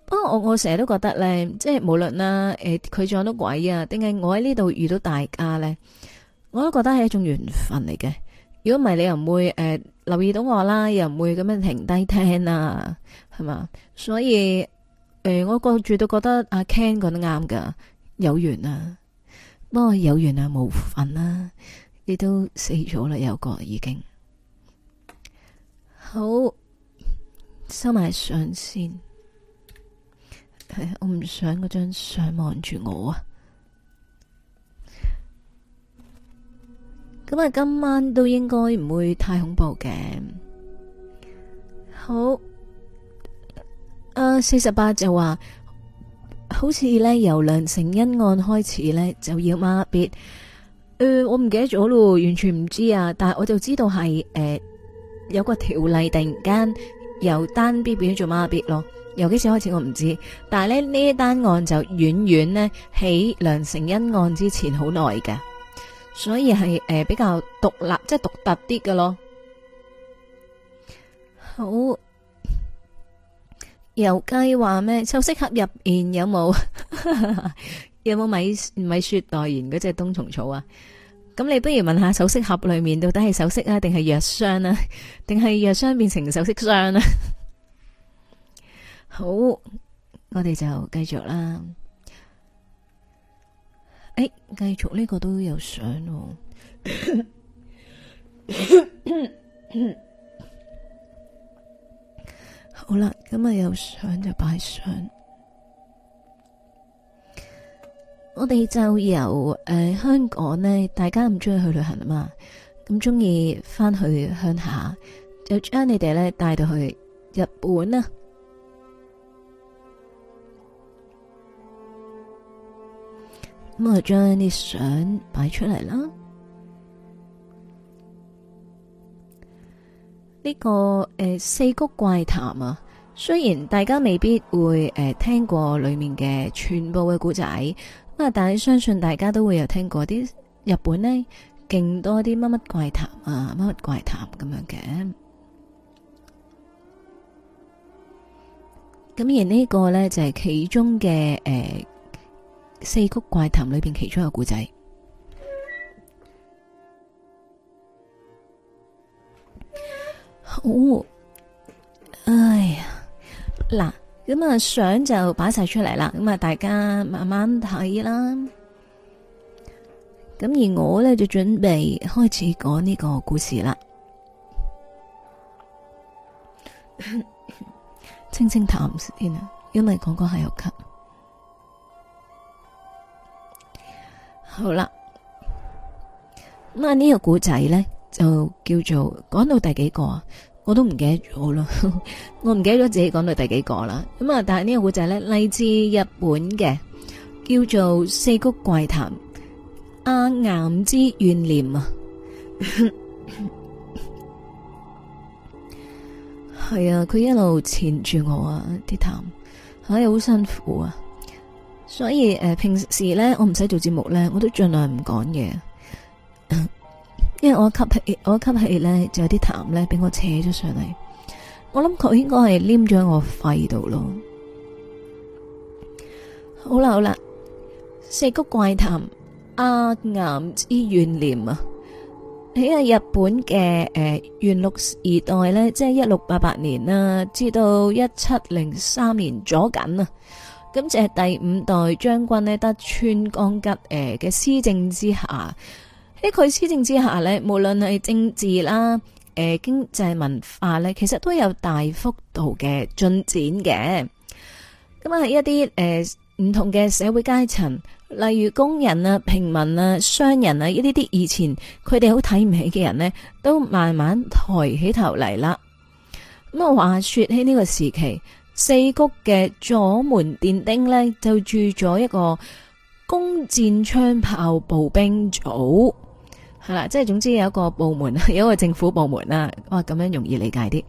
不過我我成日都覺得咧，即係無論啦、啊，誒、呃，佢撞到鬼啊，定係我喺呢度遇到大家咧，我都覺得係一種緣分嚟嘅。如果唔係，你又唔會誒。呃留意到我啦，又唔會咁樣停低聽啦、啊，係嘛？所以誒、呃，我覺住都覺得阿 Ken 講得啱噶，有緣啊，不過有緣啊冇份啦、啊，你都死咗啦，有個已經好收埋相先，我唔想嗰張相望住我啊。咁啊，今晚都應該唔會太恐怖嘅、呃。好，誒，四十八就話，好似咧由梁成恩案開始咧就要孖咇。誒、呃，我唔記得咗咯，完全唔知啊。但係我就知道係誒、呃、有個條例突然間由單咇變咗做孖咇咯。由幾時開始我唔知，但係咧呢這一單案就遠遠咧喺梁成恩案之前好耐嘅。所以係誒、呃、比較獨立，即係獨特啲嘅咯。好，有計話咩？首飾盒入面有冇？有冇米米雪代言嗰隻冬蟲草啊？咁你不如問下首飾盒裏面到底係首飾啊，定係藥箱啊，定係藥箱變成首飾箱啊？好，我哋就繼續啦。誒，繼、哎、續呢個都有相哦，好啦，咁啊有相就擺相， 我哋就由誒、呃、香港呢，大家唔中意去旅行啊嘛，咁中意翻去鄉下，就將你哋呢帶到去日本啦。咁啊，將啲相擺出嚟啦！呢個誒《四谷怪談》啊，雖然大家未必會誒聽過裏面嘅全部嘅故仔，咁啊，但係相信大家都會有聽過啲日本呢勁多啲乜乜怪談啊，乜乜怪談咁樣嘅。咁而呢個咧就係其中嘅誒。呃四曲怪談裏邊其中一個故仔，好，哎 呀，嗱、哦，咁啊，相就擺晒出嚟啦，咁啊，大家慢慢睇啦。咁而我呢，就準備開始講呢個故事啦。 清清淡先啊，因為講講係有咳。好啦，咁、這、啊、個、呢個古仔呢就叫做講到第幾個啊，我都唔記得咗啦，我唔記得咗自己講到第幾個啦。咁啊，但係呢個古仔呢，嚟自日本嘅，叫做《四谷怪談》。阿岩之怨念啊，係 啊，佢一路纏住我啊，啲談，唉、哎，好辛苦啊。所以誒，平時咧，我唔使做節目咧，我都盡量唔講嘢， 因為我吸氣，我吸氣咧就有啲痰咧，俾我扯咗上嚟。我諗佢應該係黏咗喺我肺度咯。 好啦好啦，四谷怪談阿岩之怨念啊，喺啊日本嘅誒、呃、元祿時代咧，即係一六八八年啦，至到一七零三年左近啊。咁就係第五代將軍咧，德川綱吉誒嘅、呃、施政之下，喺佢施政之下呢，無論係政治啦、誒、呃、經濟文化呢，其實都有大幅度嘅進展嘅。咁啊喺一啲誒唔同嘅社會階層，例如工人啊、平民啊、商人啊呢啲啲以前佢哋好睇唔起嘅人呢，都慢慢抬起頭嚟。啦咁啊，話說喺呢個時期。四谷嘅左門電丁咧，就住咗一個弓箭、槍炮、步兵組係啦。即係總之有一個部門，有一個政府部門啦。哇，咁樣容易理解啲。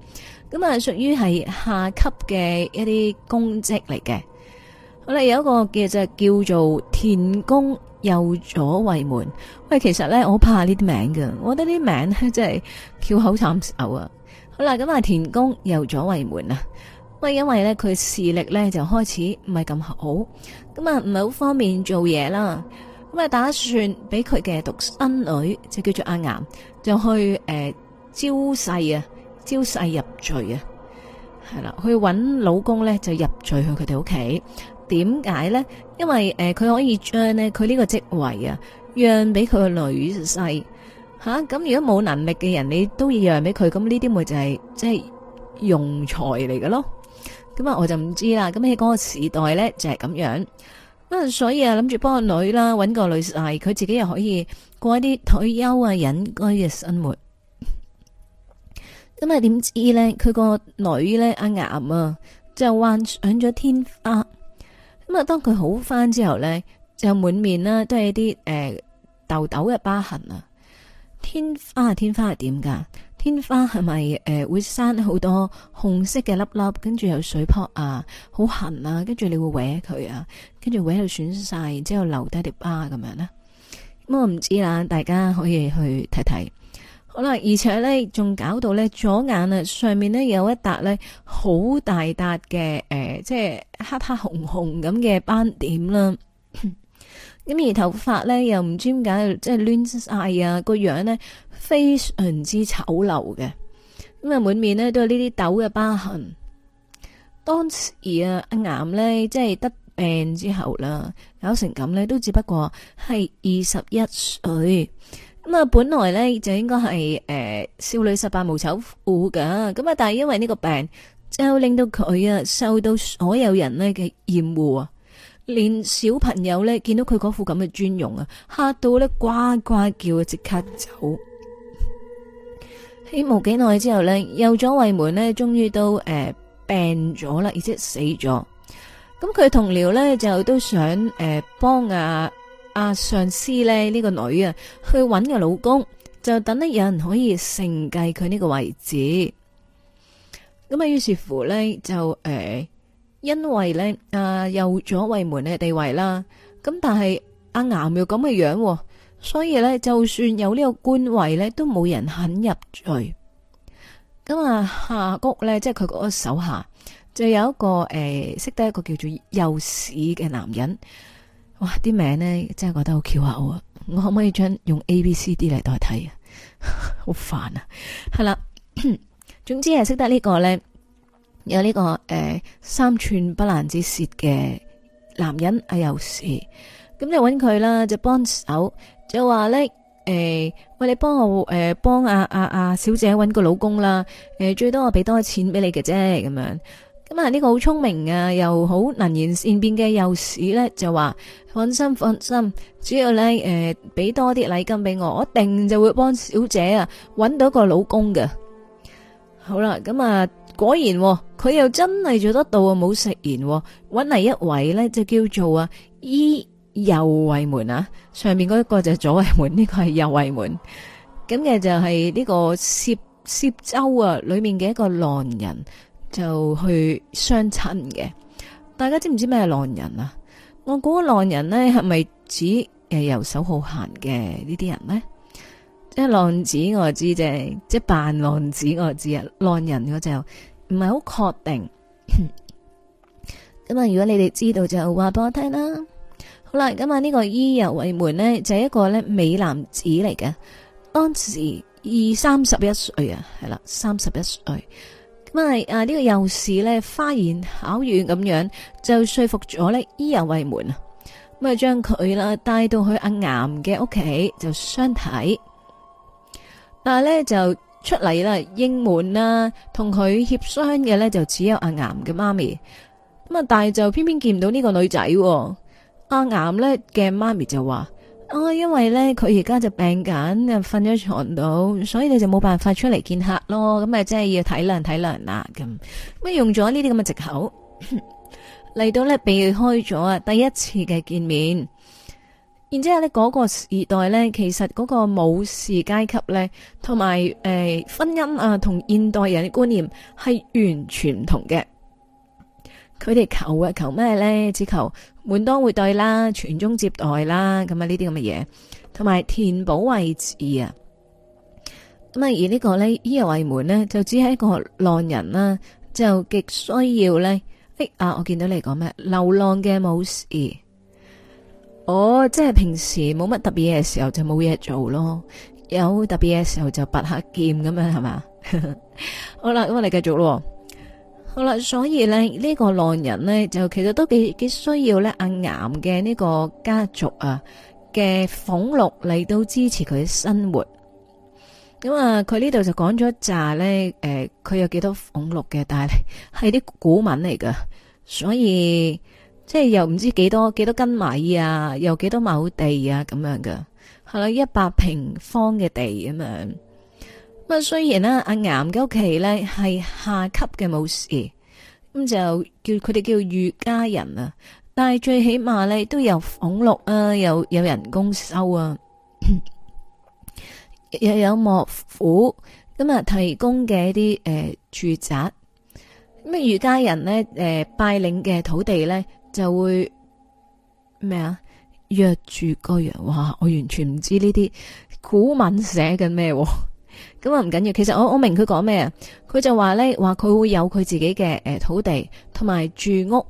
咁啊，屬於係下級嘅一啲公職嚟嘅。好啦，有一個叫、就、做、是、叫做田宮右左衛門。喂，其實咧我好怕呢啲名㗎。我，我覺得啲名哈哈真係叫口慘手啊。好啦，咁啊田宮右左衛門啊。因為咧佢視力咧就開始唔係咁好，咁啊唔係好方便做嘢啦。咁啊打算俾佢嘅獨生女就叫做阿岩，就去誒招婿啊，招婿入贅啊，係啦，去搵老公咧就入贅去佢哋屋企。點解咧？因為誒佢可以將咧佢呢個職位啊讓俾佢嘅女婿吓。咁如果冇能力嘅人你都讓俾佢，咁呢啲咪就係即係用才嚟嘅咯。咁啊，我就唔知啦。咁喺嗰個時代呢，就係咁樣。咁所以啊，諗住幫個女啦，搵個女婿，佢自己又可以過一啲退休啊，隱居嘅生活。咁啊，點知呢？佢個女呢，阿岩啊，就患上咗天花。咁啊，當佢好翻之後呢，就滿面啦，都係啲誒痘痘嘅疤痕啊。天花，天花係點噶？天花係咪誒會生好多紅色嘅粒粒，跟住有水泡啊，好痕啊，跟住你會搲佢啊，跟住搲到損晒，之後留低啲疤咁樣咧。咁、嗯、我唔知啦，大家可以去睇睇。好啦，而且咧仲搞到咧左眼啊上面咧有一笪咧好大笪嘅誒，即係黑黑紅紅咁嘅斑點啦。咁而頭髮咧又唔知點解即係亂晒啊！個樣咧非常之醜陋嘅，咁啊滿面咧都有呢啲痘嘅疤痕。當時啊，阿岩，咧即係得病之後啦，搞成咁咧都只不過係二十一歲，咁啊本來咧就應該係誒少女十八無醜婦噶，咁啊但係因為呢個病就令到佢啊受到所有人咧嘅厭惡啊！連小朋友咧見到佢嗰副咁嘅尊容啊，嚇到咧呱呱叫，即刻走。喺冇幾耐之後呢，有咗衛門呢，終於都誒、呃、病咗啦，而且死咗。咁佢同僚呢，就都想誒幫、呃、啊，啊上司咧呢，這個女啊去揾個老公，就等得有人可以承繼佢呢個位置。咁啊，於是乎呢，就誒。呃因為呢啊右左衛門嘅地位啦，咁但係阿、啊、岩又咁嘅樣，樣，所以呢就算有呢個官位呢，都冇人肯入罪。咁啊，夏谷呢，即係佢嗰個手下，就有一個誒識得一個叫做幼史嘅男人。哇，啲名呢真係覺得好巧妙啊！我可唔可以將用 A、B、C、D 嚟代替啊？ 好煩啊！係啦，總之係識得呢個呢。有呢、這個誒、呃、三寸不爛之舌嘅男人阿幼、啊、士，咁就揾佢啦，就幫手，就話咧誒，喂，你幫我誒、呃、幫阿、啊、阿、啊、小姐揾個老公啦，誒、呃、最多我俾多錢俾你嘅啫，咁樣，咁啊呢個好聰明啊，又好能言善辯嘅幼士咧就話放心放心，只要咧誒俾多啲禮金俾我，我一定就會幫小姐啊揾到個老公嘅，好啦，咁、嗯、啊。果然、哦，佢又真係做得到啊！冇食言、哦，搵嚟一位呢，就叫做啊，伊右衛門啊，上面嗰一個就係左衛門，呢、這個係右衛門。咁嘅就係呢個攝攝州啊，裏面嘅一個浪人就去相親嘅。大家知唔知咩係浪人啊？我估浪人呢，係咪指誒遊手好閒嘅呢啲人呢？即浪子，我知啫，即係扮浪子，我知啊。浪人我就唔係好確定。咁啊，如果你哋知道就話俾我聽啦。好啦，咁啊呢個伊右衛門呢，就係一個咧美男子嚟嘅，當時二三十一歲啊，係啦三十一歲。咁啊啊呢個幼士呢，花言巧語咁樣就說服咗呢伊右衛門啊，咁啊將佢啦帶到去阿岩嘅屋企就相睇。但係咧，就出嚟啦，應門啦，同佢協商嘅咧，就只有阿岩嘅媽咪。咁啊，但係就偏偏見唔到呢個女仔，哦。阿岩咧嘅媽咪就話：，哦、啊，因為咧佢而家就病緊，又瞓咗床度，所以你就冇辦法出嚟見客咯。咁啊，真係要體諒體諒啦。咁，咁用咗呢啲咁嘅藉口嚟 到咧避開咗啊第一次嘅見面。然之後嗰個時代呢，其實嗰個武士階級呢，同埋誒婚姻啊，同現代人嘅觀念係完全唔同嘅。佢哋求啊求咩呢？只求門當戶對啦，傳宗接代啦，咁啊呢啲咁嘅嘢，同埋填補位置啊。咁啊而呢、這個呢，伊右衛門呢，就只係一個浪人啦，就極需要呢。誒、哎、啊，我見到你講咩？流浪嘅武士。哦，即係平時冇乜特別嘢嘅時候就冇嘢做咯，有特別嘢嘅時候就拔下劍咁樣係嘛？好啦，咁我哋繼續咯。好啦，所以咧呢、這個浪人咧就其實都幾幾需要咧、啊、阿岩嘅呢個家族啊嘅俸祿嚟到，支持佢嘅生活。咁、嗯、啊，佢呢度就講咗一扎咧，誒、呃，佢有幾多俸祿嘅，但係係啲古文嚟噶，所以。即係又唔知幾多幾多斤米啊，又幾多畝地啊咁樣噶，係啦一百平方嘅地咁樣。乜、嗯、雖然咧、啊、阿岩嘅屋企咧係下級嘅武士，咁、嗯、就叫佢哋叫御家人啊，但係最起碼咧都有俸禄啊，有有人工收啊，又 有幕府咁啊、嗯、提供嘅一啲誒、呃、住宅。咁啊御家人咧誒、呃、拜領嘅土地咧。就會咩啊？約住個人哇！我完全唔知呢啲古文寫 緊咩，咁啊唔緊要。其實我我明佢講咩啊？佢就話呢，話佢會有佢自己嘅誒、呃、土地同埋住屋，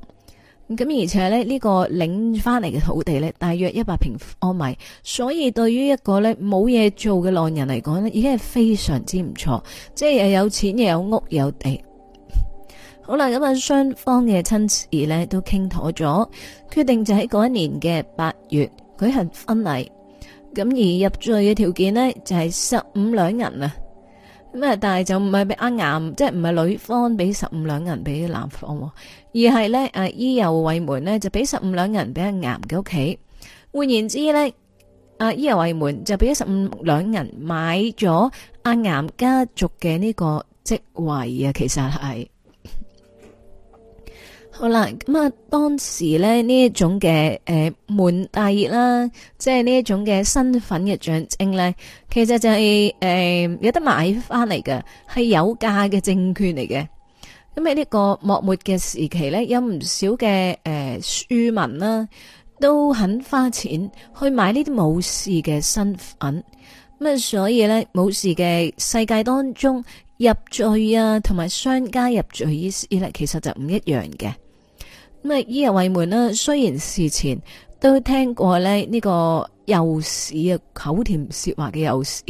咁而且呢，呢、呢個領翻嚟嘅土地呢，大約一百平方米，所以對於一個呢冇嘢做嘅浪人嚟講呢已經係非常之唔錯，即係又有錢又有屋有地。好啦，咁啊，雙方嘅親事呢都傾妥咗，決定就喺嗰一年嘅八月舉行婚禮。咁而入贅嘅條件呢，就係十五兩銀啊。咁啊，但係就唔係俾阿岩，即係唔係女方俾十五兩銀俾男方，而係呢，啊，伊右衛門呢，就俾十五兩銀俾阿岩嘅屋企。換言之呢，啊，伊右衛門就俾十五兩銀買咗阿岩家族嘅呢個職位啊，其實係。好啦，咁啊，當時咧呢一種嘅誒滿大熱啦，即係呢一種嘅身份嘅象徵咧，其實就係、是、誒、呃、有得買翻嚟嘅係有價嘅證券嚟嘅。咁喺呢個幕末嘅時期咧，有唔少嘅誒、呃、書民啦，都肯花錢去買呢啲武士嘅身份。咁啊，所以咧，武士嘅世界當中入罪啊，同埋商家入罪意思呢，其實就唔一樣嘅。咁啊，依日衛門呢，雖然事前都聽過咧呢個幼史啊，口甜舌滑嘅幼史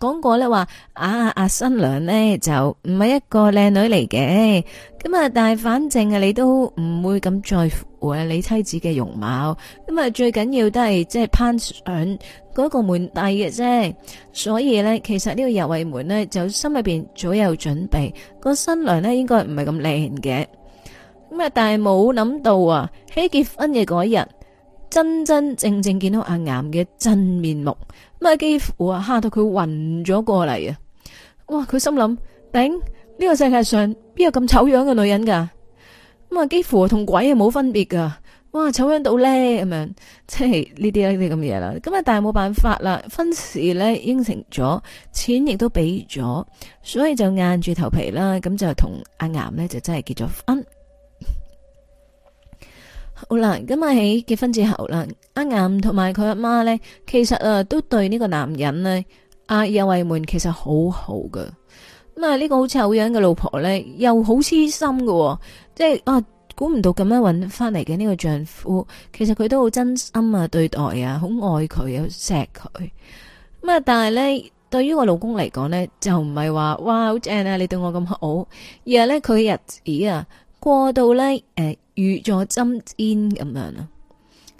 講過咧話，啊啊新娘呢就唔係一個靚女嚟嘅，咁啊，但係反正啊，你都唔會咁在乎你妻子嘅容貌，咁啊，最緊要都係即係攀上嗰個門第嘅啫。所以呢，其實呢個日衛門呢，就心裏邊早有準備，個新娘呢應該唔係咁靚嘅。咁啊！但係冇諗到啊，喺結婚嘅嗰一日，真真正正見到阿岩嘅真面目，咁啊，幾乎啊吓到佢暈咗過嚟啊！哇，佢心諗頂，呢個世界上邊有咁醜樣嘅女人噶，咁啊，幾乎同鬼係冇分別噶哇，醜樣到咧咁樣，即係呢啲呢啲咁嘅嘢啦。咁啊，但係冇辦法啦，婚事咧應承咗，錢亦都俾咗，所以就硬住頭皮啦，咁就同阿岩咧就真係結咗婚。好啦，咁啊喺結婚之後啦，阿岩同埋佢阿媽咧，其實啊都對呢個男人咧阿有慧梅其實好好噶。咁啊呢個好醜樣嘅老婆咧，又好痴心噶、哦，即係啊估唔到咁樣搵翻嚟嘅呢個丈夫，其實佢都好真心啊對待啊，好愛佢，又錫佢。咁啊，但係咧對於我老公嚟講咧，就唔係話哇好正啊，你對我咁好，而係咧佢日子啊過到咧誒。呃遇咗針氈，咁樣。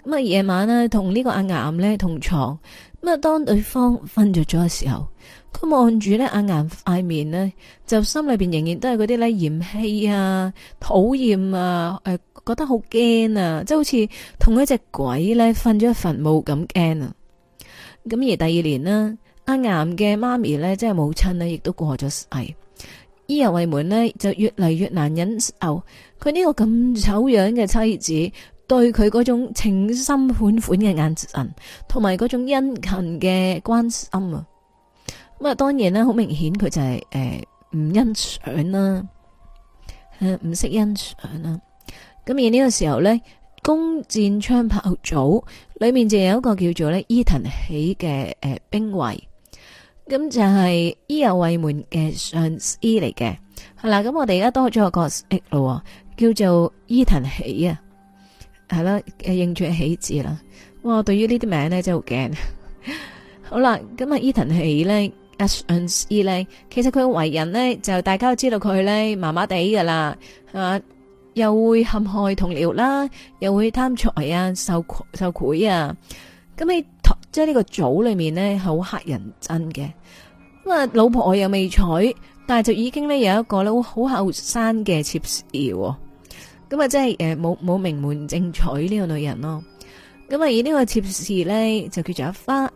咁啊夜晚咧，同呢個阿岩呢同床，咁啊當對方瞓着咗嘅時候，佢望住呢阿岩塊面呢，就心裏邊仍然都係嗰啲咧嫌棄啊、討厭啊、誒、哎、覺得好驚啊，即係好似同一隻鬼咧瞓咗一墳墓咁驚啊！咁而第二年啦，阿岩嘅媽咪呢，即係母親呢，亦都過咗世。伊右衛門呢就越嚟越難忍受，佢呢個咁醜樣嘅妻子對佢嗰種情深款款嘅眼神，同埋嗰種殷勤嘅關心啊，咁啊當然啦，好明顯佢就係誒唔欣賞啦，誒唔識欣賞啦。咁而呢個時候呢，弓箭槍炮組裏面就有一個叫做呢伊藤喜嘅誒兵衛。咁就係伊有衛門嘅上 E 嚟嘅，係啦。咁我哋而家多咗個角 X 咯，叫做伊藤喜啊，係啦，誒，應住喜字啦。哇，對於、 e、呢啲名咧真係好驚。好啦，咁啊，伊藤喜咧，S N S 咧，其實佢嘅為人咧就大家都知道佢咧麻麻地噶啦，啊，又會陷害同僚啦，又會貪財啊，受受賄啊，咁你。即係呢個組裏面呢，好乞人憎嘅。咁啊，老婆我又未娶，但係就已經呢有一個咧好後生嘅妾侍。咁啊，即係誒冇冇名門正娶呢個女人咯。咁啊，而呢個妾侍呢，就叫做阿花。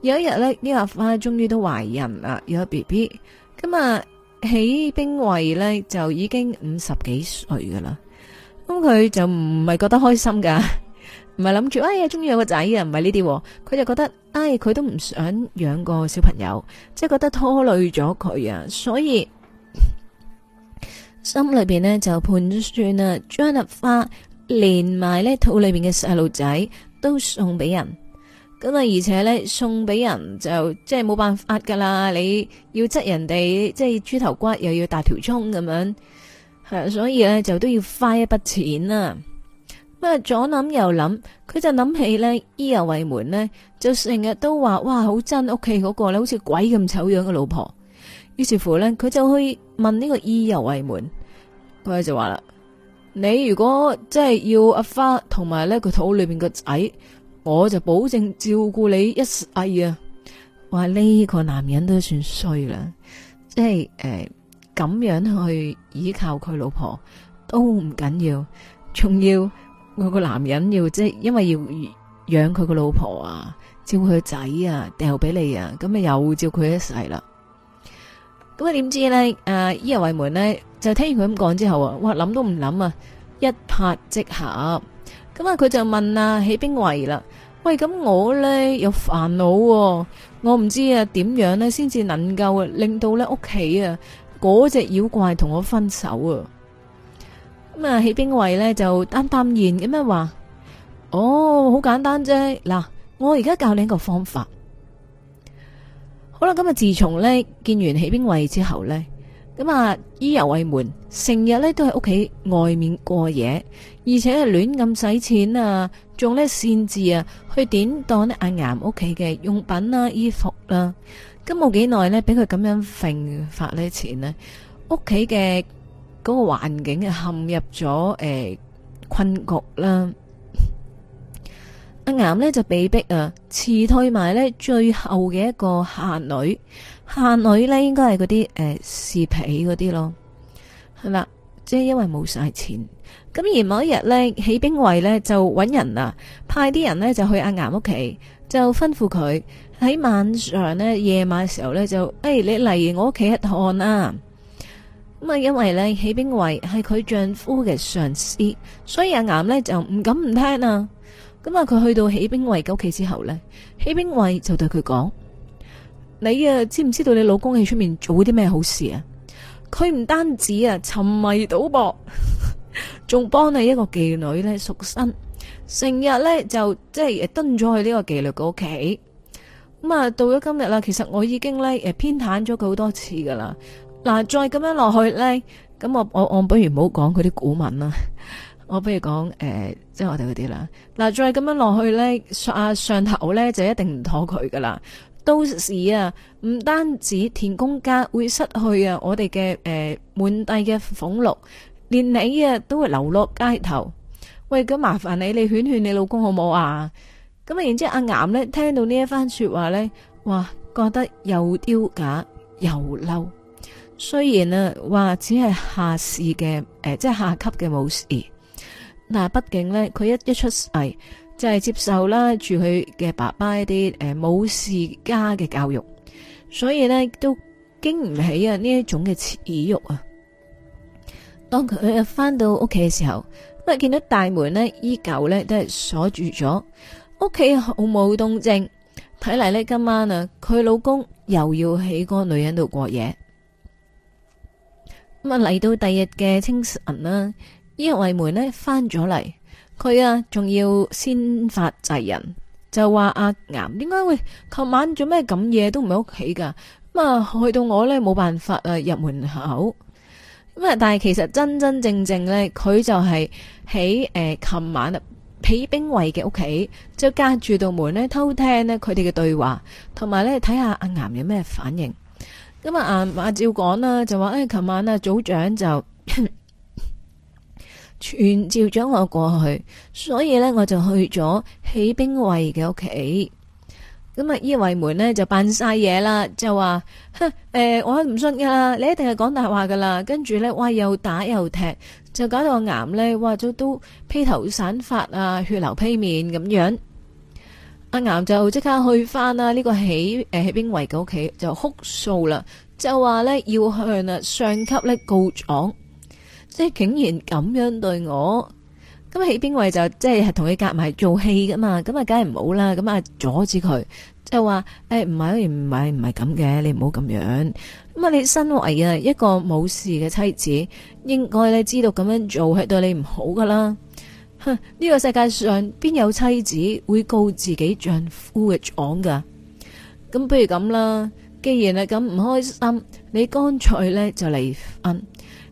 有一日呢，呢、這個、阿花終於都懷孕啦，有個 BB。咁啊，起兵衛呢，就已經五十幾歲噶啦。咁佢就唔係覺得開心噶。唔係諗住，哎呀，終於有個仔啊！唔係呢啲，佢就覺得，哎，佢都唔想養個小朋友，即係覺得拖累咗佢啊，所以心裏邊呢，就盤算啊，將阿花連埋呢肚裏邊嘅細路仔都送俾人。咁啊，而且呢，送俾人就即係冇辦法噶啦，你要執人哋即係豬頭骨，又要大條葱咁樣，係，所以呢，就都要花一筆錢啊。咁啊，左諗右諗，佢就諗起咧，伊右衛門咧，就成日都話哇，好憎屋企嗰個咧，好似鬼咁醜樣嘅老婆。於是乎咧，佢就去問呢個伊右衛門，佢就話啦：你如果即係要阿花同埋咧，佢肚裏面個仔，我就保證照顧你一世啊！話呢、這個男人都算衰啦，即係誒咁樣去依靠佢老婆都唔緊要，要，仲要。我個男人要即係，因為要養佢個老婆啊，照佢個仔啊，掉俾你啊，咁啊又照佢一世啦。咁啊點知呢？啊，伊右衛門呢就聽完佢咁講之後啊，哇諗都唔諗啊，一拍即合。咁啊，佢就問啊，起兵圍啦。喂，咁我呢，有煩惱，哦，我唔知啊點樣呢，先至能夠令到呢屋企啊嗰隻妖怪同我分手啊！咁啊，起兵衛呢，就淡淡然咁樣話，哦，好簡單啫。嗱，我而家教你一個方法。好啦，咁啊，自從呢，見完起兵衛之後呢，咁啊，伊右衛門，成日呢，都喺屋企外面過夜，而且係亂咁使錢啊，仲呢，擅自，啊去典當啲、啊、阿岩屋企嘅用品啦、啊、衣服啦、啊。咁冇幾耐呢，俾佢咁樣揈發呢啲錢咧，屋企嘅。嗰個環境陷入咗誒、呃、困局啦。阿岩呢就被逼啊，辭退埋呢最後嘅一個下女，下女呢應該係嗰啲誒侍婢嗰啲咯，係啦，即係因為冇晒錢。咁而某一日呢，起兵衞呢就揾人啦，派啲人呢就去阿岩屋企，就吩咐佢喺晚上呢，夜晚嘅時候呢，就，哎，你嚟我屋企一探啊！咁啊，因為咧，喜兵衛係佢丈夫嘅上司，所以阿岩呢就唔敢唔聽啊。咁啊，佢去到喜兵衛嘅屋企之後呢，喜兵衛就對佢講：你啊，知唔知道你老公喺出面做啲咩好事啊？佢唔單止啊沉迷賭博，仲幫你一個妓女咧贖身，成日呢，就即係蹲咗去呢個妓女嘅屋企。咁啊，到咗今日啦，其實我已經咧誒偏袒咗佢好多次噶啦。嗱，再咁樣落去呢？咁我我我不如唔好講佢啲古文啦。我不如講誒、呃，即係我哋嗰啲啦。嗱，再咁樣落去呢，上頭呢就一定唔妥佢噶啦。到時啊，唔單止田公家會失去啊，我哋嘅誒滿地嘅俸祿，連你啊都會流落街頭。喂，咁麻煩你你勸勸你老公好冇啊？咁啊，然之後阿岩呢，聽到呢一番說話呢，哇，覺得丟又丟架又嬲。雖然啊，話只係下士嘅，誒、呃，即係下級嘅武士。但畢竟呢，佢一一出世就係、是、接受啦，住佢嘅爸爸一啲誒武士家嘅教育，所以呢都經唔起啊呢一種嘅恥辱啊。當佢翻到屋企嘅時候，咁啊見到大門呢，依舊呢，都係鎖住咗，屋企好冇動靜，睇嚟呢，今晚啊佢老公又要喺嗰個女人度過夜。咁啊，嚟到第二日嘅清晨啦，依位門呢翻咗嚟，佢啊仲要先發制人，就話阿、啊、岩點解會琴晚做咩咁夜都唔喺屋企噶？咁啊去到我呢冇辦法啊入門口。咁啊，但係其實真真正正呢，佢就係喺誒琴晚啊，喺兵衛嘅屋企，就係隔住到門呢偷聽呢佢哋嘅對話，同埋呢睇下阿岩有咩反應。咁啊！阿阿照講啦，就話：，誒、哎，琴晚啊，組長就傳召咗我過去，所以呢，我就去咗起兵衛嘅屋企。咁啊，伊衛門呢，就扮晒嘢啦，就話：，誒、欸，我唔信噶，你一定係講大話噶啦。跟住呢，哇，又打又踢，就搞到個岩呢，哇，都都披頭散髮啊，血流披面咁樣。阿、啊、岩就即刻去返啦，呢個起誒、起兵衛嘅屋企，就哭訴啦，就話咧要向啊上級咧告狀，即係竟然咁樣對我，咁起兵衛就即係同佢夾埋做戲噶嘛，咁啊梗係唔好啦，咁啊阻止佢，就話誒唔係，唔係唔係咁嘅，你唔好咁樣，咁啊你身為啊一個武士嘅妻子，應該咧知道咁樣做係對你唔好噶啦。呢、個世界上邊有妻子會告自己丈夫嘅狀㗎？咁不如咁啦，既然係咁唔開心，你乾脆呢就離婚，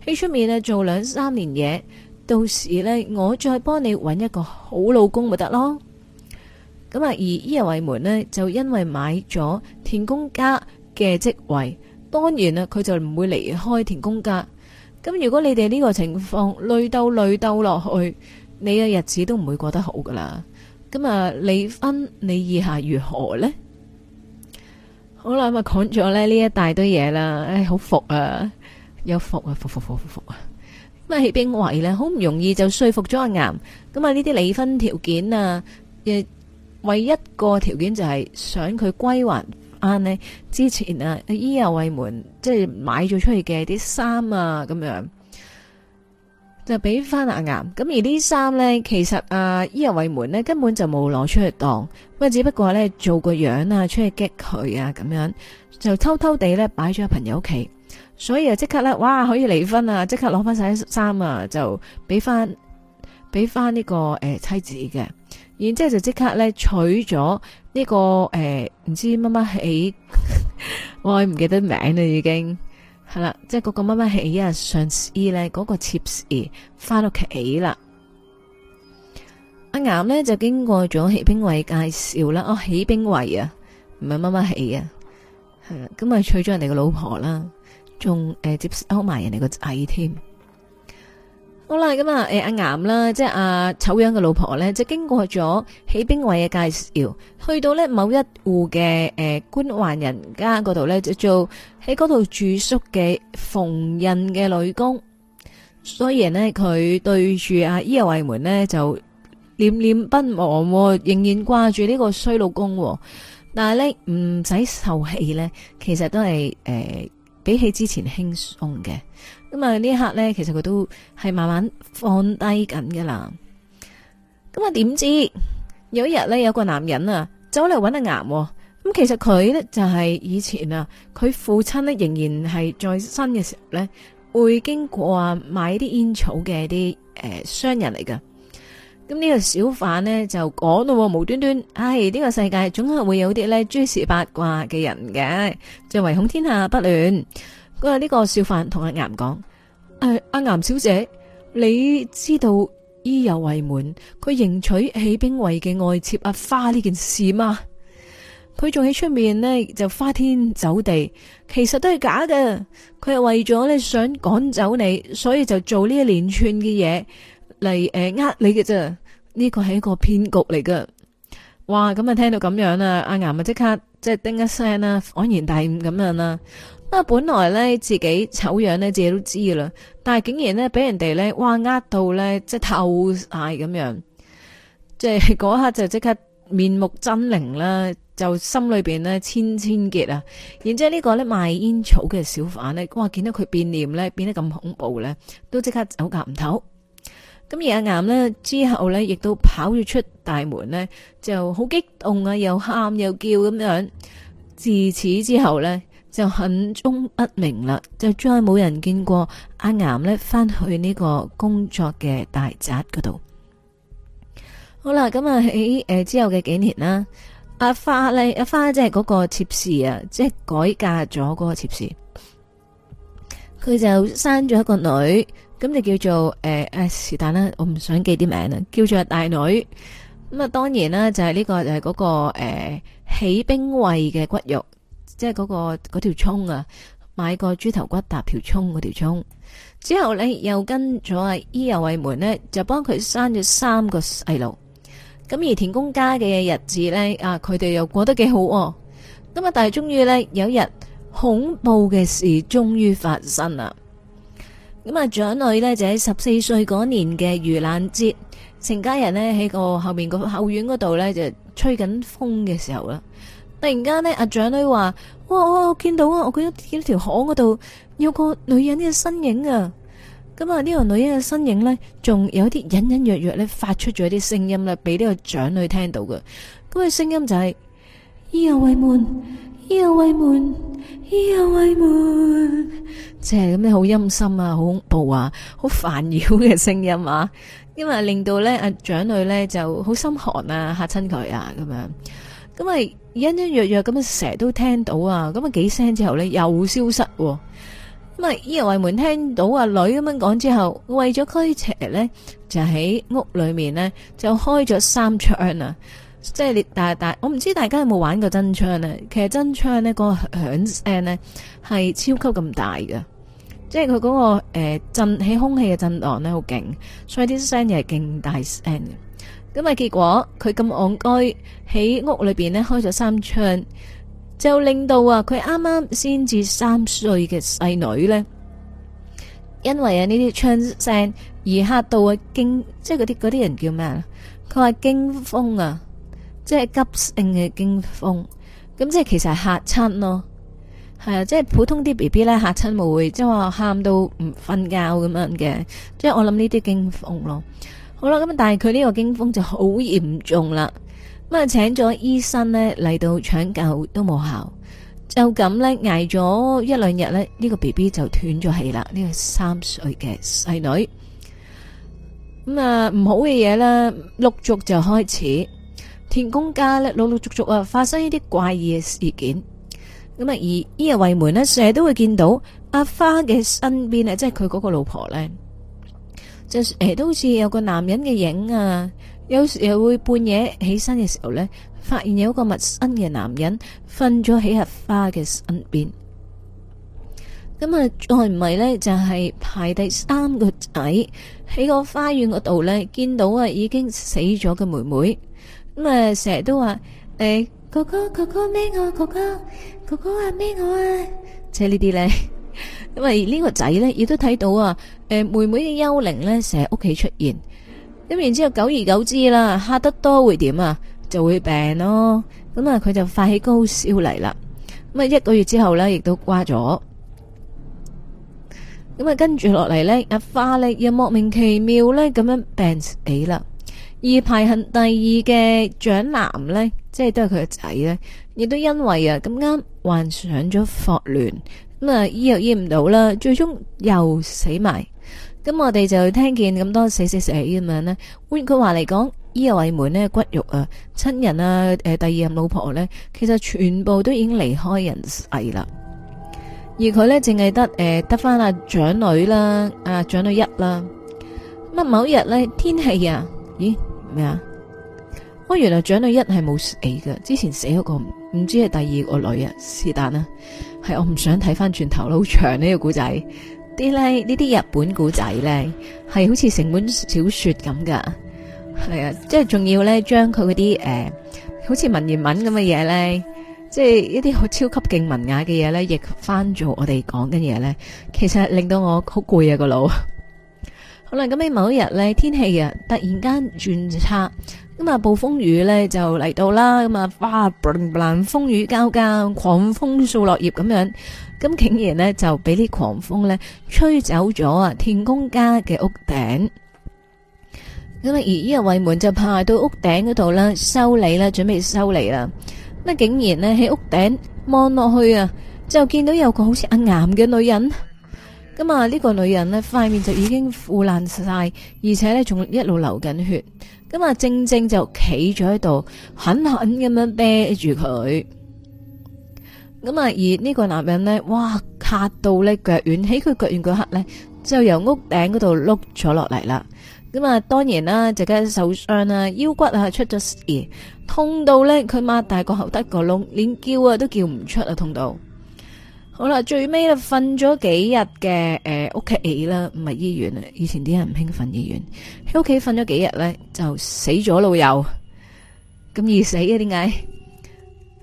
喺出面呢做兩三年嘢，到時呢我再幫你搵一個好老公，咪得咯。咁啊，而耶衛門呢就因為買咗田公家嘅職位，當然啊佢就唔會離開田公家。咁如果你哋呢個情況累鬥累鬥落去。你嘅日子都唔會過得好噶啦，咁啊離婚你意下如何呢？好啦，咁啊講咗咧呢一大堆嘢啦，唉好服啊，有服啊，服服服服服啊，咁啊喜兵衛咧，好唔容易就說服咗阿岩，咁啊呢啲離婚條件啊，誒，唯一一個條件就係想佢歸還啱呢之前啊伊右衛門即係買咗出去嘅啲衫啊咁樣。就俾翻阿岩，咁而呢衫呢，其實啊伊右衛門呢根本就冇攞出去當，不過只不過呢做個樣啊，出去激佢啊，咁樣就偷偷地呢擺咗喺朋友屋企，所以啊即刻呢：哇「哇可以離婚啊，即刻攞翻晒啲衫啊，就俾翻俾翻呢個誒、呃、妻子嘅，然之後就即刻呢，娶咗呢、這個誒唔、呃、知乜乜起，我唔記得名啦已經。係啦， 即係嗰個媽媽起啊，上次呢，嗰個妾侍翻屋企啦。阿岩呢，就經過咗起兵衛介紹啦，哦，起兵衛啊，唔係媽媽起啊，係啦，咁咪娶咗人哋個老婆啦，仲誒接埋人哋個仔添。好啦，咁、嗯、啊，啊，誒，阿岩啦，即係阿醜樣嘅老婆咧，就係經過咗起兵衛嘅介紹，去到呢某一戶嘅誒、呃、官宦人家嗰度咧，就做喺嗰度住宿嘅縫紉嘅女工。雖然呢，佢對住阿伊右衛門呢就念念不忘、哦，仍然掛住呢個衰老公、哦。但係咧唔使受氣咧，其實都係誒、呃、比起之前輕鬆嘅。咁啊！呢一刻呢，其實佢都係慢慢放低緊噶啦。咁啊，點知有一日呢，有個男人啊，走嚟揾阿岩、啊。咁其實佢呢，就係以前啊，佢父親呢，仍然係在生嘅時候呢，會經過啊買啲煙草嘅啲誒商人嚟噶。咁、這、呢個小販呢，就講到無端端，唉、哎、呢、這個世界總係會有啲呢，諸事八卦嘅人嘅，就唯恐天下不亂。嗰日呢個小販同阿岩講：誒、啊，阿岩小姐，你知道伊右衛門，佢迎娶喜兵衛嘅外妾阿花呢件事嗎？佢仲喺出面呢，就花天酒地，其實都係假嘅。佢係為咗咧想趕走你，所以就做呢一連串嘅嘢，嚟誒呃你嘅啫。呢、這個係一個騙局嚟噶。哇！咁啊聽到咁樣啦，阿岩啊即刻即係叮一聲啦，恍然大悟咁樣啦。本來咧自己醜樣咧自己都知啦，但係竟然咧俾人哋咧哇呃到咧即係透晒咁樣，即係嗰刻就即刻面目猙獰啦，就心裏邊咧千千結啊！然之後呢個咧賣煙草嘅小販呢，哇見到佢變臉咧變得咁恐怖咧，都即刻走夾唔唞。咁而阿岩呢，之後呢，亦都跑咗出大門呢，就好激動啊，又喊又叫咁樣。自此之後呢，就很終不明啦，就再冇人見過阿岩呢翻去呢個工作嘅大宅嗰度。好啦，咁啊喺誒之後嘅幾年啦，阿花咧阿花即係嗰個妾侍啊，即係改嫁咗嗰個妾侍，佢就生咗一個女，咁就叫做誒誒是但啦，我唔想記啲名啦，叫做大女。咁啊當然啦，就係呢個就係嗰個誒起兵衛嘅骨肉。即係嗰、嗰個條葱啊，買個豬頭骨搭條葱嗰條葱之後呢，又跟咗阿伊右衛門呢就幫佢生咗三個細路。咁而田公家嘅日子呢，啊，佢哋又過得幾好。咁啊，但係終於呢，有一日，恐怖嘅事終於發生啦。咁啊，長女呢，就喺十四歲嗰年嘅盂蘭節，成家人呢，喺個後面個後院嗰度呢，就吹緊風嘅時候啦。突然間咧，阿、啊、長女話：，哇！我見到啊，我見到條巷嗰度有個女人嘅身影啊。咁啊，呢個女人嘅身影咧，仲有啲隱隱約約咧，發出咗啲聲音啦，俾呢個長女聽到嘅。咁嘅聲音就係、是：，意猶未滿，意猶未滿，意猶未滿。即係咁你好陰森啊，好恐怖啊，好煩擾嘅聲音啊，因為令到咧阿、啊、長女咧就好心寒啊，嚇親佢啊，咁樣。咁咪隱隱約約咁樣，成日都聽到啊！咁啊幾聲之後咧，又消失、啊。咁咪葉為門聽到阿、啊、女咁樣講之後，為咗驅邪咧，就喺屋裏面咧就開咗三槍啊！即係你，大大我唔知大家有冇玩過真槍咧、啊？其實真槍呢、嗰個響聲咧係超級咁大噶，即係佢嗰個誒、呃、震喺空氣嘅震盪咧好勁，所以啲聲又係勁大聲。咁啊！結果佢咁戇居喺屋裏邊咧，開咗三槍，就令到啊佢啱啱先至三歲嘅細女咧，因為啊呢啲槍聲而嚇到啊驚，即係嗰啲嗰啲人叫咩啊？佢話驚風啊，即係急性嘅驚風。咁即係其實係嚇親咯，係啊，即係普通啲 BB 咧嚇親冇會即係話喊到唔瞓覺咁樣嘅，即係我諗呢啲驚風咯。好啦，咁但係佢呢個驚風就好嚴重啦，咁啊，請咗醫生呢，嚟到搶救都冇效，就咁呢，捱咗一兩日呢，呢、這個 B B 就斷咗氣啦，呢、這個三歲嘅細女，咁啊唔好嘅嘢咧，陸續就開始田公家呢，陸陸續續啊發生一啲怪異嘅事件，咁啊而呢日為門呢，成日都會見到阿花嘅身邊呢，即係佢嗰個老婆呢。就誒，都好似有個男人嘅影啊！有時又會半夜起身嘅時候呢，發現有一個陌生嘅男人瞓咗喺合花嘅身邊。咁啊，再唔係呢，就係、是、排第三個仔喺個花園嗰度呢，見到啊已經死咗嘅妹妹。咁啊，成日都話誒，哥哥哥哥孭我，哥哥哥哥啊孭我啊，即係呢啲呢。因為呢個仔呢，亦都睇到啊，誒，妹妹嘅幽靈呢，成日屋企出現，咁然之後，久而久之啦，嚇得多會點啊，就會病咯。咁啊，佢就發起高燒嚟啦。咁啊，一個月之後呢，亦都瓜咗。咁啊，跟住落嚟呢，阿花力又莫名其妙呢，咁樣病死啦。而排行第二嘅長男呢，即係都係佢嘅仔呢，亦都因為啊咁啱患上咗霍亂。咁啊，醫又醫唔到啦，最終又死埋。咁我哋就聽見咁多死死死咁樣呢。換句話嚟講，又位門呢骨肉啊、親人啊、誒第二任老婆呢，其實全部都已經離開人世啦。而佢呢，淨係得誒得翻阿長女啦，啊長女一啦。咁某日呢，天氣啊，咦咩啊？哦，原來長女一係冇死㗎，之前死咗個。唔知係第二個女啊，是但啦，係我唔想睇翻轉頭啦，好長，這個，呢個古仔。啲咧呢啲日本古仔咧，係好似成本小說咁噶，係啊，即係仲要咧將佢嗰啲誒，好似文言文咁嘅嘢咧，即係一啲好超級勁文雅嘅嘢咧，亦翻做我哋講緊嘢咧，其實令到我好攰啊個腦。好啦，咁 你某一日咧，天氣啊，突然間轉差。咁啊，暴風雨呢就嚟到啦！咁啊，嘩！風雨交加，狂風掃落葉咁樣。咁竟然呢，就俾啲狂風呢吹走咗啊！天公家嘅屋頂。咁啊，而呢個衛門就派到屋頂嗰度啦，修理啦，準備修理啦。咁啊，竟然呢，喺屋頂望落去啊，就見到有個好似阿岩嘅女人。咁啊，呢個女人呢，塊面就已經腐爛晒，而且呢，仲一路流緊血。咁啊，正正就企咗喺度，狠狠咁樣啤住佢。咁啊，而呢個男人呢，哇，嚇到呢腳軟，喺佢腳軟嗰刻呢，就由屋頂嗰度碌咗落嚟啦。咁啊，當然啦，就梗係受傷啦，腰骨啊出咗事，痛到呢，佢擘大個口得個窿，連叫啊都叫唔出啊，痛到。好啦，最尾啦，瞓咗幾日嘅、誒，屋企啦，唔係醫院。以前啲人唔興瞓醫院，喺屋企瞓咗幾日咧，就死咗老友。咁易死嘅，點解？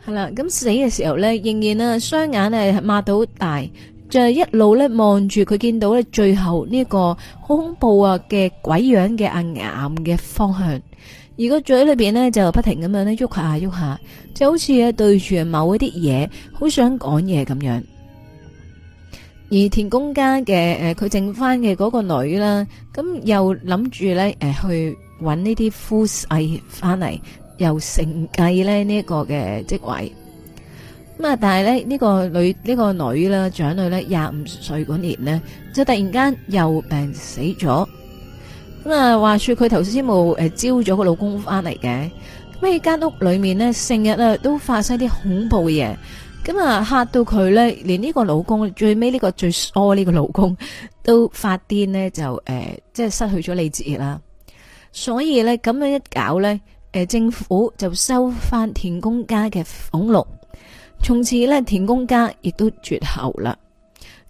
係啦，咁死嘅時候咧，仍然啊，雙眼係擘到大，就一路咧望住佢，見到咧，最後呢個好恐怖啊嘅鬼樣嘅眼嘅方向，而個嘴裏邊咧就不停咁樣咧喐下喐下，就好似啊對住某一啲嘢，好想講嘢咁樣。而田公家嘅誒，佢剩翻嘅嗰個女啦，咁又諗住咧誒，去搵呢啲夫婿翻嚟，又承繼咧呢一個嘅職位。咁啊，但係咧呢個女呢、呢個女啦，長女咧廿五歲嗰年呢，就突然間又病死咗。咁啊，話說佢頭先冇誒招咗個老公翻嚟嘅，咁喺間屋裏面呢，成日啊都發生啲恐怖嘅嘢。咁啊嚇到佢咧，連呢個老公最尾呢個最疏呢個老公都發癲咧，就誒、呃、即係失去咗理智啦。所以咧咁樣一搞咧，誒政府就收翻田公家嘅俸禄，從此咧田公家亦都絕後啦。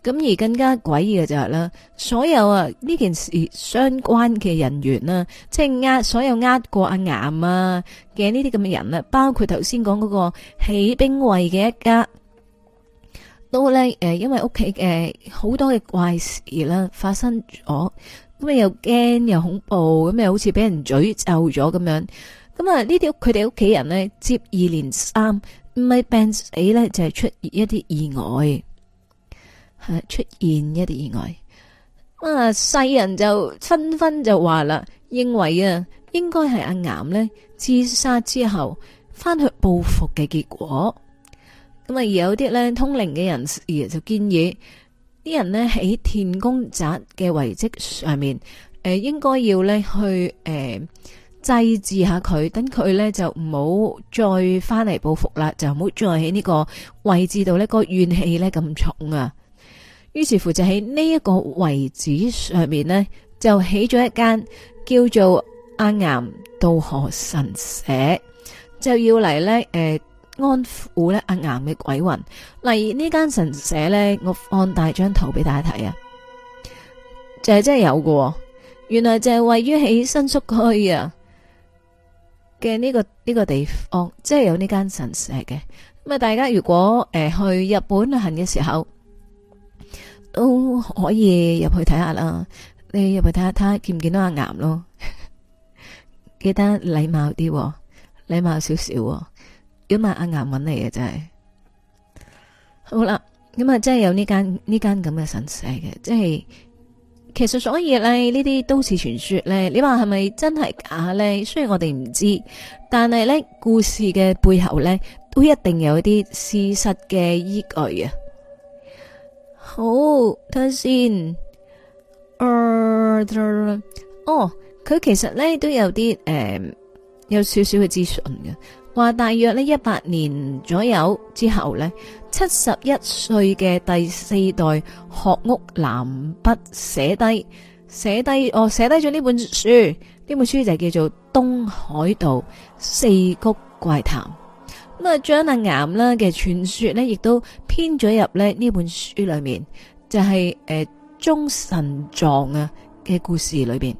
咁而更加詭異嘅就係啦，所有啊呢件事相關嘅人員啦，即係呃所有呃過阿岩啊嘅呢啲咁嘅人啦，包括頭先講嗰個起兵衛嘅一家，都咧誒因為屋企誒好多嘅怪事啦發生咗，咁啊又驚又恐怖，咁又好似俾人詛咒咗咁樣，咁啊呢啲佢哋屋企人呢，接二連三唔係病死咧就係、是、出現一啲意外。出現一啲意外，啊！世人就紛紛就話啦，認為啊，應該係阿岩呢自殺之後翻去報復嘅結果。咁啊，有啲呢通靈嘅人士就建議啲人呢喺天公宅嘅遺跡上面，誒、呃，應該要呢去誒祭祀下佢，等佢呢就唔好再翻嚟報復啦，就唔好再喺呢個位置度呢、那個怨氣呢咁重啊。於是乎就喺呢一個位置上面呢，就起咗一間叫做阿岩渡河神社，就要嚟呢誒安撫咧阿岩嘅鬼魂。例如呢間神社呢，我放大張圖俾大家睇啊，就係、是、真係有喎，原來就係位於喺新宿區啊嘅呢個呢、這個地方，即係有呢間神社嘅。咁啊，大家如果誒、呃、去日本旅行嘅時候，都可以入去睇下啦，你入去睇下睇下見唔見到阿岩咯？記得禮貌啲啊，禮貌少少啊。如果阿岩揾你嘅真係好啦，咁啊真係有呢間呢間咁嘅神社嘅，即係其實所以呢呢啲都市傳說呢，你話係咪真係假呢？雖然我哋唔知，但係呢故事嘅背後呢，都一定有啲事實嘅依據啊。好睇先，哦，佢其實咧都有啲誒、呃，有少少嘅資訊嘅，話大約呢，一百年左右之後咧，七十一歲嘅第四代學屋南北寫低寫低，哦，寫低咗呢本書，呢本書就叫做《東海道四谷怪談》。咁啊，將阿岩啦嘅傳說咧，亦都編咗入咧呢本書裏面，就係誒忠臣狀啊嘅故事裏邊。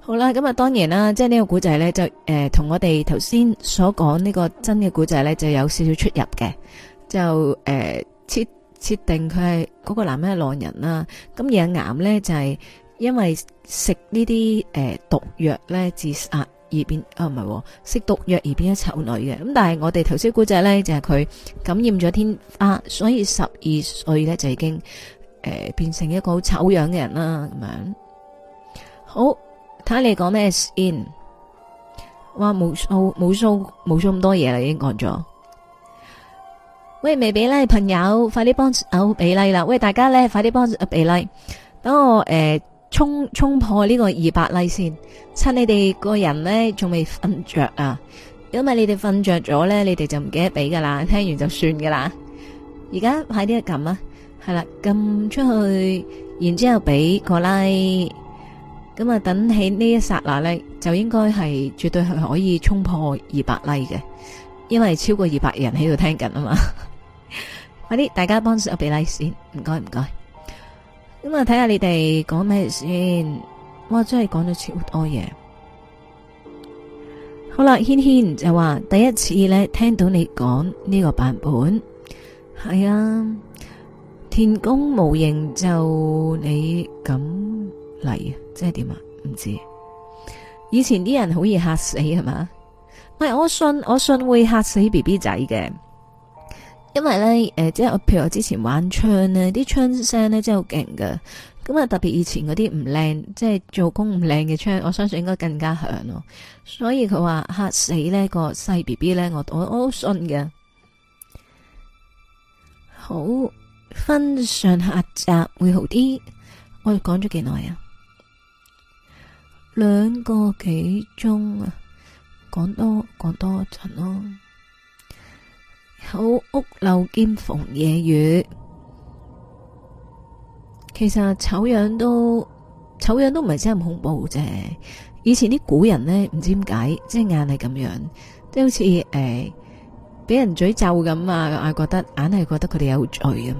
好啦，咁啊，當然啦，即係呢個古仔咧，就誒同、呃、我哋頭先所講呢個真嘅古仔咧，就有少少出入嘅。就誒、呃、設設定佢係嗰個男人係浪人啦，咁而阿岩咧就係、是、因為食呢啲誒毒藥咧自殺。啊而變啊唔係，識毒藥而變一醜女嘅，咁但係我哋頭先古仔咧就係、是、佢感染咗天花，所以十二歲咧就已經誒、呃、變成一個好醜樣嘅人啦，咁樣。好，睇下你講咩？in，哇冇數冇數冇數咁多嘢啦，已經講咗。喂，未俾咧朋友，快啲幫手俾啦！喂，大家咧快啲幫手俾啦！等我誒。呃沖沖破呢個二百 like 先，趁你哋個人呢仲未瞓着啊！因為你哋瞓着咗呢，你哋就唔記得俾噶啦，聽完就算噶啦。而家快啲撳啊！係啦，撳出去，然之後俾個 like，咁啊等起呢一剎那呢，就應該係絕對係可以沖破二百 like 嘅，因為超過二百人喺度聽緊啊嘛。 快啲，大家幫我俾 like 先！唔該唔該。謝謝咁啊，睇下你哋講咩先？哇，真係講咗超多嘢。好啦，軒軒就話第一次咧聽到你講呢個版本，係啊，天公無形就你咁嚟啊？即係點啊？唔知以前啲人好易吓死係嘛？係，我信我信會吓死 B B 仔嘅。因為咧，誒、呃，即係我譬如我之前玩槍呢啲槍聲咧真係好勁噶。咁啊，特別以前嗰啲唔靚，即係做工唔靚嘅槍，我相信應該更加響咯。所以佢話吓死呢、個細 B B 咧，我我我好信嘅。好，分上下集會好啲。我哋講咗幾耐啊？兩個幾鐘啊？講多講多陣咯。醜屋漏兼逢夜雨，其實醜樣都醜樣都唔係真係咁恐怖啫。以前啲古人呢，唔知點解，即係硬係咁樣，即係好似誒俾人詛咒咁啊，我覺得硬係覺得佢哋有罪咁樣。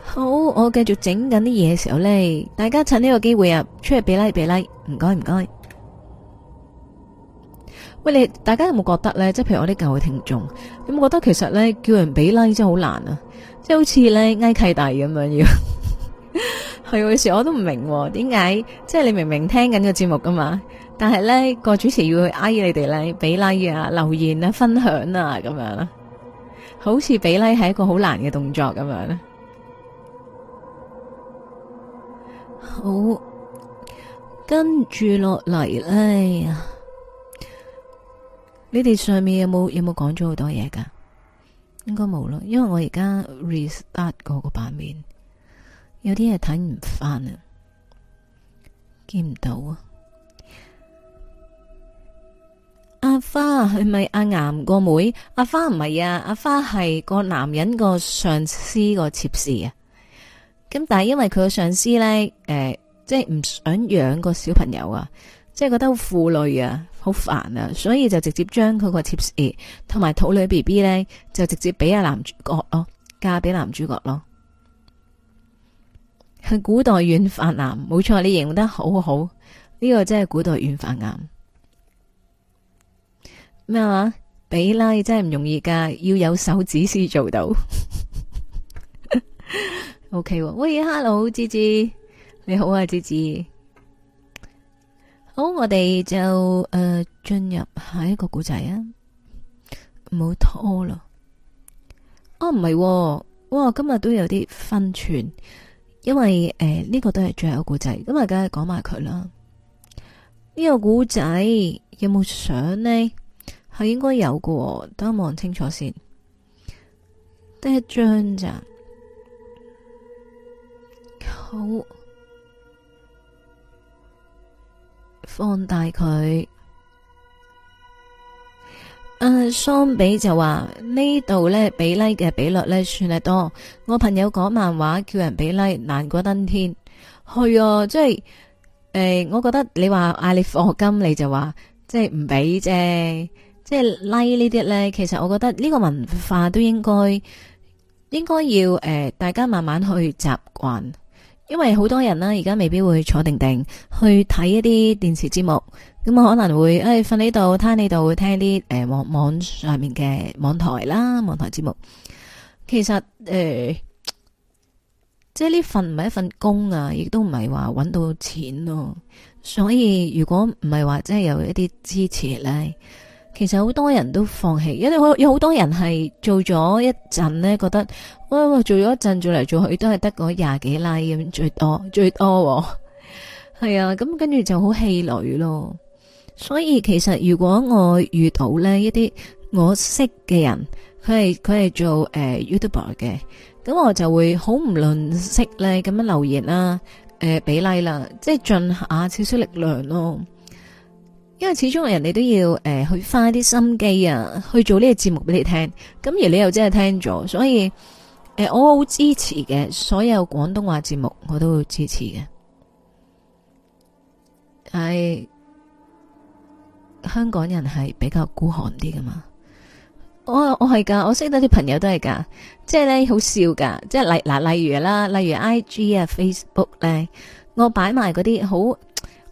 好，我繼續整緊啲嘢嘅時候呢，大家趁呢個機會啊，出去俾 like 俾 like，唔該唔該。喂，你大家有冇覺得咧？即係譬如我啲舊嘅聽眾，有冇覺得其實咧叫人俾 like 真係好難啊！即係好似咧嗌契弟咁樣，要係有時我都唔明點解啊。即係你明明聽緊個節目噶嘛，但係咧個主持要去嗌你哋咧俾 like 啊、留言啊、分享啊咁樣，好似俾 like 係一個好難嘅動作咁樣。好，跟住落嚟咧。你哋上面有冇有冇講咗好多嘢噶？應該冇咯，因為我而家 restart 過個版面，有啲嘢睇唔翻，啊，見唔到啊。阿花係咪阿岩個妹？阿花唔係啊，阿花係個男人個上司個妾侍啊。咁但係因為佢個上司咧，誒、呃，即係唔想養個小朋友啊，即係覺得好負累啊。好煩啊！所以就直接將佢個 tips 同、e, 埋肚裏 B B 呢，就直接俾阿男主角咯，嫁俾男主角咯。係古代軟飯男，冇錯，你形容得好好。呢、這個真係古代軟飯男咩話？俾啦，like、真係唔容易㗎，要有手指先做到。 o、okay、K、哦、喂，Hello，芝芝，你好啊，芝芝。好，我哋就誒進入下一個古仔啊！唔好拖喇，啊、哦，唔係，哇，今日都有啲分寸，因為誒呢個都係最後一個古仔，咁啊梗係講埋佢啦。呢個古仔有冇相呢？係應該有喎，等我望清楚先。得一張咋好。放大佢，誒，雙、uh, 比、e、就話呢度咧，俾 like 嘅比率咧，算係多。我朋友講漫畫叫人俾 like，難過登天，係啊，即係誒，我覺得你話嗌你課金，你就話即係唔俾啫，即係 like 呢啲咧，其實我覺得呢個文化都應該應該要誒、呃，大家慢慢去習慣。因為好多人咧，而家未必會坐定定去睇一啲電視節目，咁可能會誒瞓呢度攤呢度，會聽啲誒網網上面嘅網台啦，網台節目。其實誒，即係呢份唔係一份工啊，亦都唔係話搵到錢咯。所以如果唔係話，即係有一啲支持呢其實好多人都放棄，因為有好多人係做咗一陣咧，覺得喂做咗一陣做嚟做去都係得嗰廿幾 like 咁，最多最多、哦，係啊，咁跟住就好氣餒咯。所以其實如果我遇到咧一啲我識嘅人，佢係佢係做誒 YouTuber 嘅，咁、呃、我就會好唔吝惜咧咁樣留言啦，誒、呃，俾 like 啦，即係盡下少少力量咯。因為始終人哋都要誒、呃、去花啲心機啊，去做呢個節目俾你聽，咁而你又真係聽咗，所以誒、呃、我好支持嘅，所有廣東話節目我都會支持嘅。係、哎、香港人係比較孤寒啲噶嘛？我我係噶，我，我識得啲朋友都係噶，即係咧好笑噶，即係例嗱例如啦，例如 IG 啊 Facebook 咧、啊，我擺埋嗰啲好。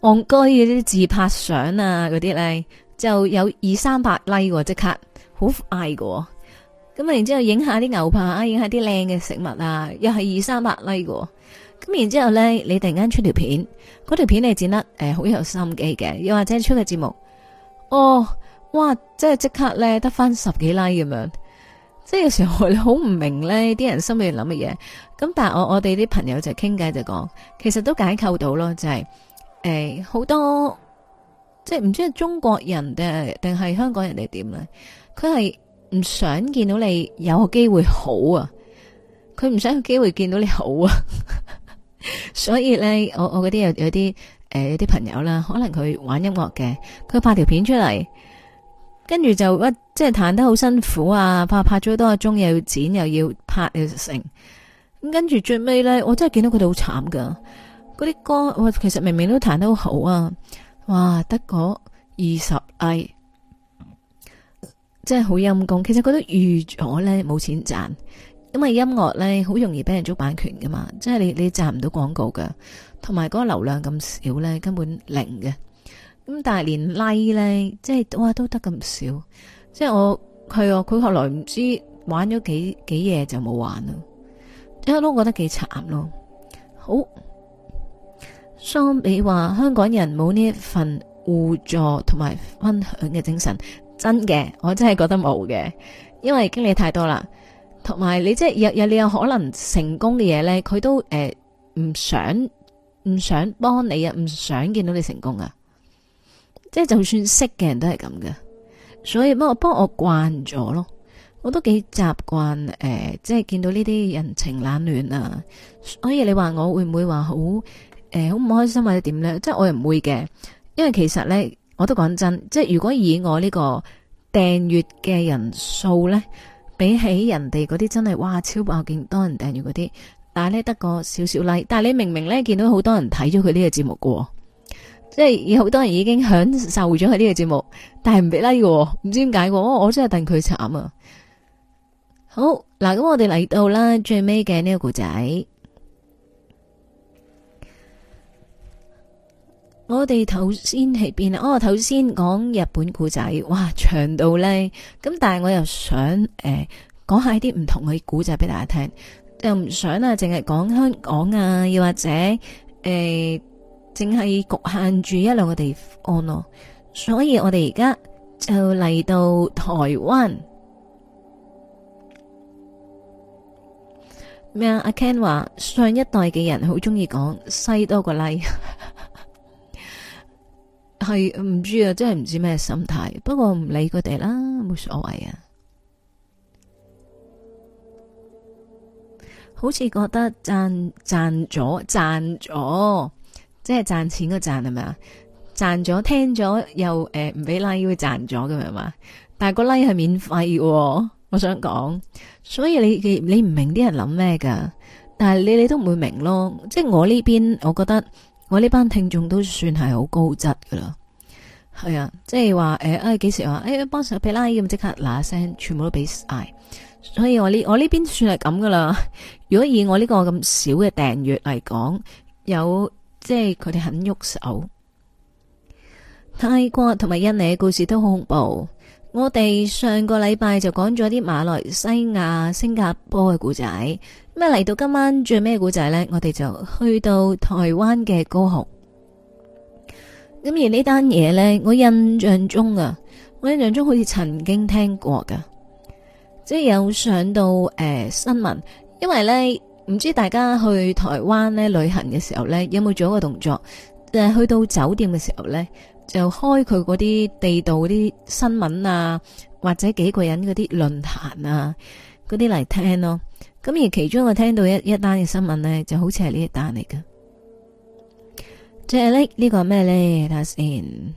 戇居嘅啲自拍相啊呢，嗰啲咧就有二三百 like 即刻，好快嘅，哦。咁啊，然之後影下啲牛扒啊，影下啲靚嘅食物啊，又係二三百 like 嘅。咁然之後咧，你突然間出條片，嗰條片你剪得誒好有心機嘅，又或者出個節目，哦，哇，即係即刻咧得翻十幾 like 咁樣。即係有時候我好唔明咧，啲人心裏諗乜嘢。咁但係我我哋啲朋友就傾偈就講，其實都解構到咯，就係。誒，好多即係唔知係中國人定係定係香港人定點咧？佢係唔想見到你有機會好啊，佢唔想有機會見到你好啊， 所以咧，我我嗰啲有有啲誒，有啲、呃、朋友啦，可能佢玩音樂嘅，佢拍條片出嚟，跟住就屈，即係彈得好辛苦啊，拍拍咗多個鐘又要剪又要拍又成，咁跟住最尾咧，我真係見到佢哋好慘噶。嗰啲歌其實明明都彈得好啊，哇，得嗰二十，哎，真係好陰功。其實覺得預咗呢，冇錢賺，因為音樂呢，好容易俾人捉版權噶嘛，即係你你賺唔到廣告噶，同埋嗰個流量咁少呢，根本零嘅。咁但係連 like 咧，即係哇都得咁少，即係我係我佢後來唔知玩咗幾幾夜就冇玩咯，因為都覺得幾慘咯，好。相比話，香港人冇呢一份互助同埋分享嘅精神，真嘅，我真係覺得冇嘅，因為經歷太多啦。同埋你即係有有你有可能成功嘅嘢呢，佢都誒唔想唔想幫你啊，唔想見到你成功啊。即係就算識嘅人都係咁嘅，所以幫我幫我慣咗咯，我都幾習慣誒，即係見到呢啲人情冷暖啊。所以你話我會唔會話好？誒，好唔開心或者點呢？即係我又唔會嘅，因為其實呢，我都講真，即係如果以我呢個訂閱嘅人數呢，比起人哋嗰啲真係哇超爆勁多人訂閱嗰啲，但係呢得個少少禮，但係你明明呢見到好多人睇咗佢呢個節目喎，即係有好多人已經享受咗佢呢個節目，但係唔俾拉嘅，唔知點解嘅，我真係戥佢慘啊！好嗱，咁我哋嚟到啦最尾嘅呢個故仔。我哋頭先喺邊呀？哦，頭先講日本古仔，哇，長到呢。咁但係我又想誒講下啲唔同嘅古仔俾大家聽，又唔想啊淨係講香港啊，又或者誒淨係局限住一兩個地方咯，所以我哋而家就嚟到台灣咩啊？阿 Ken 話上一代嘅人好中意講西多過 like 係唔知啊，真係唔知咩心態。不過唔理佢哋啦，冇所謂啊。好似覺得賺賺咗賺咗，即係賺錢嗰賺係咪啊？賺咗聽咗又誒唔俾 like，賺咗咁樣嘛？但係個 like 係免費喎，我想講，所以你你你唔明啲人諗咩噶？但係你你都唔會明咯。即係我呢邊，我覺得。我呢班聽眾都算係好高質噶啦，係啊，即係話誒，啊、哎、幾時話誒、哎、幫手俾啦，咁即刻嗱一聲，全部都俾晒，所以我呢我呢邊算係咁噶啦。如果以我呢個咁少嘅訂閱嚟講，有即係佢哋肯喐手，泰國同埋印尼嘅故事都好恐怖。我哋上個禮拜就講咗啲馬來西亞、新加坡嘅故仔。咁嚟到今晚最尾古仔呢？我哋就去到台灣嘅高雄。咁而呢單嘢呢，我印象中啊，我印象中好似曾經聽過噶，即係有上到誒、呃、新聞。因為呢，唔知大家去台灣呢旅行嘅時候呢，有冇做過一個動作？誒、就係，去到酒店嘅時候呢，就開佢嗰啲地道嗰啲新聞啊，或者幾個人嗰啲論壇啊。嗰啲嚟聽咯，咁而其中我聽到一一單嘅新聞呢，就好似係呢一單嚟㗎。即係呢，呢個係咩呢？睇下先。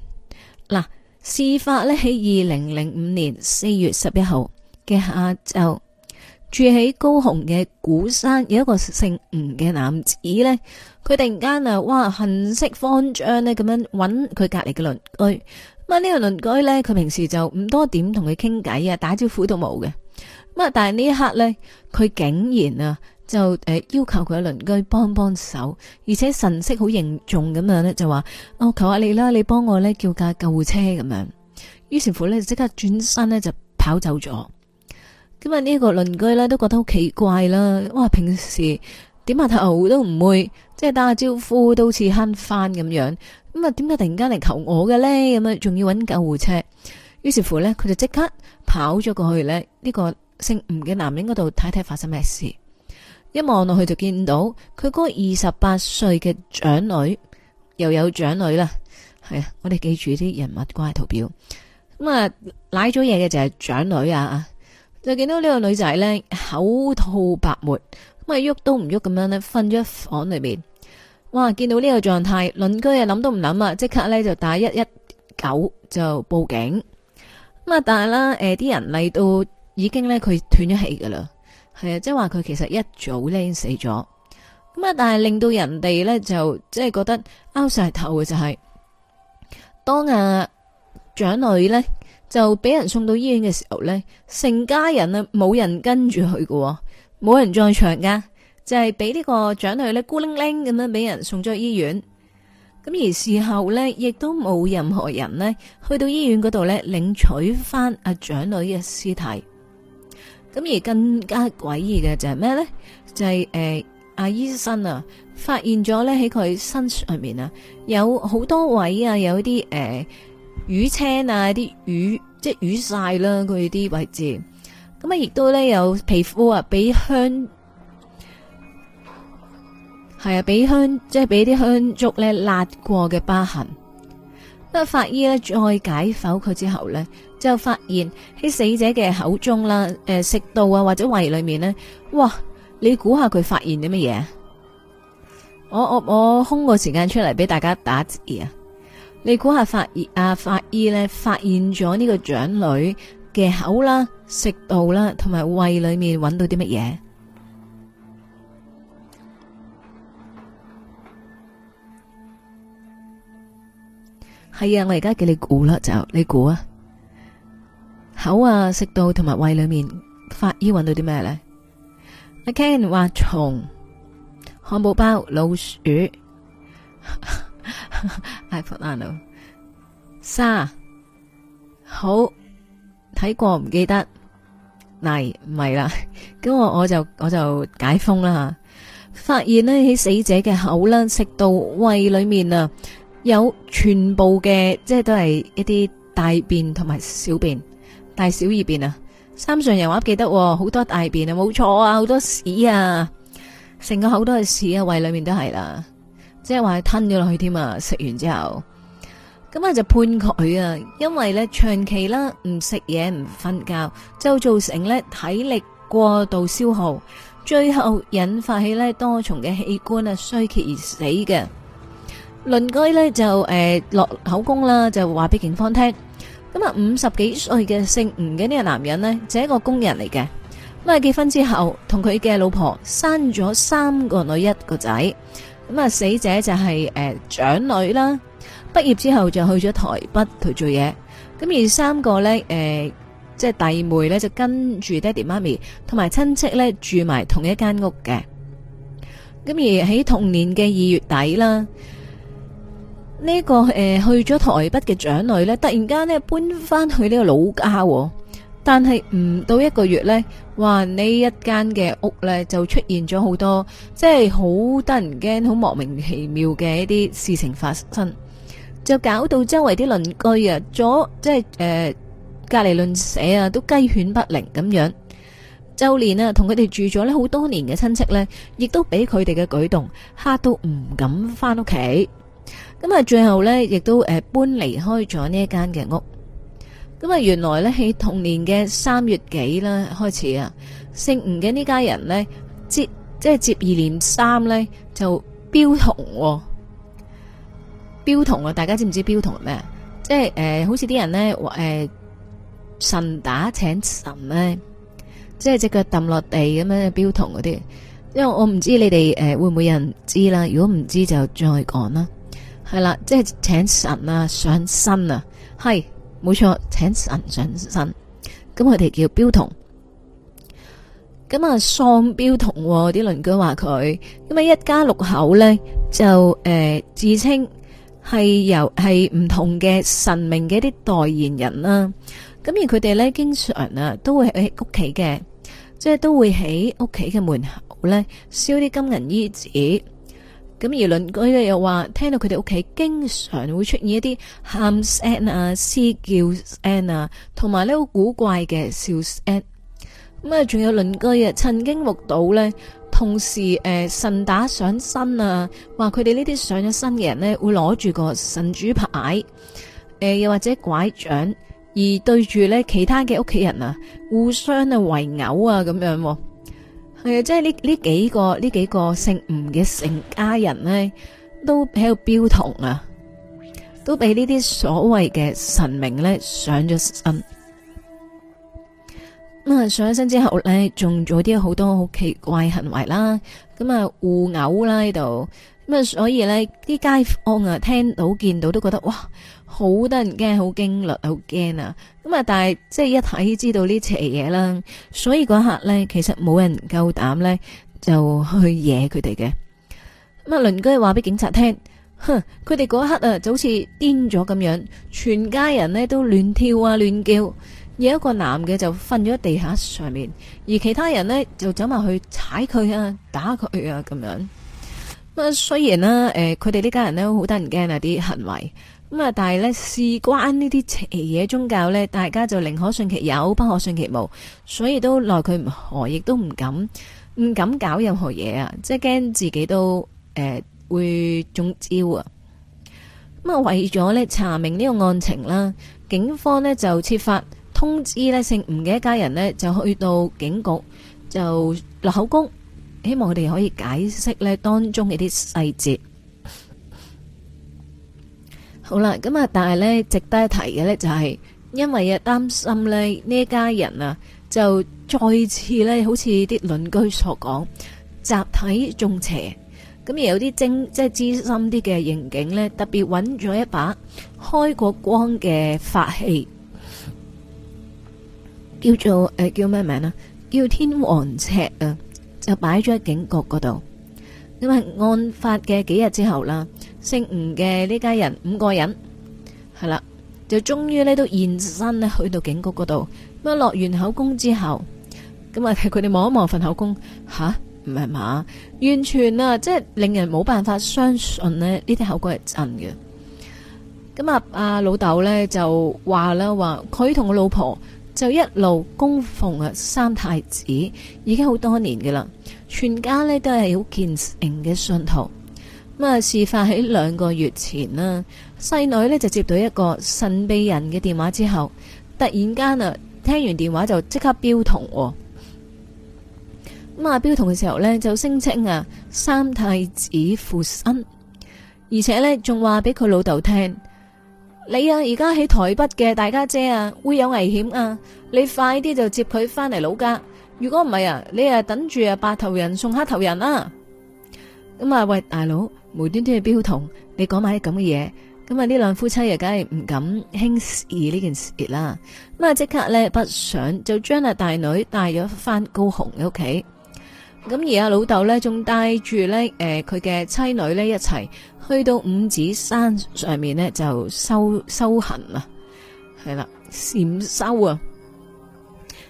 嗱，事發呢喺二零零五年四月十一號嘅下晝，住喺高雄嘅鼓山有一個姓吳嘅男子呢，佢突然間啊，哇，神色慌張呢咁樣搵佢隔離嘅鄰居。咁啊呢個鄰居呢，佢平時就唔多點同佢傾偈啊，打招呼都冇嘅。咁但係呢一刻呢佢竟然啊，就誒要求佢嘅鄰居幫幫手，而且神色好凝重咁樣呢就話哦求下你啦，你幫我呢叫架救護車咁樣。於是乎呢就即刻轉身呢就跑走咗。咁啊，呢個鄰居呢都覺得好奇怪啦。哇，平時點下頭都唔會，即係打下招呼都好似慳翻咁樣。咁啊，點解突然間嚟求我嘅呢？咁樣仲要揾救護車。於是乎呢佢就即刻跑咗過去呢呢、呢個。姓吳嘅男人嗰度睇睇發生咩事，一望落去就見到佢嗰二十八歲嘅長女，又有長女啦，係啊。我哋記住啲人物關係圖表。咁啊，奶咗嘢嘅就係長女啊啊。就見到呢個女仔呢，口吐白沫，咁啊喐都唔喐咁樣呢，瞓咗房裏面。哇，見到呢個狀態，鄰居啊諗都唔諗啊，即刻呢就打一一九就報警咁啊、嗯。但係啦，誒、呃、啲人嚟到，已經咧，佢斷咗氣噶啦，係啊，即係話佢其實一早咧死咗咁啊。但係令到人哋咧，就即係覺得拗晒頭嘅就係當啊長女咧就俾人送到醫院嘅時候咧，成家人啊冇人跟住佢嘅，冇人在場噶，就係俾呢個長女咧孤零零咁樣俾人送咗去醫院。咁而事後咧，亦都冇任何人咧去到醫院嗰度咧領取翻阿、啊、長女嘅屍體。咁而更加詭異嘅就係咩咧？就係、是、誒、呃，阿醫生啊，發現咗咧喺佢身上面啊，有好多位啊，有啲誒淤青啊，啲淤即係淤晒啦，佢啲位置。咁、呃、啊，亦都咧有皮膚啊，俾香係啊，俾、就是、香即係俾啲香燭咧焫過嘅疤痕。咁啊，法醫咧再解剖佢之後咧。之後發現喺死者嘅口中啦，誒、呃、食道啊或者胃裏面呢。哇！你估下佢發現啲乜嘢？我我我空個時間出嚟，俾大家打字啊！你估下法醫啊，法醫呢發現咗呢個長女嘅口啦、食道啦同埋胃裏面揾到啲乜嘢？係啊，我而家叫你估啦，就你估啊！口啊，食到同埋胃裏面，法醫揾到啲咩咧？阿 Ken 話蟲、漢堡包、老鼠、 iPhone 沙好睇過唔記得，嗱，唔係啦。咁 我我就我就解封啦吓。發現呢、啊，喺死者嘅口啦，食到胃裏面啊，有全部嘅即係都係一啲大便同埋小便。太小二便啊！三上人話記得哦，好多大便啊，冇錯啊，好多屎啊，成個口都係屎啊，胃裏面都係啦，即係話吞咗落去添啊！食完之後，咁啊就判佢啊，因為呢長期啦唔食嘢唔瞓覺，就造成呢體力過度消耗，最後引發起呢多重嘅器官啊衰竭而死嘅。鄰居呢，就誒、呃、落口供啦，就話俾警方聽。咁啊，五十幾歲嘅姓吳嘅呢個男人呢，就係、一個工人嚟嘅。咁啊，結婚之後同佢嘅老婆生咗三個女一個仔。咁啊，死者就係、是、誒、呃、長女啦。畢業之後就去咗台北度做嘢。咁而三個呢，誒、呃，即係弟妹呢，就跟住爹哋媽咪同埋親戚呢，住埋同一間屋嘅。咁而喺同年嘅二月底啦。呢、這個誒、呃、去咗台北嘅長女呢，突然間呢搬翻去呢個老家，哦，但係唔到一個月呢，話呢一間嘅屋呢就出現咗好多，即係好得人驚、好莫名其妙嘅一啲事情發生，就搞到周圍啲鄰居啊，咗即係誒、呃，隔籬鄰舍啊都雞犬不寧咁樣，就連啊同佢哋住咗呢好多年嘅親戚呢，亦都俾佢哋嘅舉動吓到唔敢翻屋企。咁啊，最後咧亦都誒搬離開咗呢一間嘅屋。咁啊，原來咧喺同年嘅三月幾咧開始啊，姓吳嘅呢家人咧接即係接二連三咧就標童，標童啊！大家知唔知標童係咩？即係誒、呃，好似啲人咧誒、呃、神打請神咧，即係隻腳揼落地咁樣嘅標童嗰啲。因為我唔知你哋誒會唔會有人知啦。如果唔知就再講啦。係啦，即係請神啊上身啊，係冇錯，請神上身。咁我哋叫標童。咁啊喪標童，啲鄰居話佢咁啊，一家六口呢就誒自稱係由係唔同嘅神明嘅一啲代言人啦。咁而佢哋呢經常啊都會喺屋企嘅，即係都會喺屋企嘅門口呢燒啲金銀衣紙。咁而鄰居咧又話聽到佢哋屋企經常會出現一啲喊聲啊、嘶叫聲啊，同埋呢個古怪嘅笑聲。咁啊，仲有鄰居啊曾經目睹咧，同時、呃、神打上身啊，話佢哋呢啲上咗身嘅人咧會攞住個神主牌，誒、呃、又或者拐杖，而對住咧其他嘅屋企人啊，互相啊圍毆啊咁樣啊。係啊，即係呢呢幾個呢幾個姓吳嘅成家人呢，都喺度標童啊，都俾呢啲所謂嘅神明呢上咗身。咁、嗯、啊上咗身之後呢，仲做啲好多好奇怪行為啦，咁、嗯、啊互毆啦呢度，咁、嗯、啊所以呢啲街坊啊聽到見到都覺得哇！好得人驚，好驚慄，好驚啊！咁啊，但係即係一睇知道呢邪嘢啦，所以嗰刻呢，其實冇人夠膽呢，就去惹佢哋嘅。咁啊，鄰居話俾警察聽，哼，佢哋嗰一刻啊就好似癲咗咁樣，全家人呢都亂跳啊，亂叫。有一個男嘅就瞓咗喺地下上面，而其他人呢，就走埋去踩佢啊，打佢啊，咁樣。咁啊，雖然啦，誒、呃，佢哋呢家人呢好得人驚啊啲行為。咁啊！但係呢，事關呢啲邪嘢、宗教呢，大家就寧可信其有，不可信其無，所以都奈佢何，亦都唔敢唔敢搞任何嘢啊！即係驚自己都誒、呃、會中招啊！咁啊，為咗呢查明呢個案情啦，警方呢就設法通知呢姓吳嘅一家人呢，就去到警局就落口供，希望佢哋可以解釋呢當中嘅啲細節。好啦，咁啊，但係咧，值得一提嘅咧就係，因為啊擔心咧呢家人啊，就再次咧，好似啲鄰居所講，集體中邪，咁有啲精即係資深啲嘅刑警呢，特別揾咗一把開過光嘅法器，叫做誒、呃、叫咩名啊？叫天王尺啊，就擺咗喺警局嗰度。嗯，因為案發嘅幾日之後啦。姓吳嘅呢家人五個人，係啦，就終於呢都現身呢去到警局嗰度。咁落完口供之後，咁啊佢哋望一望份口供，吓唔係嘛？完全啊，即係令人冇辦法相信呢啲口供係真嘅。咁啊，阿老豆呢，就話啦話，佢同個老婆就一路供奉啊三太子，已經好多年嘅啦，全家呢都係好虔誠嘅信徒。咁啊，事發喺兩個月前啦，細女呢就接到一個神秘人嘅電話之後，突然間啊，聽完電話就即刻標同。咁啊，標同嘅時候呢，就聲稱啊，三太子附身，而且呢仲話俾佢老豆聽： 你啊，而家喺台北嘅大家姐啊會有危險啊，你快啲就接佢翻嚟，老家。如果唔係啊，你啊等住啊白頭人送黑頭人呀，啊。咁啊，喂大佬！無端端嘅標同，你講埋啲咁嘅嘢，咁啊呢兩夫妻又梗係唔敢輕視呢件事啦。咁啊即刻呢，不想就將阿大女帶咗翻高雄嘅屋企。咁而阿老豆呢，仲帶住呢誒，佢嘅妻女呢，一齊去到五指山上面呢，就修修行啦，係啦禪修啊，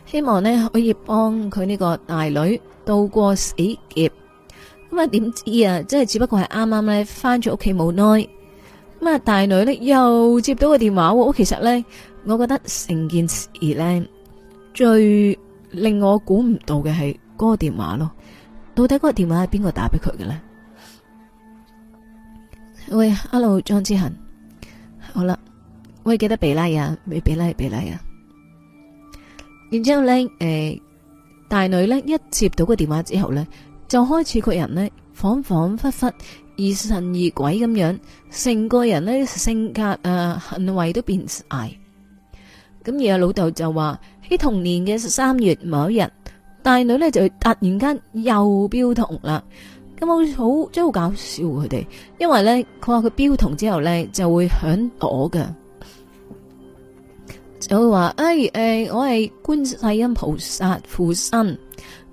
希望呢可以幫佢呢個大女渡過死劫。咁啊，點知啊？即係只不過係啱啱咧，返咗屋企冇耐，咁啊大女咧又接到個電話。我其實咧，我覺得成件事咧最令我估唔到嘅係嗰個電話咯。到底嗰個電話係邊個打俾佢嘅咧？喂，Hello，張之恒，好啦，喂，記得俾 like 啊，俾俾 like 俾 like 啊。然之後咧，誒，大女咧一接到個電話之後咧。就開始個人呢恍恍惚惚，疑神疑鬼咁樣，成個人呢性格啊、呃、行為都變晒。咁而阿老豆就話喺同年嘅十三月某一日，大女呢就突然間又標童啦。咁好好真好搞笑佢哋，因為呢，佢話佢標童之後呢就會響度㗎，就會話哎、誒、哎，我係觀世音菩薩附身。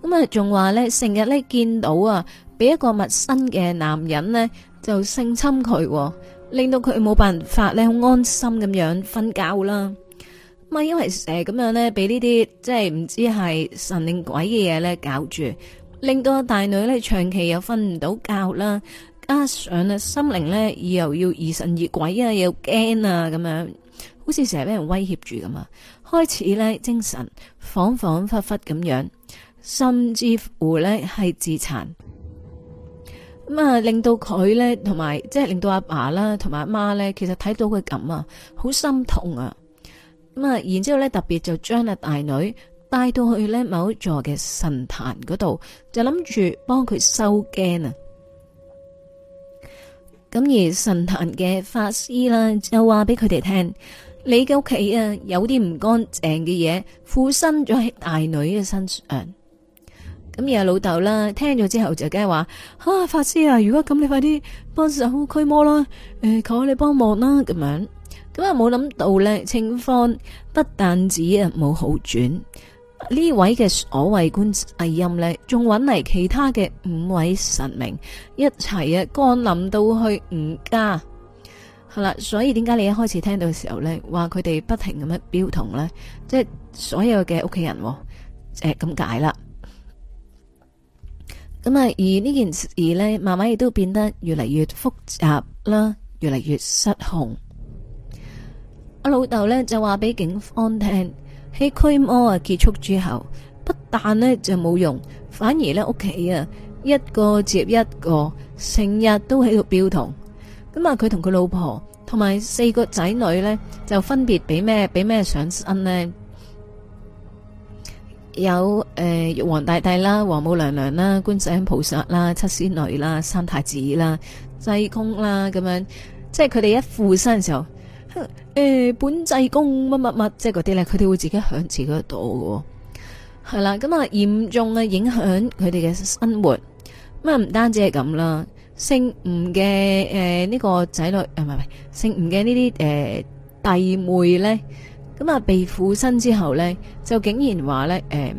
咁啊，仲話咧，成日咧見到啊，俾一個陌生嘅男人呢，就性侵佢，令到佢冇辦法咧好安心咁樣瞓覺啦。咁啊，因為成日咁樣咧，俾呢啲即係唔知係神定鬼嘅嘢咧搞住，令到大女咧長期又瞓唔到覺啦。加上啊心靈咧又要疑神疑鬼啊，又驚啊咁樣，好似成日俾人威脅住咁啊。開始咧精神恍恍惚惚咁樣。甚至乎咧係自殘，咁啊令到佢咧同埋即係令到阿爸啦同埋阿媽呢，其實睇到佢咁啊，好心痛啊！咁啊，然之後咧特別就將阿大女帶到去咧某座嘅神壇嗰度，就諗住幫佢收驚啊！咁而神壇嘅法師啦，就話俾佢哋聽：「你嘅屋企啊有啲唔乾淨嘅嘢附身咗喺大女嘅身上。」咁而阿老豆啦，聽咗之後就梗係話：哈、啊、法師啊，如果咁，你快啲幫手驅魔啦，誒、呃，求下你幫忙啦，咁樣咁啊，冇諗到咧，情況不但止啊冇好轉，呢位嘅所謂觀世音咧，仲搵嚟其他嘅五位神明一齊啊降臨到去吳家，係啦，所以點解你一開始聽到嘅時候咧，話佢哋不停咁樣標同咧，即係所有嘅屋企人誒咁解啦。咁啊，而呢件事呢，慢慢亦都變得越嚟越複雜啦，越嚟越失控。阿老豆呢就話俾警方聽，喺驅魔啊結束之後，不但呢就冇用，反而呢屋企啊一個接一個，成日都喺度標童。咁、嗯、啊，佢同佢老婆同埋四個仔女呢，就分別俾咩俾咩上身呢？有誒玉皇大帝啦、王母娘娘啦、觀世音菩薩啦、七仙女啦、三太子啦、濟公啦咁樣，即係佢哋一附身嘅時候，誒、呃、本濟公乜乜乜，即係嗰啲咧，佢哋會自己響自己度喎、哦。係啦。咁、嗯、啊嚴重啊影響佢哋嘅生活。咁啊唔單止係咁啦，姓吳嘅誒呢個仔女，唔係唔係姓吳嘅、呃、呢啲誒弟妹咧。咁啊！被附身之後咧，就竟然話咧，誒、呃，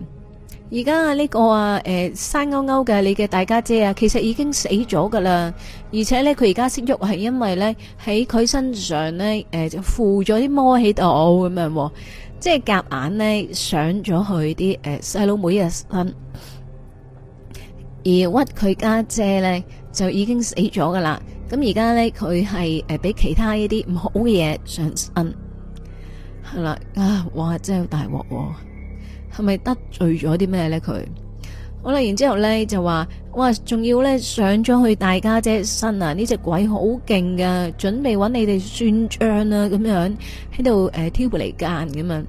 而家呢個啊，誒、呃，生勾勾嘅你嘅大家姐啊，其實已經死咗噶啦，而且咧，佢而家識喐係因為咧，喺佢身上咧，誒、呃，就附咗啲魔喺度咁樣，即係夾硬咧上咗佢啲誒細佬妹嘅身，而屈佢家姐咧就已經死咗噶啦，咁而家咧佢係誒俾其他一啲唔好嘅嘢上身。係啦，啊，哇，真係好大鑊喎！係咪得罪咗啲咩呢？佢好啦，然之後咧就話，哇，仲要呢？上咗去大家姐身啊！呢隻鬼好勁噶，準備揾你哋算賬啦，啊，咁樣喺度誒挑撥離間咁樣！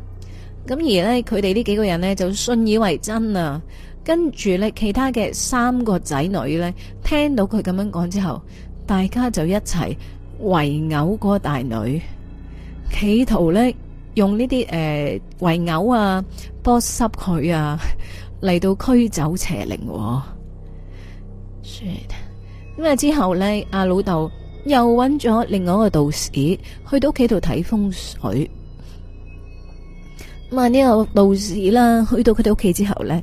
咁而呢，佢哋呢幾個人呢，就信以為真啊！跟住呢，其他嘅三個仔女呢，聽到佢咁樣講之後，大家就一齊圍毆個大女，企圖呢。用呢啲誒圍偶啊，波濕佢啊，嚟到驅走邪靈，哦。咁啊 之後呢，阿老豆又揾咗另外一個道士去到屋企度睇風水。咁啊呢個道士啦，去到佢哋屋企之後呢，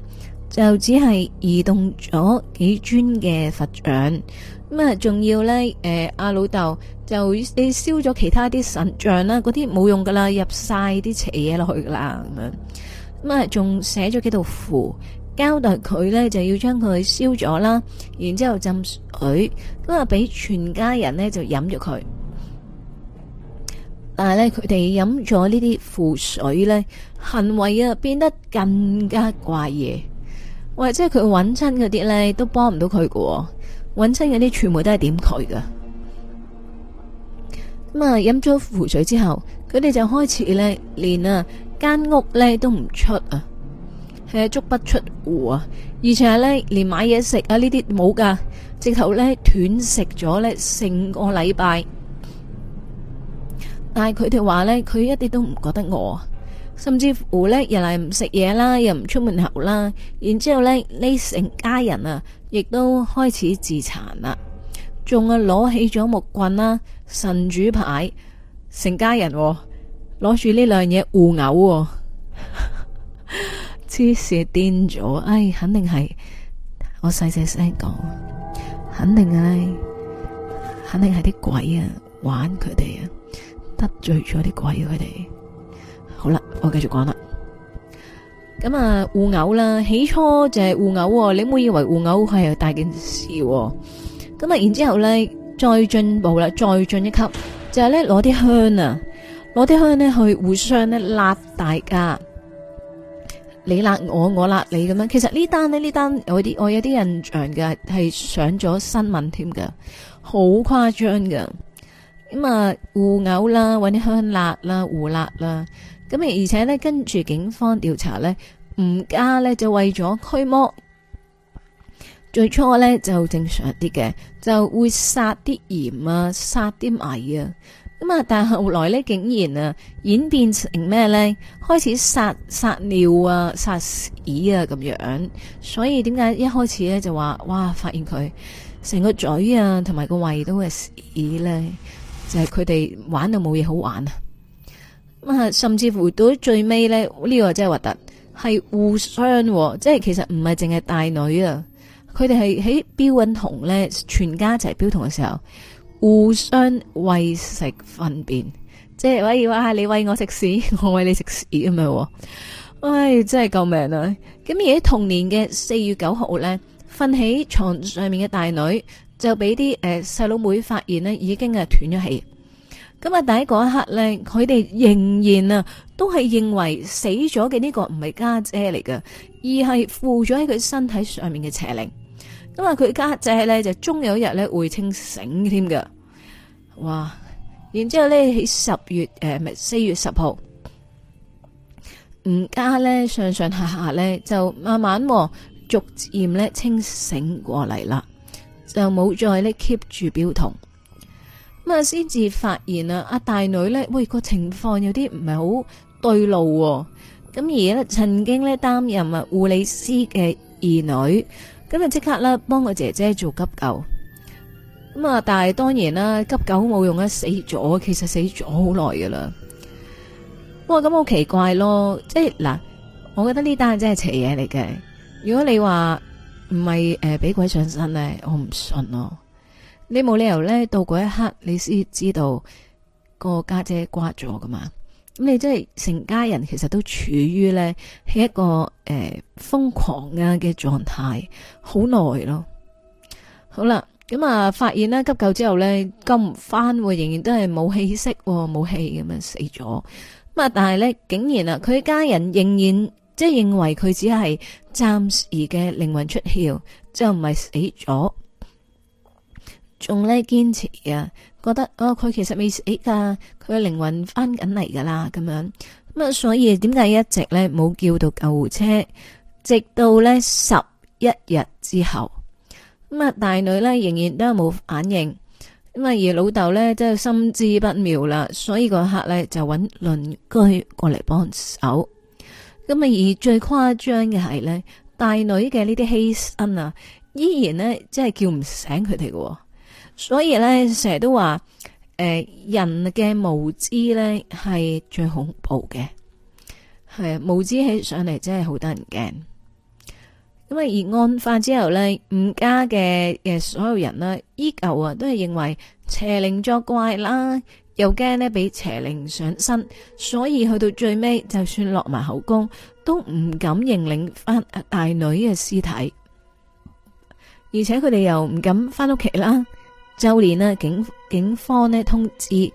就只係移動咗幾尊嘅佛像。咁啊仲要呢誒阿、呃、老豆。就你燒咗其他啲神像啦，嗰啲冇用噶啦，入晒啲邪嘢落去啦，咁樣咁啊，仲寫咗幾道符，交代佢呢就要將佢燒咗啦，然之後浸水，咁係俾全家人呢就飲咗佢。但係咧，佢哋飲咗呢啲符水呢，行為啊變得更加怪嘢，或者佢揾親嗰啲呢都幫唔、啊、到佢喎。揾親嗰啲全部都係點佢噶。咁啊，飲咗符水之後，佢哋就開始呢，連啊間屋呢都唔出啊，係足不出戶啊，而且呢，連買嘢食啊呢啲冇㗎，直頭呢斷食咗呢成個禮拜。但係佢哋話呢，佢一啲都唔覺得餓，甚至乎呢又係唔食嘢啦，又唔出門口啦，然之後呢呢成家人啊，亦都開始自殘啦。仲啊攞起咗木棍啦，神主牌，成家人攞住呢兩嘢互毆，黐線癲咗！唉，肯定係我細細聲講，肯定係，肯定係啲鬼啊玩佢哋啊，得罪咗啲鬼佢哋啊。好啦，我繼續講啦。咁啊，互毆啦，起初就係互毆，你唔好以為互毆係大件事啊。咁啊，然之後咧，再進步啦，再進一級，就係咧攞啲香啊，攞啲香咧去互相咧辣大家，你辣我，我辣你咁樣。其實呢單呢，呢單，我啲我有啲印象嘅係上咗新聞添嘅，好誇張嘅。咁啊，互毆啦，搵啲香辣啦，互辣啦。咁而且咧跟住警方調查咧，吳家咧就為咗驅魔。最初呢就正常啲嘅，就會殺啲鹽啊，殺啲蟻啊咁啊。但係後來呢竟然啊演變成咩呢？開始殺殺尿啊，殺屎啊咁樣。所以點解一開始呢就話哇，發現佢成個嘴啊，同埋個胃都係屎呢？就係佢哋玩到冇嘢好玩啊。咁啊，甚至乎到最尾呢，呢個真係核突係互相、啊、即係，其實唔係淨係大女啊。佢哋係喺標允同咧，全家一齊標同嘅時候，互相餵食糞便，即係例如話你餵我食屎，我餵你食屎咁樣。唉、哎，真係救命啊！咁而喺同年嘅四月九號咧，瞓喺床上面嘅大女就俾啲誒細佬妹發現咧，已經啊斷咗氣。咁啊，第一嗰一刻咧，佢哋仍然啊都係認為死咗嘅呢個唔係家姐嚟㗎，而係附咗喺佢身體上面嘅邪靈。因為佢家姐咧就終有一日咧會清醒添㗎，哇！然之後咧喺十月誒，唔係、呃、四月十號，吳家咧上上下下咧就慢慢逐漸咧清醒過嚟啦，就冇再呢 keep 住表同咁啊，先至發現啊，阿大女咧喂個情況有啲唔係好對路咁，哦、而家咧，曾經咧擔任啊護理師嘅二女，咁就即刻啦，幫個姐姐做急救咁啊！但係當然啦，急救冇用啊，死咗其實死咗好耐噶啦。哇，咁好奇怪咯！即係嗱，我覺得呢單真係邪嘢嚟嘅。如果你話唔係誒俾鬼上身咧，我唔信咯。你冇理由咧到嗰一刻你先知道個家姐瓜咗噶嘛？咁你即係成家人其實都處於咧一個誒、呃、瘋狂啊嘅狀態，好耐咯。好啦，咁啊發現啦急救之後呢救唔返喎，仍然都係冇氣息，哦，冇氣咁啊死咗。咁啊，但係呢，竟然啊，佢家人仍然即係認為佢只係暫時嘅靈魂出竅，就唔係死咗，仲呢，堅持啊。覺得哦，佢其實未死噶，佢嘅靈魂翻緊嚟噶啦，咁樣咁啊，所以點解一直咧冇叫到救護車，直到咧十一日之後，咁啊大女咧仍然都係冇反應，咁啊而老豆咧真係心知不妙啦，所以個刻咧就搵鄰居過嚟幫手，咁啊而最誇張嘅係咧，大女嘅呢啲犧牲啊，依然咧即係叫唔醒佢哋嘅。所以咧，成日都話，誒、呃，人嘅無知咧係最恐怖嘅，係無知起上嚟真係好得人驚。咁啊，而案發之後呢，伍家嘅嘅所有人呢，依舊啊都係認為邪靈作怪啦，又驚呢俾邪靈上身，所以去到最尾，就算落埋口供，都唔敢認領翻大女嘅屍體，而且佢哋又唔敢翻屋企啦。就連呢警警方呢通知，誒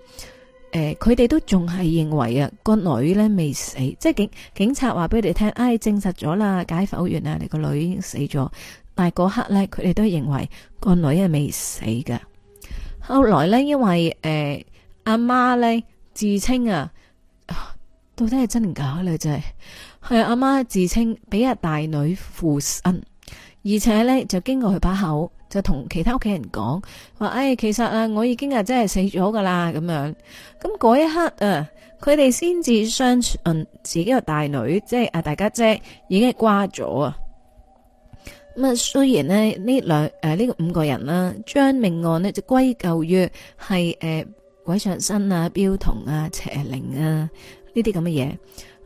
佢哋都仲係認為啊個女呢未死，即係警警察話俾佢哋聽，哎證實咗啦解剖完啦，你個女已經死咗，但係嗰刻呢，佢哋都認為個女係未死嘅。後來呢，因為誒阿媽呢，呃、自稱啊，到底係真定假呢？真係，係阿媽自稱俾阿大女附身。而且呢，就經過佢把口，就同其他屋企人講，話：唉，其實啊，我已經啊，真係死咗噶啦，咁樣。咁嗰一刻啊，佢哋先至相信自己個大女，即係大家姐已經瓜咗啊。咁啊，雖然呢，呢兩誒呢個五個人啦，將命案呢，就歸咎於係誒鬼上身啊、標童啊、邪靈啊呢啲咁嘅嘢。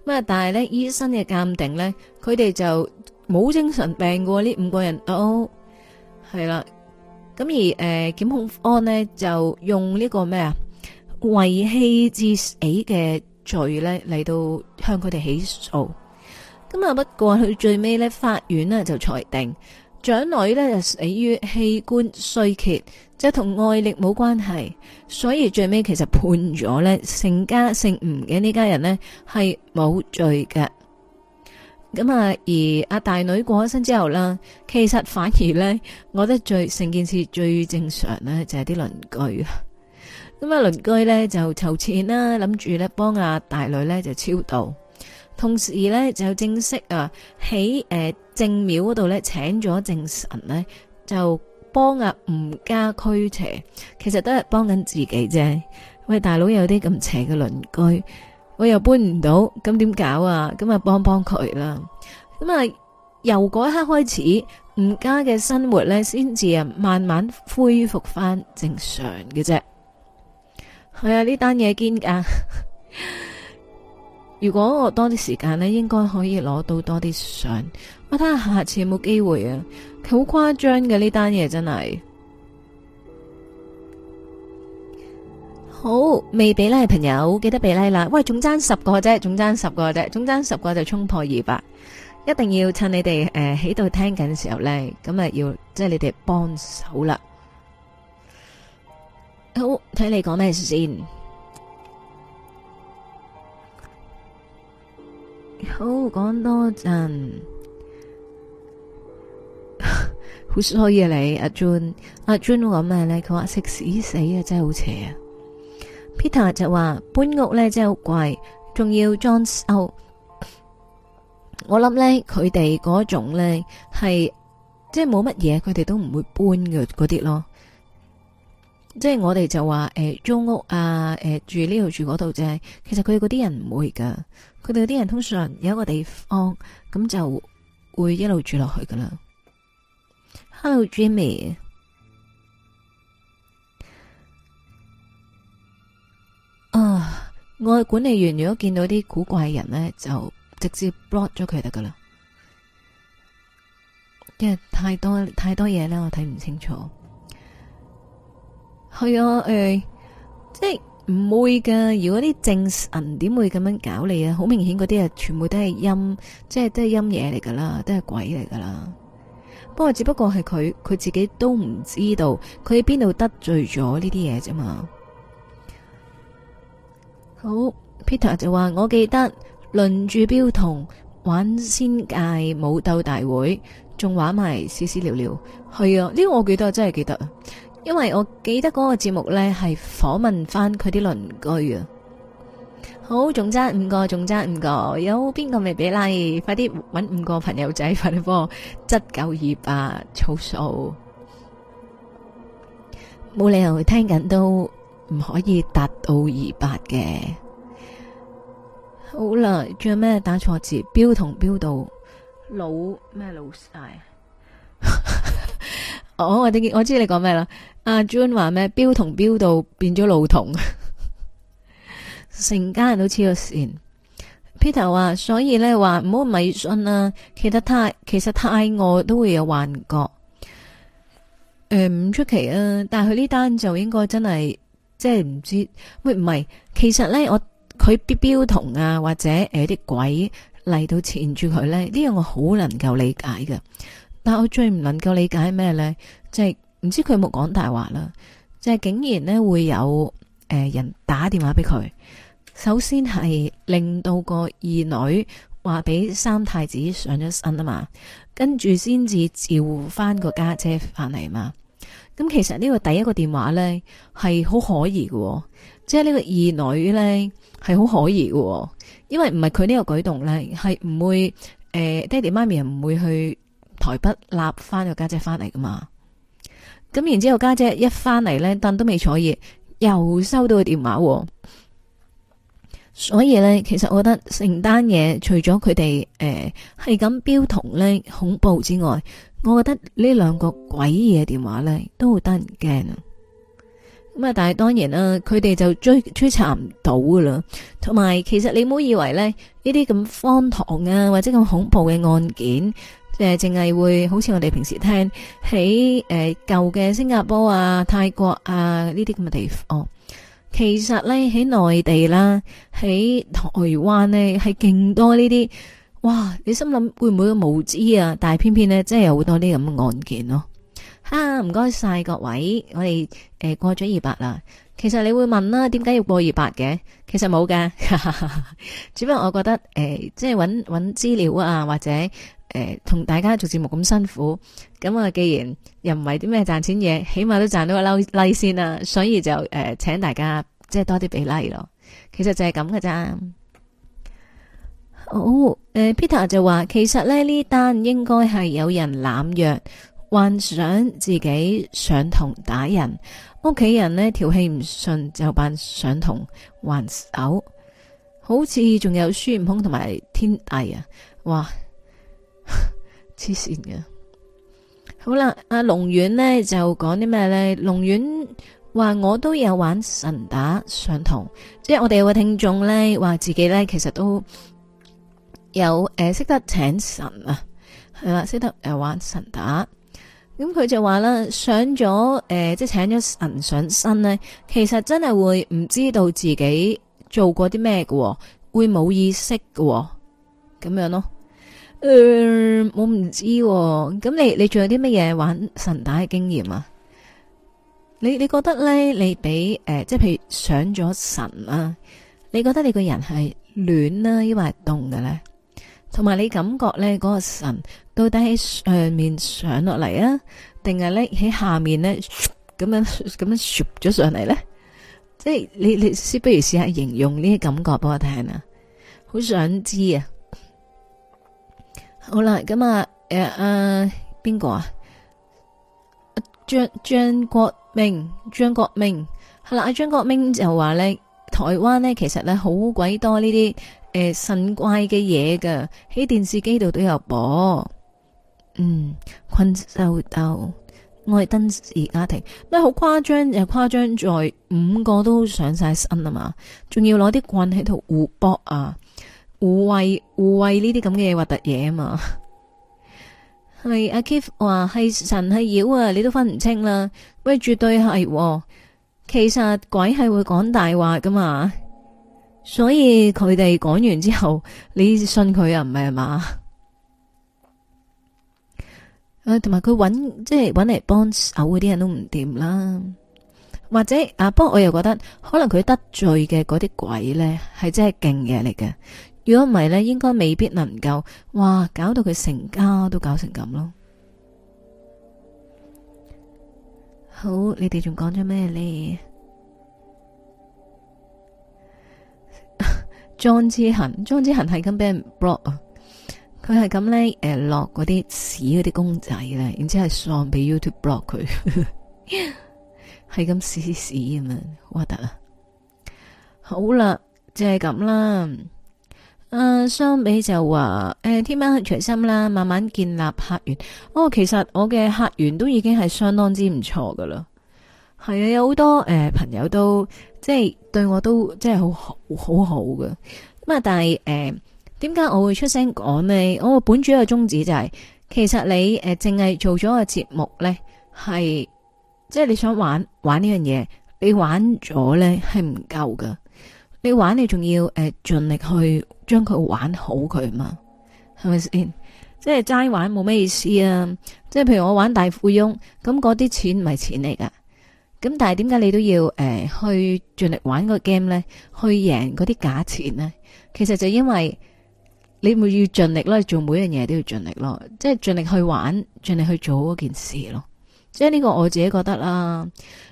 咁啊，但係呢，醫生嘅鑒定呢，佢哋就。冇精神病喎，呢五個人都係啦。咁而誒，檢、呃、控方呢，就用呢個咩啊，遺棄致死嘅罪呢嚟到向佢哋起訴。咁啊，不過佢最尾呢，法院呢就裁定，長女呢死於器官衰竭，即係同外力冇關係。所以最尾其實判咗呢成家姓吳嘅呢家人呢，係冇罪嘅。咁啊，而阿大女過咗身之後啦，其實反而呢我覺得最成件事最正常呢就係啲鄰居啊。咁啊，鄰居呢就籌錢啦，諗住呢幫阿大女呢就超度，同時呢就正式啊喺誒正廟嗰度呢請咗正神呢就幫阿吳家驅邪。其實都係幫緊自己啫。喂，大佬有啲咁邪嘅鄰居。我又搬唔到，咁點搞啊？咁啊，幫幫佢啦。咁啊，由嗰一刻開始，吳家嘅生活呢先至啊，慢慢恢復翻正常嘅啫。係、哎、啊，呢單嘢，堅噶。 如果我多啲時間呢，應該可以攞到多啲相。我睇下下次有冇機會啊。好誇張嘅，呢單嘢真係。真好未俾拉，朋友記得俾拉啦。喂，總爭十個啫，總爭十個啫，總爭十，十個就衝破二百，一定要趁你哋誒喺度聽緊嘅時候呢，咁啊要即係你哋幫手啦。好睇你講咩先？好講多陣，好 衰啊你！你、啊、阿 Jun 阿、啊、Jun 都講咩呢？佢話食屎死死啊，真係好邪啊！Peter 就話搬屋咧，真係好貴，仲要裝修。我諗咧佢哋嗰種咧係即係冇乜嘢，佢哋都唔會搬嘅嗰啲咯。即係我哋就話誒租屋啊，誒、呃、住呢度住嗰度啫。其實佢哋嗰啲人唔會噶，佢哋嗰啲人通常有一個地方咁就會一路住落去噶啦。Hello，Jimmy。啊！我嘅管理員如果見到啲古怪人呢，就直接 block 咗佢得噶啦，因為太多太多嘢啦，我睇唔清楚。係啊，誒、欸，即係唔會噶。如果啲正神點會咁樣搞你啊？好明顯，嗰啲啊全部都係陰，即係都係陰嘢嚟噶啦，都係鬼嚟噶啦。不過只不過係佢佢自己都唔知道，佢喺邊度得罪咗呢啲嘢啫嘛。好，Peter 就話我記得輪住標同玩仙界武鬥大會，仲玩埋詩詩聊聊，係啊呢個我記得真係記得啊，因為我記得嗰個節目呢係訪問翻佢啲鄰居啊。好，仲爭五個，仲爭五個，有邊個未俾 like？快啲搵五個朋友仔，快啲幫我執舊葉啊，湊數，冇理由聽緊到。唔可以達到二八嘅，好啦，仲有咩打錯字？標同標度老咩老晒我我我知你講咩啦？阿 John 話咩？標同標度變咗老同，成 家人都黐咗線。Peter 話，所以呢話唔好迷信啊！其實太其實太餓都會有幻覺，誒唔出奇啊！但係佢呢單就應該真係。即係唔知，喂唔係，其實咧我佢必標童啊或者誒啲、呃、鬼嚟到纏住佢咧，呢、這、樣、個、我好能夠理解嘅。但係我最唔能夠理解咩咧，即係唔知佢有冇講大話啦，即、就、係、是、竟然咧會有誒人打電話俾佢。首先係令到個二女話俾三太子上咗身啊嘛，跟住先至召翻個家姐翻嚟嘛。咁其實呢個第一個電話呢，係好可疑嘅，哦，即係呢個二女呢，係好可疑嘅，哦，因為唔係佢呢個舉動呢，係唔會誒、呃、爹哋媽咪唔會去台北立翻個家姐翻嚟噶嘛。咁然之後家姐、姐一翻嚟呢，凳都未坐熱，又收到個電話，哦，所以呢，其實我覺得成單嘢除咗佢哋誒係咁標同呢恐怖之外。我覺得呢兩個鬼嘢電話呢都好得人驚啊！咁啊，但係當然啦，佢哋就追追查唔到噶啦。同埋，其實你唔好以為呢呢啲咁荒唐啊，或者咁恐怖嘅案件，誒、呃，淨係會好似我哋平時聽喺誒、呃、舊嘅新加坡啊、泰國啊呢啲咁嘅地方、哦。其實呢，喺內地啦，喺台灣呢，係勁多呢啲。哇！你心諗會唔會個無知啊？但係偏偏咧，真係有好多啲咁嘅案件咯、啊。哈、啊，唔該晒各位，我哋誒、呃、過咗二百啦。其實你會問啦，點解要過二百嘅？其實冇嘅，只不過我覺得誒、呃，即係搵搵資料啊，或者誒、呃、同大家做節目咁辛苦。咁啊，既然又唔係啲咩賺錢嘢，起碼都賺到個嬲、like、利先啦。所以就誒、呃，請大家即係多啲俾 like 咯。其實就係咁嘅咋。好、oh, uh, Peter 就話其實咧，呢單應該係有人濫藥幻想自己上堂打人，屋企人呢條氣唔順就扮上堂還手，好似仲有孫悟空同埋天帝啊。哇，黐線嘅。好啦，阿龍遠呢就講啲咩呢？龍遠話我都有玩神打上堂，即係我哋有位聽眾呢，話自己呢其實都。有誒，識、呃、得請神啊，係啦、啊，識得誒、呃、玩神打，咁佢就話啦，上咗誒，即係請咗神上身咧，其實真係會唔知道自己做過啲咩嘅，會冇意識嘅咁、哦、樣咯。誒、呃，我唔知咁、啊、你你仲有啲乜嘢玩神打嘅經驗啊？你你覺得咧，你俾誒、呃，即係譬如上咗神啊，你覺得你個人係暖啦、啊，抑或係凍嘅咧？同埋你感覺咧，嗰、那個神到底喺上面上落嚟，啊，定係咧喺下面咧咁樣咁樣啜咗上嚟？咧，即係你你先不如試下形容呢啲感覺俾我聽啊，好想知啊！好啦，咁啊誒誒，邊、啊啊、個啊？張、啊、張國明，張國明係啦，阿、啊、張國明就話咧，台灣咧其實咧好鬼多呢啲。誒，神怪嘅嘢㗎喺電視機度都有播，嗯，困獸鬥、愛登士家庭，咩好誇張？又誇張在五個都上晒身啊嘛，仲要攞啲棍喺度互搏啊，護衛護衛呢啲咁嘅核突嘢啊嘛，係阿 Keith 話係神係妖啊，你都分唔清啦，喂，絕對係啊，其實鬼係會講大話噶嘛。所以佢哋講完之後，你信佢啊？唔係嘛？同埋佢搵即係搵嚟幫手嗰啲人都唔掂啦。或者啊，不過我又覺得，可能佢得罪嘅嗰啲鬼呢係真係勁嘅嚟嘅。如果唔係呢，應該未必能夠哇，搞到佢成家都搞成咁咯。好，你哋仲講咗咩呢？莊之恒，莊之恒係咁俾人 block 啊！佢係咁咧，誒落嗰啲屎嗰啲公仔咧，然之後係送俾 YouTube block 佢，係咁屎屎咁好核突啊！好啦、就是、這樣啦，就係咁啦。啊，相比就話誒、呃，天喵去隨心啦，慢慢建立客源。哦，其實我嘅客源都已經係相當之唔錯噶啦。係啊，有好多誒、呃、朋友都即係對我都即係好好，好好好好嘅咁啊！但係誒，點、呃、解我會出聲講呢？我本主嘅宗旨就係、是，其實你誒淨係做咗個節目呢，係即係你想玩玩呢樣嘢，你玩咗呢，係唔夠㗎。你玩你仲要誒、呃、盡力去將佢玩好佢嘛？係咪先？即係齋玩冇咩意思啊！即係譬如我玩大富翁，咁嗰啲錢唔係錢嚟㗎。咁但係點解你都要誒、呃、去盡力玩個 game 呢？去贏嗰啲假錢呢？其實就因為你會要盡力咯，你做每樣嘢都要盡力咯，即係盡力去玩，盡力去做嗰件事咯。即係呢個我自己覺得啦。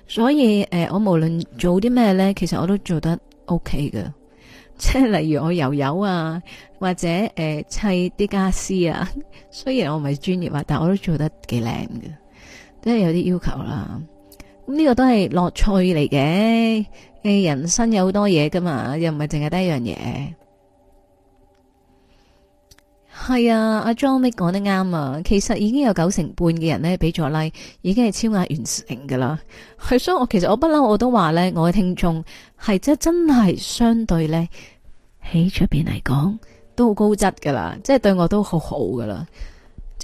所以誒、呃，我無論做啲咩呢，其實我都做得 OK 嘅。即係例如我油油啊，或者誒砌啲家私啊，雖然我唔係專業啊，但我都做得幾靚嘅，都係有啲要求啦。呢個都係樂趣嚟嘅，人生有好多嘢噶嘛又唔係淨係得一樣嘢。係 啊，阿 j o n i c 講得啱啊，其實已經有九成半嘅人咧俾咗 like 已經係超額完成噶啦係，所以我，我其實我不嬲我都話咧，我嘅聽眾係即真係相對咧喺出邊嚟講都好高質噶啦，即係對我都好好噶啦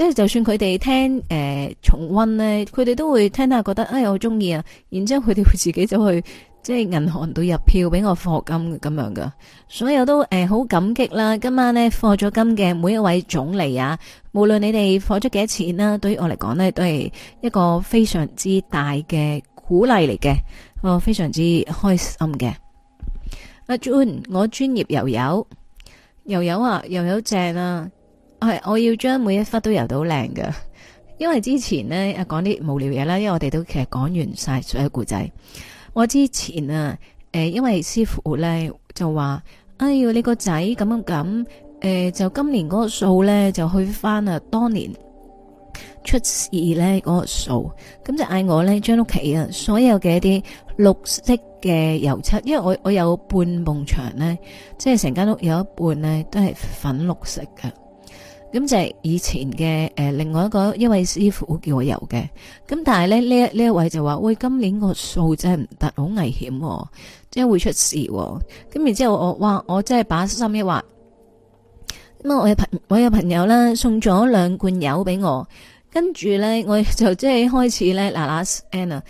即係就算佢哋聽誒、呃、重温咧，佢哋都會聽下覺得哎我中意啊，然之後佢哋會自己走去即係銀行度入票俾我課金咁樣噶，所以我都誒好感激啦。今晚咧課咗金嘅每一位總理啊，無論你哋課咗幾多錢啦，對於我嚟講咧都係一個非常之大嘅鼓勵嚟嘅，我非常之開心嘅。阿 Jun，我專業又有，又有啊，又有正啊。係我要將每一忽都油到靚㗎！因為之前呢，啊講啲無聊嘢啦。因為我哋都其實講完晒所有故仔。我之前啊，誒，因為師傅呢，就話：哎喲，你個仔咁樣咁誒、呃，就今年嗰個數呢，就去翻啊，當年出事呢嗰、嗰個數咁就嗌我呢，將屋企啊所有嘅一啲綠色嘅油漆，因為我我有半埲牆呢，即係成間屋有一半呢，都係粉綠色嘅。咁就係以前嘅、呃、另外一個一位師傅叫我油嘅，咁但係咧呢一呢一位就話：喂，今年個數真係唔得，好危險、哦，即係會出事、哦。咁然之後我，哇！我真係把心一橫咁啊，我有朋我有朋友啦，送咗兩罐油俾我，跟住咧，我就即係開始咧嗱嗱臨，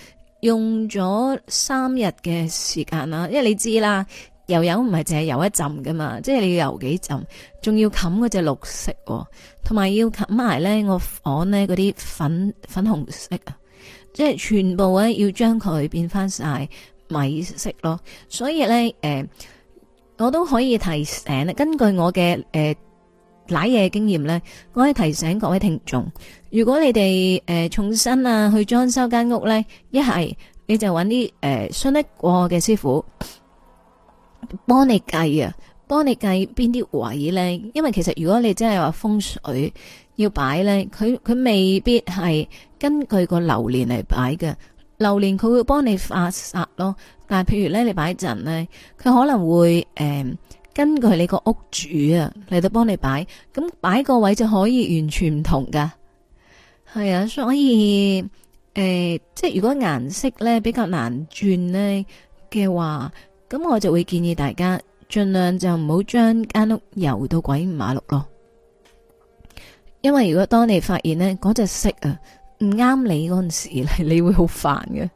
用咗三日嘅時間啦，因為你知啦。油油唔係淨係油一浸噶嘛，即係你要油幾浸，仲要冚嗰隻綠色、哦，同埋要冚埋咧我房咧嗰啲粉粉紅色啊，即係全部咧要將佢變翻晒米色咯。所以咧，誒、呃，我都可以提醒根據我嘅誒瀨嘢經驗咧，我可以提醒各位聽眾，如果你哋誒、呃、重新啊去裝修間屋咧，一係你就揾啲誒信得過嘅師傅。幫你計啊，幫你計邊啲位呢？因為其實如果你真係話風水要擺呢，佢佢未必係根據個流年嚟擺嘅。流年佢會幫你發煞咯。但係譬如呢，你擺陣呢，佢可能會誒、呃、根據你個屋主啊嚟到幫你擺。咁擺個位就可以完全唔同噶。係啊，所以誒、呃，即係如果顏色呢比較難轉呢嘅話。咁我就會建議大家盡量就唔好將間屋油到鬼五馬六咯，因為如果當你發現呢嗰隻色啊唔啱你嗰陣時嚟，你會好煩嘅。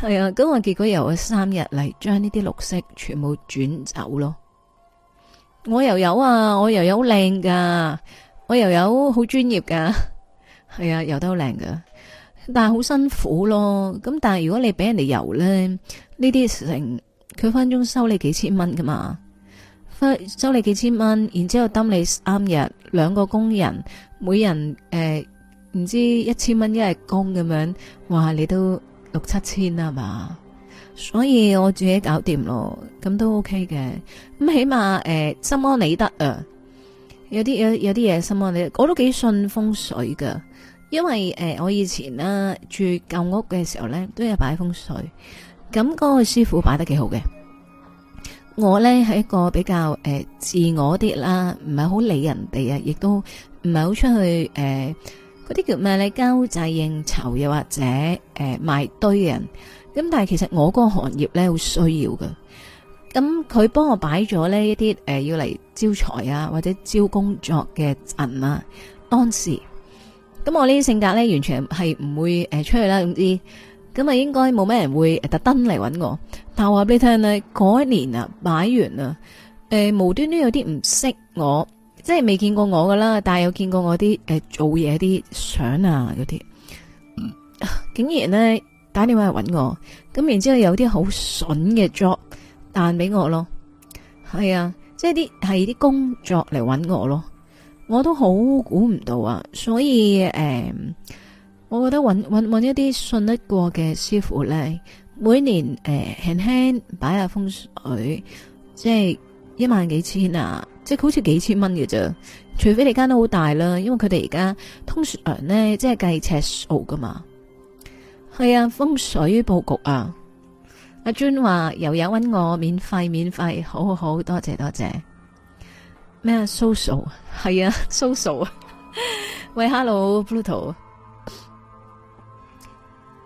係 啊，咁我結果油咗三日嚟，將呢啲綠色全部轉走咯。我又有啊，我又有靚噶，我又有好專業噶，係 啊，油得好靚噶，但係好辛苦咯。咁但係如果你俾人哋油呢，呢啲成。佢分鐘收你幾千蚊噶嘛？收你幾千蚊，然之後抌你三日兩個工人，每人誒唔、呃、知一千蚊一日工咁樣，哇！你都六七千啦嘛？所以我自己搞掂咯，咁都 OK 嘅，咁起碼誒、呃、心安理得啊。有啲有有啲嘢心安理得，我都幾信風水噶，因為誒、呃、我以前呢住舊屋嘅時候呢，都有擺風水。咁嗰個師傅擺得幾好嘅，我呢係一個比較誒、呃、自我啲啦，唔係好理人哋啊，亦都唔係好出去誒嗰啲叫咩咧，交際應酬又或者誒、呃、賣堆嘅人，咁但係其實我個行業呢好需要嘅，咁佢幫我擺咗呢一啲誒、呃、要嚟招財啊或者招工作嘅人啊，當時，咁我呢啲性格呢完全係唔會誒出去啦，總之。咁啊，應該冇咩人會特登嚟揾我。但話俾你聽呢嗰一年啊，擺完啊，誒、欸，無端端有啲唔識我，即係未見過我噶啦。但係有見過我啲誒、欸、做嘢啲相啊嗰啲、嗯，竟然呢，打電話嚟揾我。咁然之後有啲好筍嘅 job 彈俾我咯，係啊，即係啲係啲工作嚟揾我咯，我都好估唔到啊。所以誒。欸我覺得揾一啲信得過嘅師傅咧，每年誒、呃、輕輕擺下風水，即係一萬幾千啊，即係好似幾千蚊嘅啫。除非你間都好大啦，因為佢哋而家通常量咧，即係計尺數噶嘛。係啊，風水布局啊。阿 Jun 話又有揾我免費免費，好好好多謝多謝。咩、so so? 啊？so 係啊？so 喂，hello Pluto。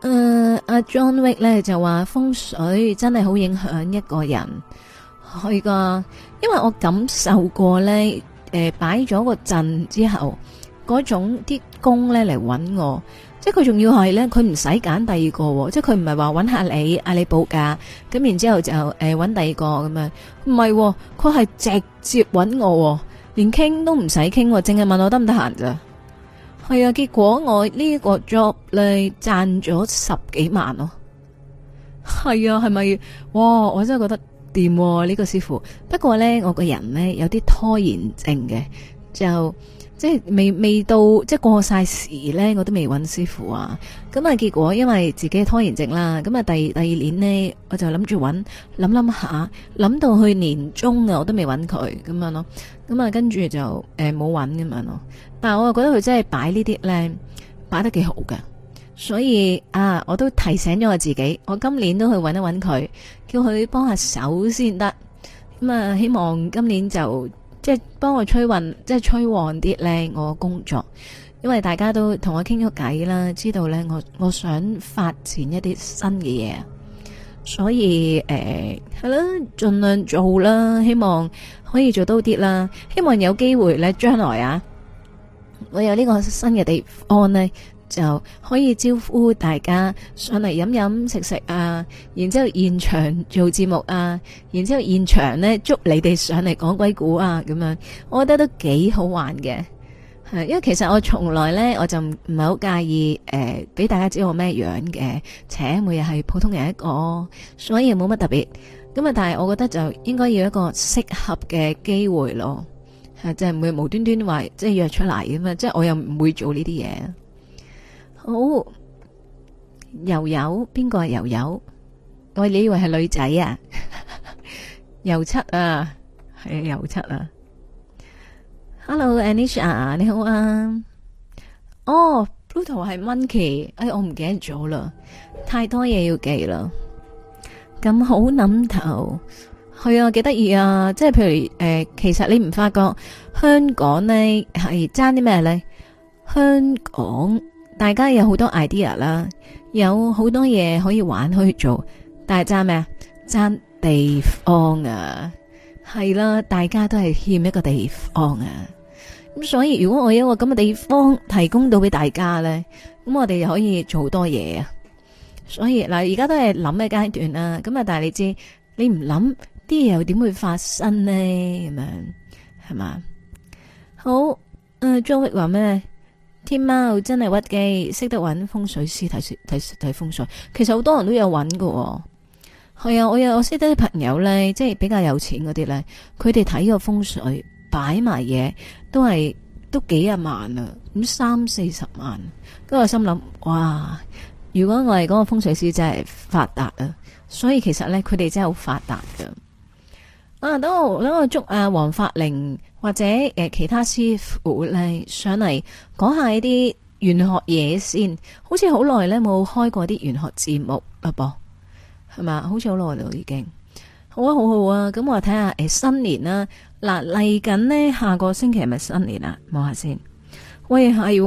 誒，阿、uh, John Wick 咧，就話風水真係好影響一個人，去㗎！因為我感受過咧，誒，擺咗個陣之後，嗰種啲工咧嚟揾我，即係佢仲要係咧，佢唔使揀第二個，即係佢唔係話揾下你，嗌你報價，咁然之後就誒揾第二個咁樣，唔係、哦，佢係直接揾我，連傾都唔使傾，淨係問我得唔得閒咋。係啊，結果我呢個 job 咧，賺咗十幾萬咯，哦，係啊，係咪？哇！我真係覺得掂喎，呢個師傅。不過呢我個人呢有啲拖延症嘅就。即係未未到，即係過晒時呢，我都未揾師傅啊。咁啊，結果因為自己拖延症啦，咁啊，第二第二年呢，我就諗住揾，諗諗下，諗到去年中啊，我都未揾佢咁樣咯。咁啊，跟住就誒冇揾咁樣咯。但係我又覺得佢真係擺呢啲呢，擺得幾好㗎。所以啊，我都提醒咗我自己，我今年都去揾一揾佢，叫佢幫下手先得。咁啊，希望今年就。即係幫我吹運，即係吹旺啲呢我工作，因為大家都同我傾咗偈啦，知道呢我我想發展一啲新嘅嘢，所以誒係、呃、啦，盡量做啦，希望可以做多啲啦，希望有機會呢將來啊，我有呢個新嘅地方呢。就可以招呼大家上嚟飲飲食食啊，然之後現場做節目啊，然之後現場呢捉你哋上嚟講鬼故啊，咁樣我覺得都幾好玩嘅。係因為其實我從來呢，我就唔唔係好介意誒，俾、呃、大家知道我咩樣嘅，且每日係普通人一個，所以冇乜特別咁啊。但係我覺得就應該要一個適合嘅機會咯，即係唔會無端端話即係約出嚟咁嘛，即係我又唔會做呢啲嘢。好、哦，柔柔邊個係柔柔？喂，你以為係女仔啊？ 柔七啊，係柔七啊。Hello，Anisha 你好啊。哦 Pluto 頭係 monkey，哎，我唔記得咗啦，太多嘢要記啦。咁好諗頭，係啊，幾得意啊。即係譬如誒、呃，其實你唔發覺香港呢係爭啲咩咧？香港。大家有好多 idea 啦，有好多嘢可以玩，可以做，但係爭咩啊？爭地方啊，係啦，大家都係欠一個地方啊。咁所以如果我有一個咁嘅地方提供到俾大家咧，咁我哋可以做好多嘢啊。所以嗱，而家都係諗嘅階段啦。咁啊，但係你知，你唔諗，啲嘢又點會發生咧？係咪？係嘛？好，誒，Joe 話咩？天貓真係屈機，識得揾風水師睇睇睇風水。其實好多人都有揾噶、哦，係啊，我有我識得啲朋友呢，即係比較有錢嗰啲呢，佢哋睇個風水擺埋嘢都係都幾廿萬啊，咁三四十萬。咁我心諗哇，如果我係嗰個風水師，真係發達啊！所以其實呢，佢哋真係好發達噶。啊，等我等我祝阿黃發玲或者誒其他師傅咧上嚟講下啲玄學嘢先，好似好耐咧冇開過啲玄學節目啊，係嘛？好似好耐都已經好啊，好好啊！咁我睇下誒、欸、新年啦、啊，嗱嚟緊呢下個星期係咪新年啊？望下先。喂係，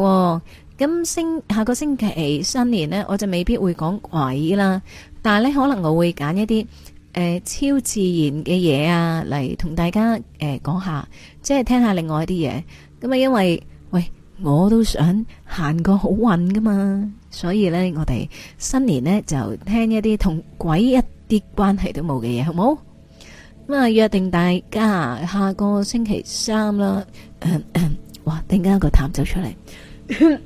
咁、啊、星下個星期新年呢，我就未必會講鬼啦，但係咧可能我會揀一啲。超自然嘅嘢啊，嚟同大家誒講、呃、下，即係聽下另外一啲嘢。咁啊，因為喂，我都想行個好運㗎嘛，所以呢，我哋新年呢就聽一啲同鬼一啲關係都冇嘅嘢，好冇好？咁啊，約定大家下個星期三啦、呃呃。哇！突然間一個痰走出嚟，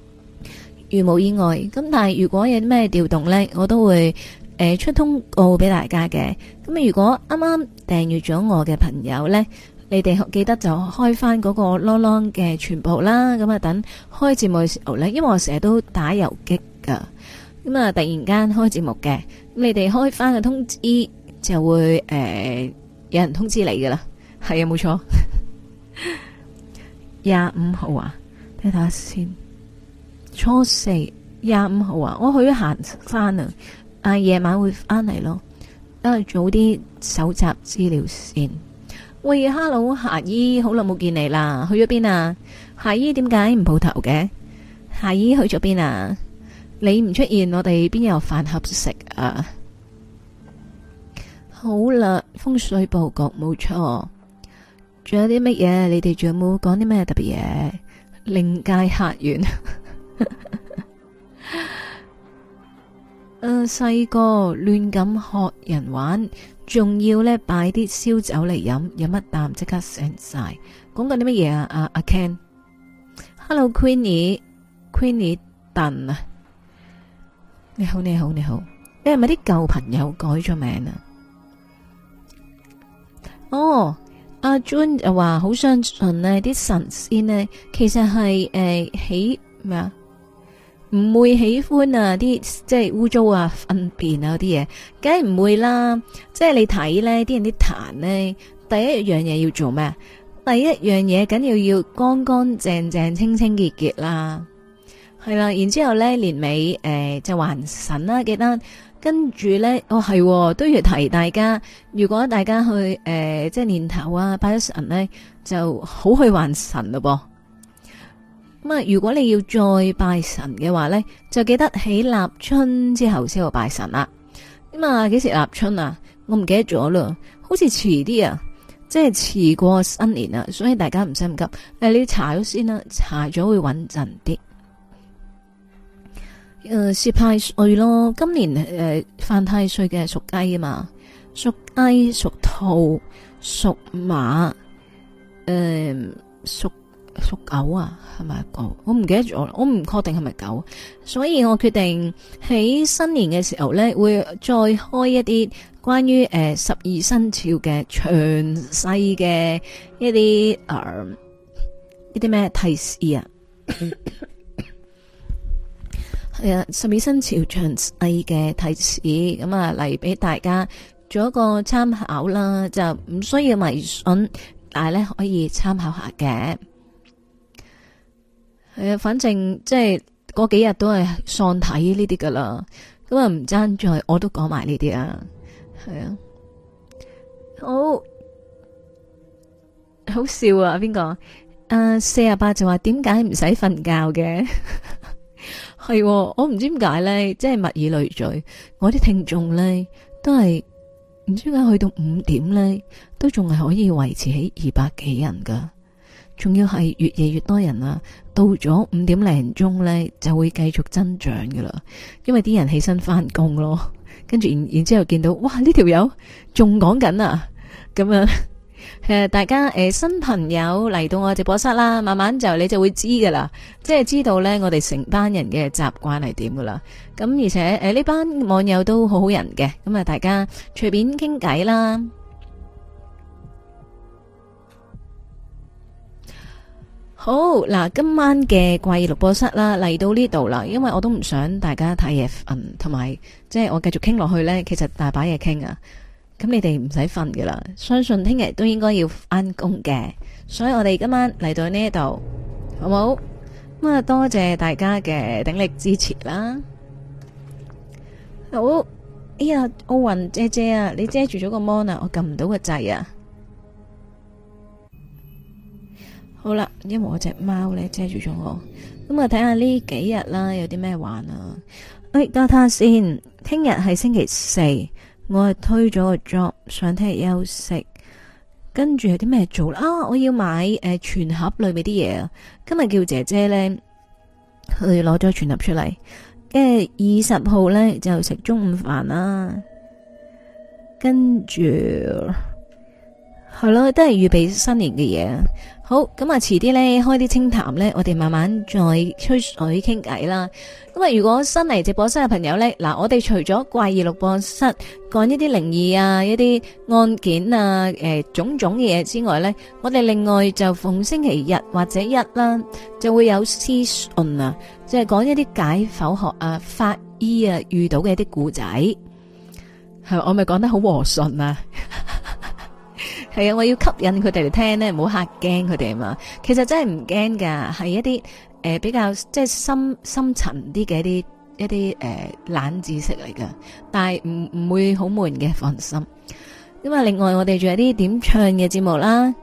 如無意外，咁但係如果有咩調動呢，我都會。誒，出通告俾大家嘅咁啊！如果啱啱訂閱咗我嘅朋友呢，你哋記得就開翻嗰個啷啷嘅全部啦。咁啊，等開節目嘅時候呢，因為我成日都打遊擊噶，咁啊突然間開節目嘅，咁你哋開翻個通知就會誒、呃、有人通知你噶啦。係啊，冇錯，廿 五號啊，睇睇下先，初四廿五號啊，我去咗行翻啊。啊，夜晚會返嚟咯，梗係早啲搜集資料先。喂，Hello，霞姨，好耐冇見你啦，去咗邊啊？霞姨點解唔蒲頭嘅？霞姨去咗邊啊？你唔出現，我哋邊有飯盒食啊？好啦，風水布局冇錯，仲有啲乜嘢？你哋仲有冇講啲咩特別嘢？另界客源。 誒，細個亂咁學人玩，仲要咧擺啲燒酒嚟飲，飲一啖即刻醒晒。講緊啲乜嘢啊？阿阿 Ken，Hello，Queenie，Queenie，鄧啊 Ken? Hello！你好，你好，你好，你係咪啲舊朋友改咗名啊？哦，阿 John 又話好相信呢啲神仙呢，其實係誒、呃、起咩啊？唔會喜歡啊！啲即係污糟啊、糞便啊嗰啲嘢，梗係唔會啦。即係你睇呢啲人啲痰呢，第一樣嘢要做咩？第一樣嘢梗要要乾乾淨淨、清清潔潔啦，係啦。然之後呢年尾誒就還神啦，記得。跟住呢，哦係都要提大家，如果大家去誒、呃、即係年頭啊拜咗神呢，就好去還神咯噃。咁啊！如果你要再拜神嘅話咧，就記得喺立春之後先去拜神啦。咁啊，幾時立春啊？我唔記得咗啦，好似遲啲啊，即係遲過新年啊，所以大家唔使唔急。誒，你查咗先啦，查咗會穩陣啲。誒、呃，攝太歲咯，今年誒犯太歲嘅屬雞啊嘛，屬雞、屬兔、屬馬，誒、呃、屬。屬屬狗啊，係咪狗？我唔記得咗，我唔確定係咪狗，所以我決定喺新年嘅時候呢，會再開一啲關於誒十二生肖嘅詳細嘅一啲誒一啲咩提示啊。係 啊，十二生肖詳細嘅提示咁啊，嚟俾大家做一個參考啦。就唔需要迷信，但係咧可以參考下嘅。誒，反正即係嗰幾日都係喪體呢啲噶啦，咁啊唔爭在，我都講埋呢啲啊，係啊，好，好笑啊，邊個？誒、uh,，四廿八就話點解唔使瞓覺嘅？係、 啊、我唔知點解咧，即係物以類聚，我啲聽眾咧都係唔知點解去到五點咧，都仲係可以維持起二百幾人噶。仲要係越夜越多人啦，到咗五點零鐘呢就會繼續增長噶啦，因為啲人起身返工咯，跟住然然之後見到，哇！呢條友仲講緊啊，咁啊，誒、呃，大家誒、呃、新朋友嚟到我直播室啦，慢慢就你就會知噶啦，即係知道呢我哋成班人嘅習慣係點噶啦，咁而且誒呢、呃、班網友都好好人嘅，咁啊大家隨便傾偈啦。好嗱，今晚嘅怪異錄播室啦，嚟到呢度啦，因為我都唔想大家太夜瞓，同埋即係我繼續傾落去呢，其實大把嘢傾啊，咁你哋唔使瞓噶啦，相信聽日都應該要翻工嘅，所以我哋今晚嚟到呢度，好冇？咁啊，多謝大家嘅鼎力支持啦。好，哎呀，奧運姐姐啊，你遮住咗個 mon 啊，我撳唔到個掣啊！好啦，因為我隻貓咧遮住咗我，咁啊睇下呢幾日啦，有啲咩玩啊？喂、欸，等下睇下先。聽日係星期四，我係推咗個 job，想聽日休息。跟住有啲咩做啦、啊？我要買誒、呃、全盒裏面啲嘢。今日叫姐姐呢，佢攞咗全盒出嚟。跟住二十號呢，就食中午飯啦。跟住係咯，都係預備新年嘅嘢。好咁啊，遲啲咧，開啲清談咧，我哋慢慢再吹水傾偈啦。咁啊，如果新嚟直播室嘅朋友咧，嗱，我哋除咗怪異錄播室講一啲靈異啊、一啲案件啊、誒、呃、種種嘅嘢之外咧，我哋另外就逢星期日或者一啦、啊，就會有屍訊啊，即係講一啲解剖學啊、法醫啊遇到嘅一啲故仔。係我咪講得好和順？啊？ 係啊， 我要吸引佢哋嚟聽咧，唔好嚇驚佢哋啊嘛。其實真係唔驚噶，係一啲誒、呃、比較即係深深沉啲嘅一啲一啲誒冷知識嚟噶，但係唔唔會好悶嘅，放心。咁啊，另外我哋仲有啲點唱嘅節目啦，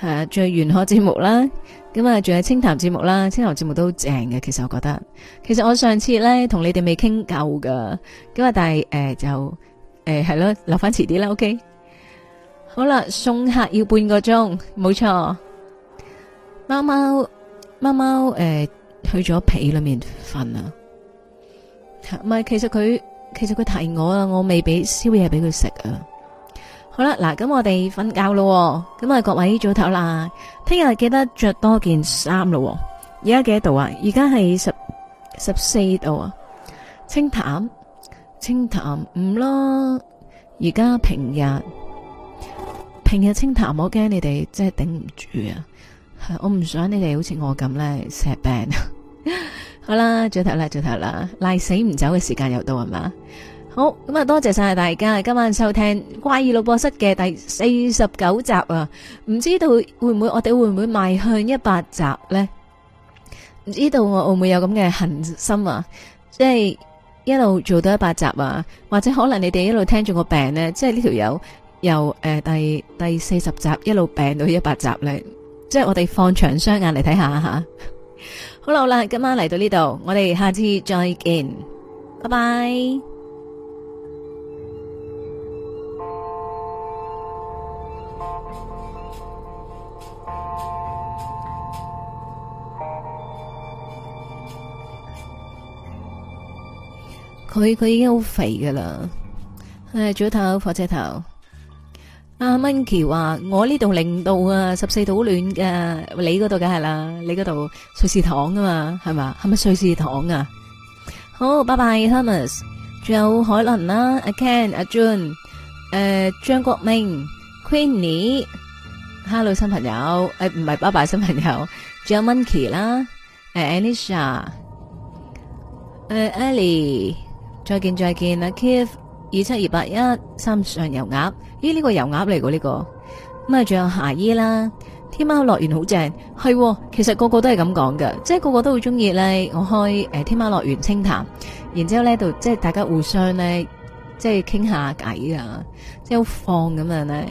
吓、啊、仲有玄學節目啦，咁啊仲有清談節目啦，清談節目都正嘅。其實我覺得，其實我上次咧同你哋未傾夠噶，咁啊，但係誒、呃、就誒係咯，留翻遲啲啦，OK。好啦，送客要半個鐘，冇錯。貓貓貓貓，誒、欸，去咗被裏面瞓啦。唔係，其實佢其實佢提我啊，我未俾宵夜俾佢食啊。好啦，嗱，咁我哋瞓覺咯。咁啊，各位早唞啦，聽日記得着多件衫咯。而家幾多度啊？而家係十十四度啊，清淡清淡，唔咯。而家平日。平日清談，我驚你哋真係頂唔住啊！我唔想你哋好似我咁咧，成日病。 好啦，早唞啦，早唞啦，賴死唔走嘅時間又到係嘛？好咁啊，多謝晒大家今晚收聽怪異錄播室嘅第四十九集啊！唔知道會唔會我哋會唔會邁向一百集呢？唔知道我會唔會有咁嘅恒心啊？即係一路做到一百集啊！或者可能你哋一路聽住我病呢、啊，即係呢條友。由誒、呃、第第四十集一路病到一百集咧，即係我哋放長雙眼嚟睇下吓。 好啦好啦，今晚嚟到呢度，我哋下次再見，拜拜。佢佢 已經好肥㗎喇，誒，早唞火車頭。阿、ah, Monkey 話：我呢度零度啊，十四度好暖噶，你嗰度梗係啦，你嗰度瑞士糖啊嘛，係嘛？係咪瑞士糖啊？好，拜拜，Hermes。仲有海倫啦，阿 Ken June、呃、阿 June、誒張國明、Queenie。Hello，新朋友，誒唔係，拜拜，新朋友。仲有 Monkey 啦，誒、呃、Anisha，誒、呃、Ali，再見再見，阿 Kev 二七二八一三上油鴨，咦？呢、呢個油鴨嚟嘅呢個，咁啊，仲有霞姨啦。天貓樂園好正，係、哦，其實個個都係咁講㗎，即係個個都好中意咧。我開誒天貓樂園清談，然之後咧度即係大家互相咧，即係傾下偈啊，即係好放咁樣咧，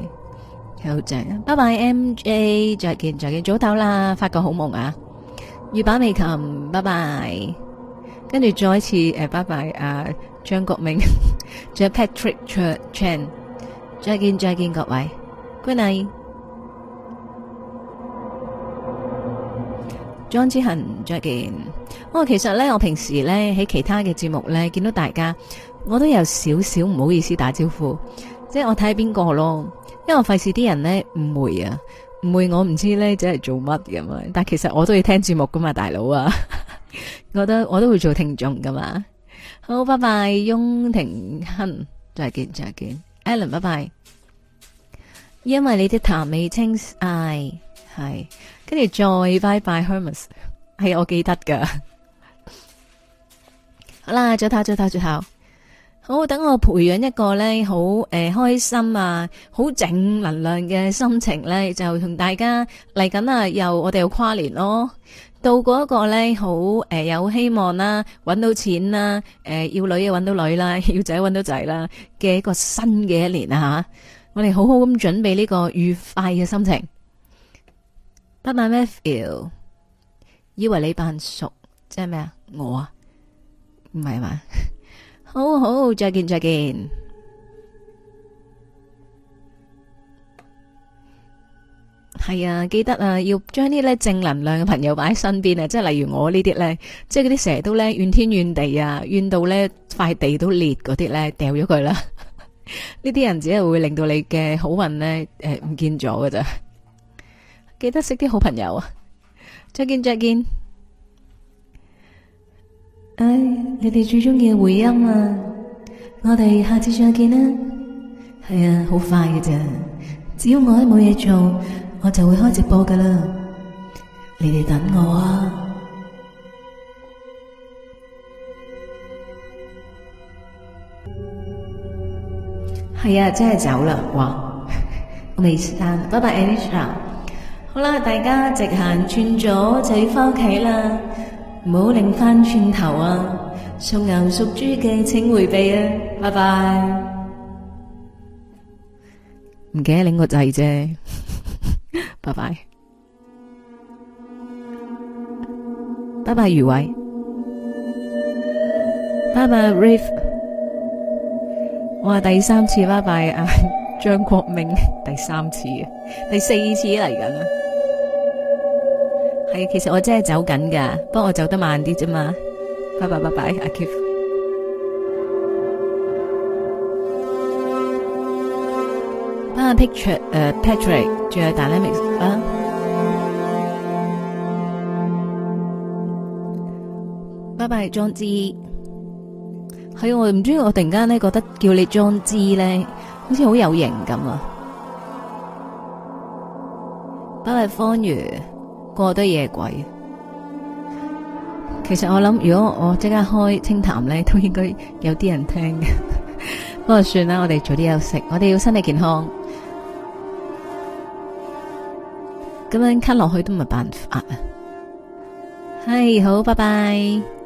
係好正。拜拜，MJ，再見再見，早唞啦，發個好夢啊，預把美琴，拜拜。跟住再一次誒，拜拜啊！張國明仲有 Patrick Chan，再見再見各位，Good night。張之恒再見。我、哦、其實咧，我平時咧喺其他嘅節目咧見到大家，我都有少少唔好意思打招呼，即係我睇下邊個咯，因為我費事啲人咧誤會啊，誤會我唔知咧即係做乜㗎嘛。但其實我都要聽節目噶嘛，大佬啊， 我都我都會做聽眾噶嘛。好，拜拜，翁庭亨，再見，再見，Alan，拜拜。因為你的甜美清，係係，跟住再拜拜，Hermes，係我記得噶。好啦，早唞，早唞，早唞，好，等我培養一個咧，好誒、呃，開心啊，好正能量嘅心情咧，就同大家嚟緊啊，又我哋又跨年咯。度過一個咧，好誒，有希望啦，搵到錢啦，誒，要女又搵到女啦，要仔搵到仔啦，嘅一個新嘅一年啊吓，我哋好好咁準備呢個愉快嘅心情。不難 feel，以為你扮熟，即係咩啊？我啊，唔係嘛，好好再見，再見。再見係啊，記得啊，要將啲咧正能量嘅朋友擺喺身邊啊。即係例如我呢啲咧，即係嗰啲成日都咧怨天怨地啊，怨到咧塊地都裂嗰啲咧，掉咗佢啦。呢啲人只係會令到你嘅好運咧誒唔見咗㗎咋。記得識啲好朋友啊！再見，再見。唉，你哋最中意嘅回音啊！我哋下次再見啦。係啊，好快嘅啫。只要我喺冇嘢做。我就會開直播噶啦，你哋等我啊！係啊，真係走啦哇，我未 stan，拜拜 Anita。好啦，大家直行轉左就要翻屋企啦，唔好擰翻轉頭啊！屬牛屬豬嘅請回避啊！拜拜。唔記得擰個仔啫。拜拜，拜拜余偉，拜拜 Riff，我話第三次拜拜啊張國明第三次啊，第四次嚟緊啦，係其實我真係走緊噶，不過我走得慢啲啫嘛，拜拜拜拜，阿 Kev。阿、ah, uh, Patrick，仲有 Dynamics 啦、ah.，拜拜張之。係我唔知意我突然間咧覺得叫你張之咧，好似好有型咁啊！拜拜方如，bye, u, 過多夜鬼。其實我諗，如果我即刻開清談咧，都應該有啲人聽嘅。 不過算啦，我哋早啲休息，我哋要身體健康。咁樣卡落去都唔係辦法啊！係，好，拜拜。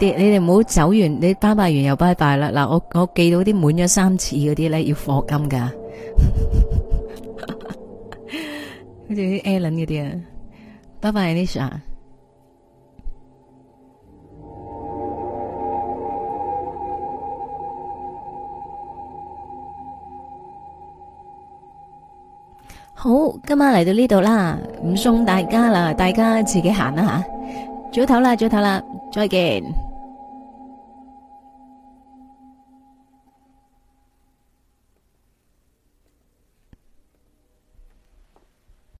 你哋唔好走完，你拜拜完又拜拜啦！嗱，我我記到啲滿咗三次嗰啲咧，要課金噶，好似啲 Allen 嗰啲啊！拜拜 Nisha 好，今晚嚟到呢度啦，唔送大家啦，大家自己行啦吓，早唞啦，早唞啦，再見。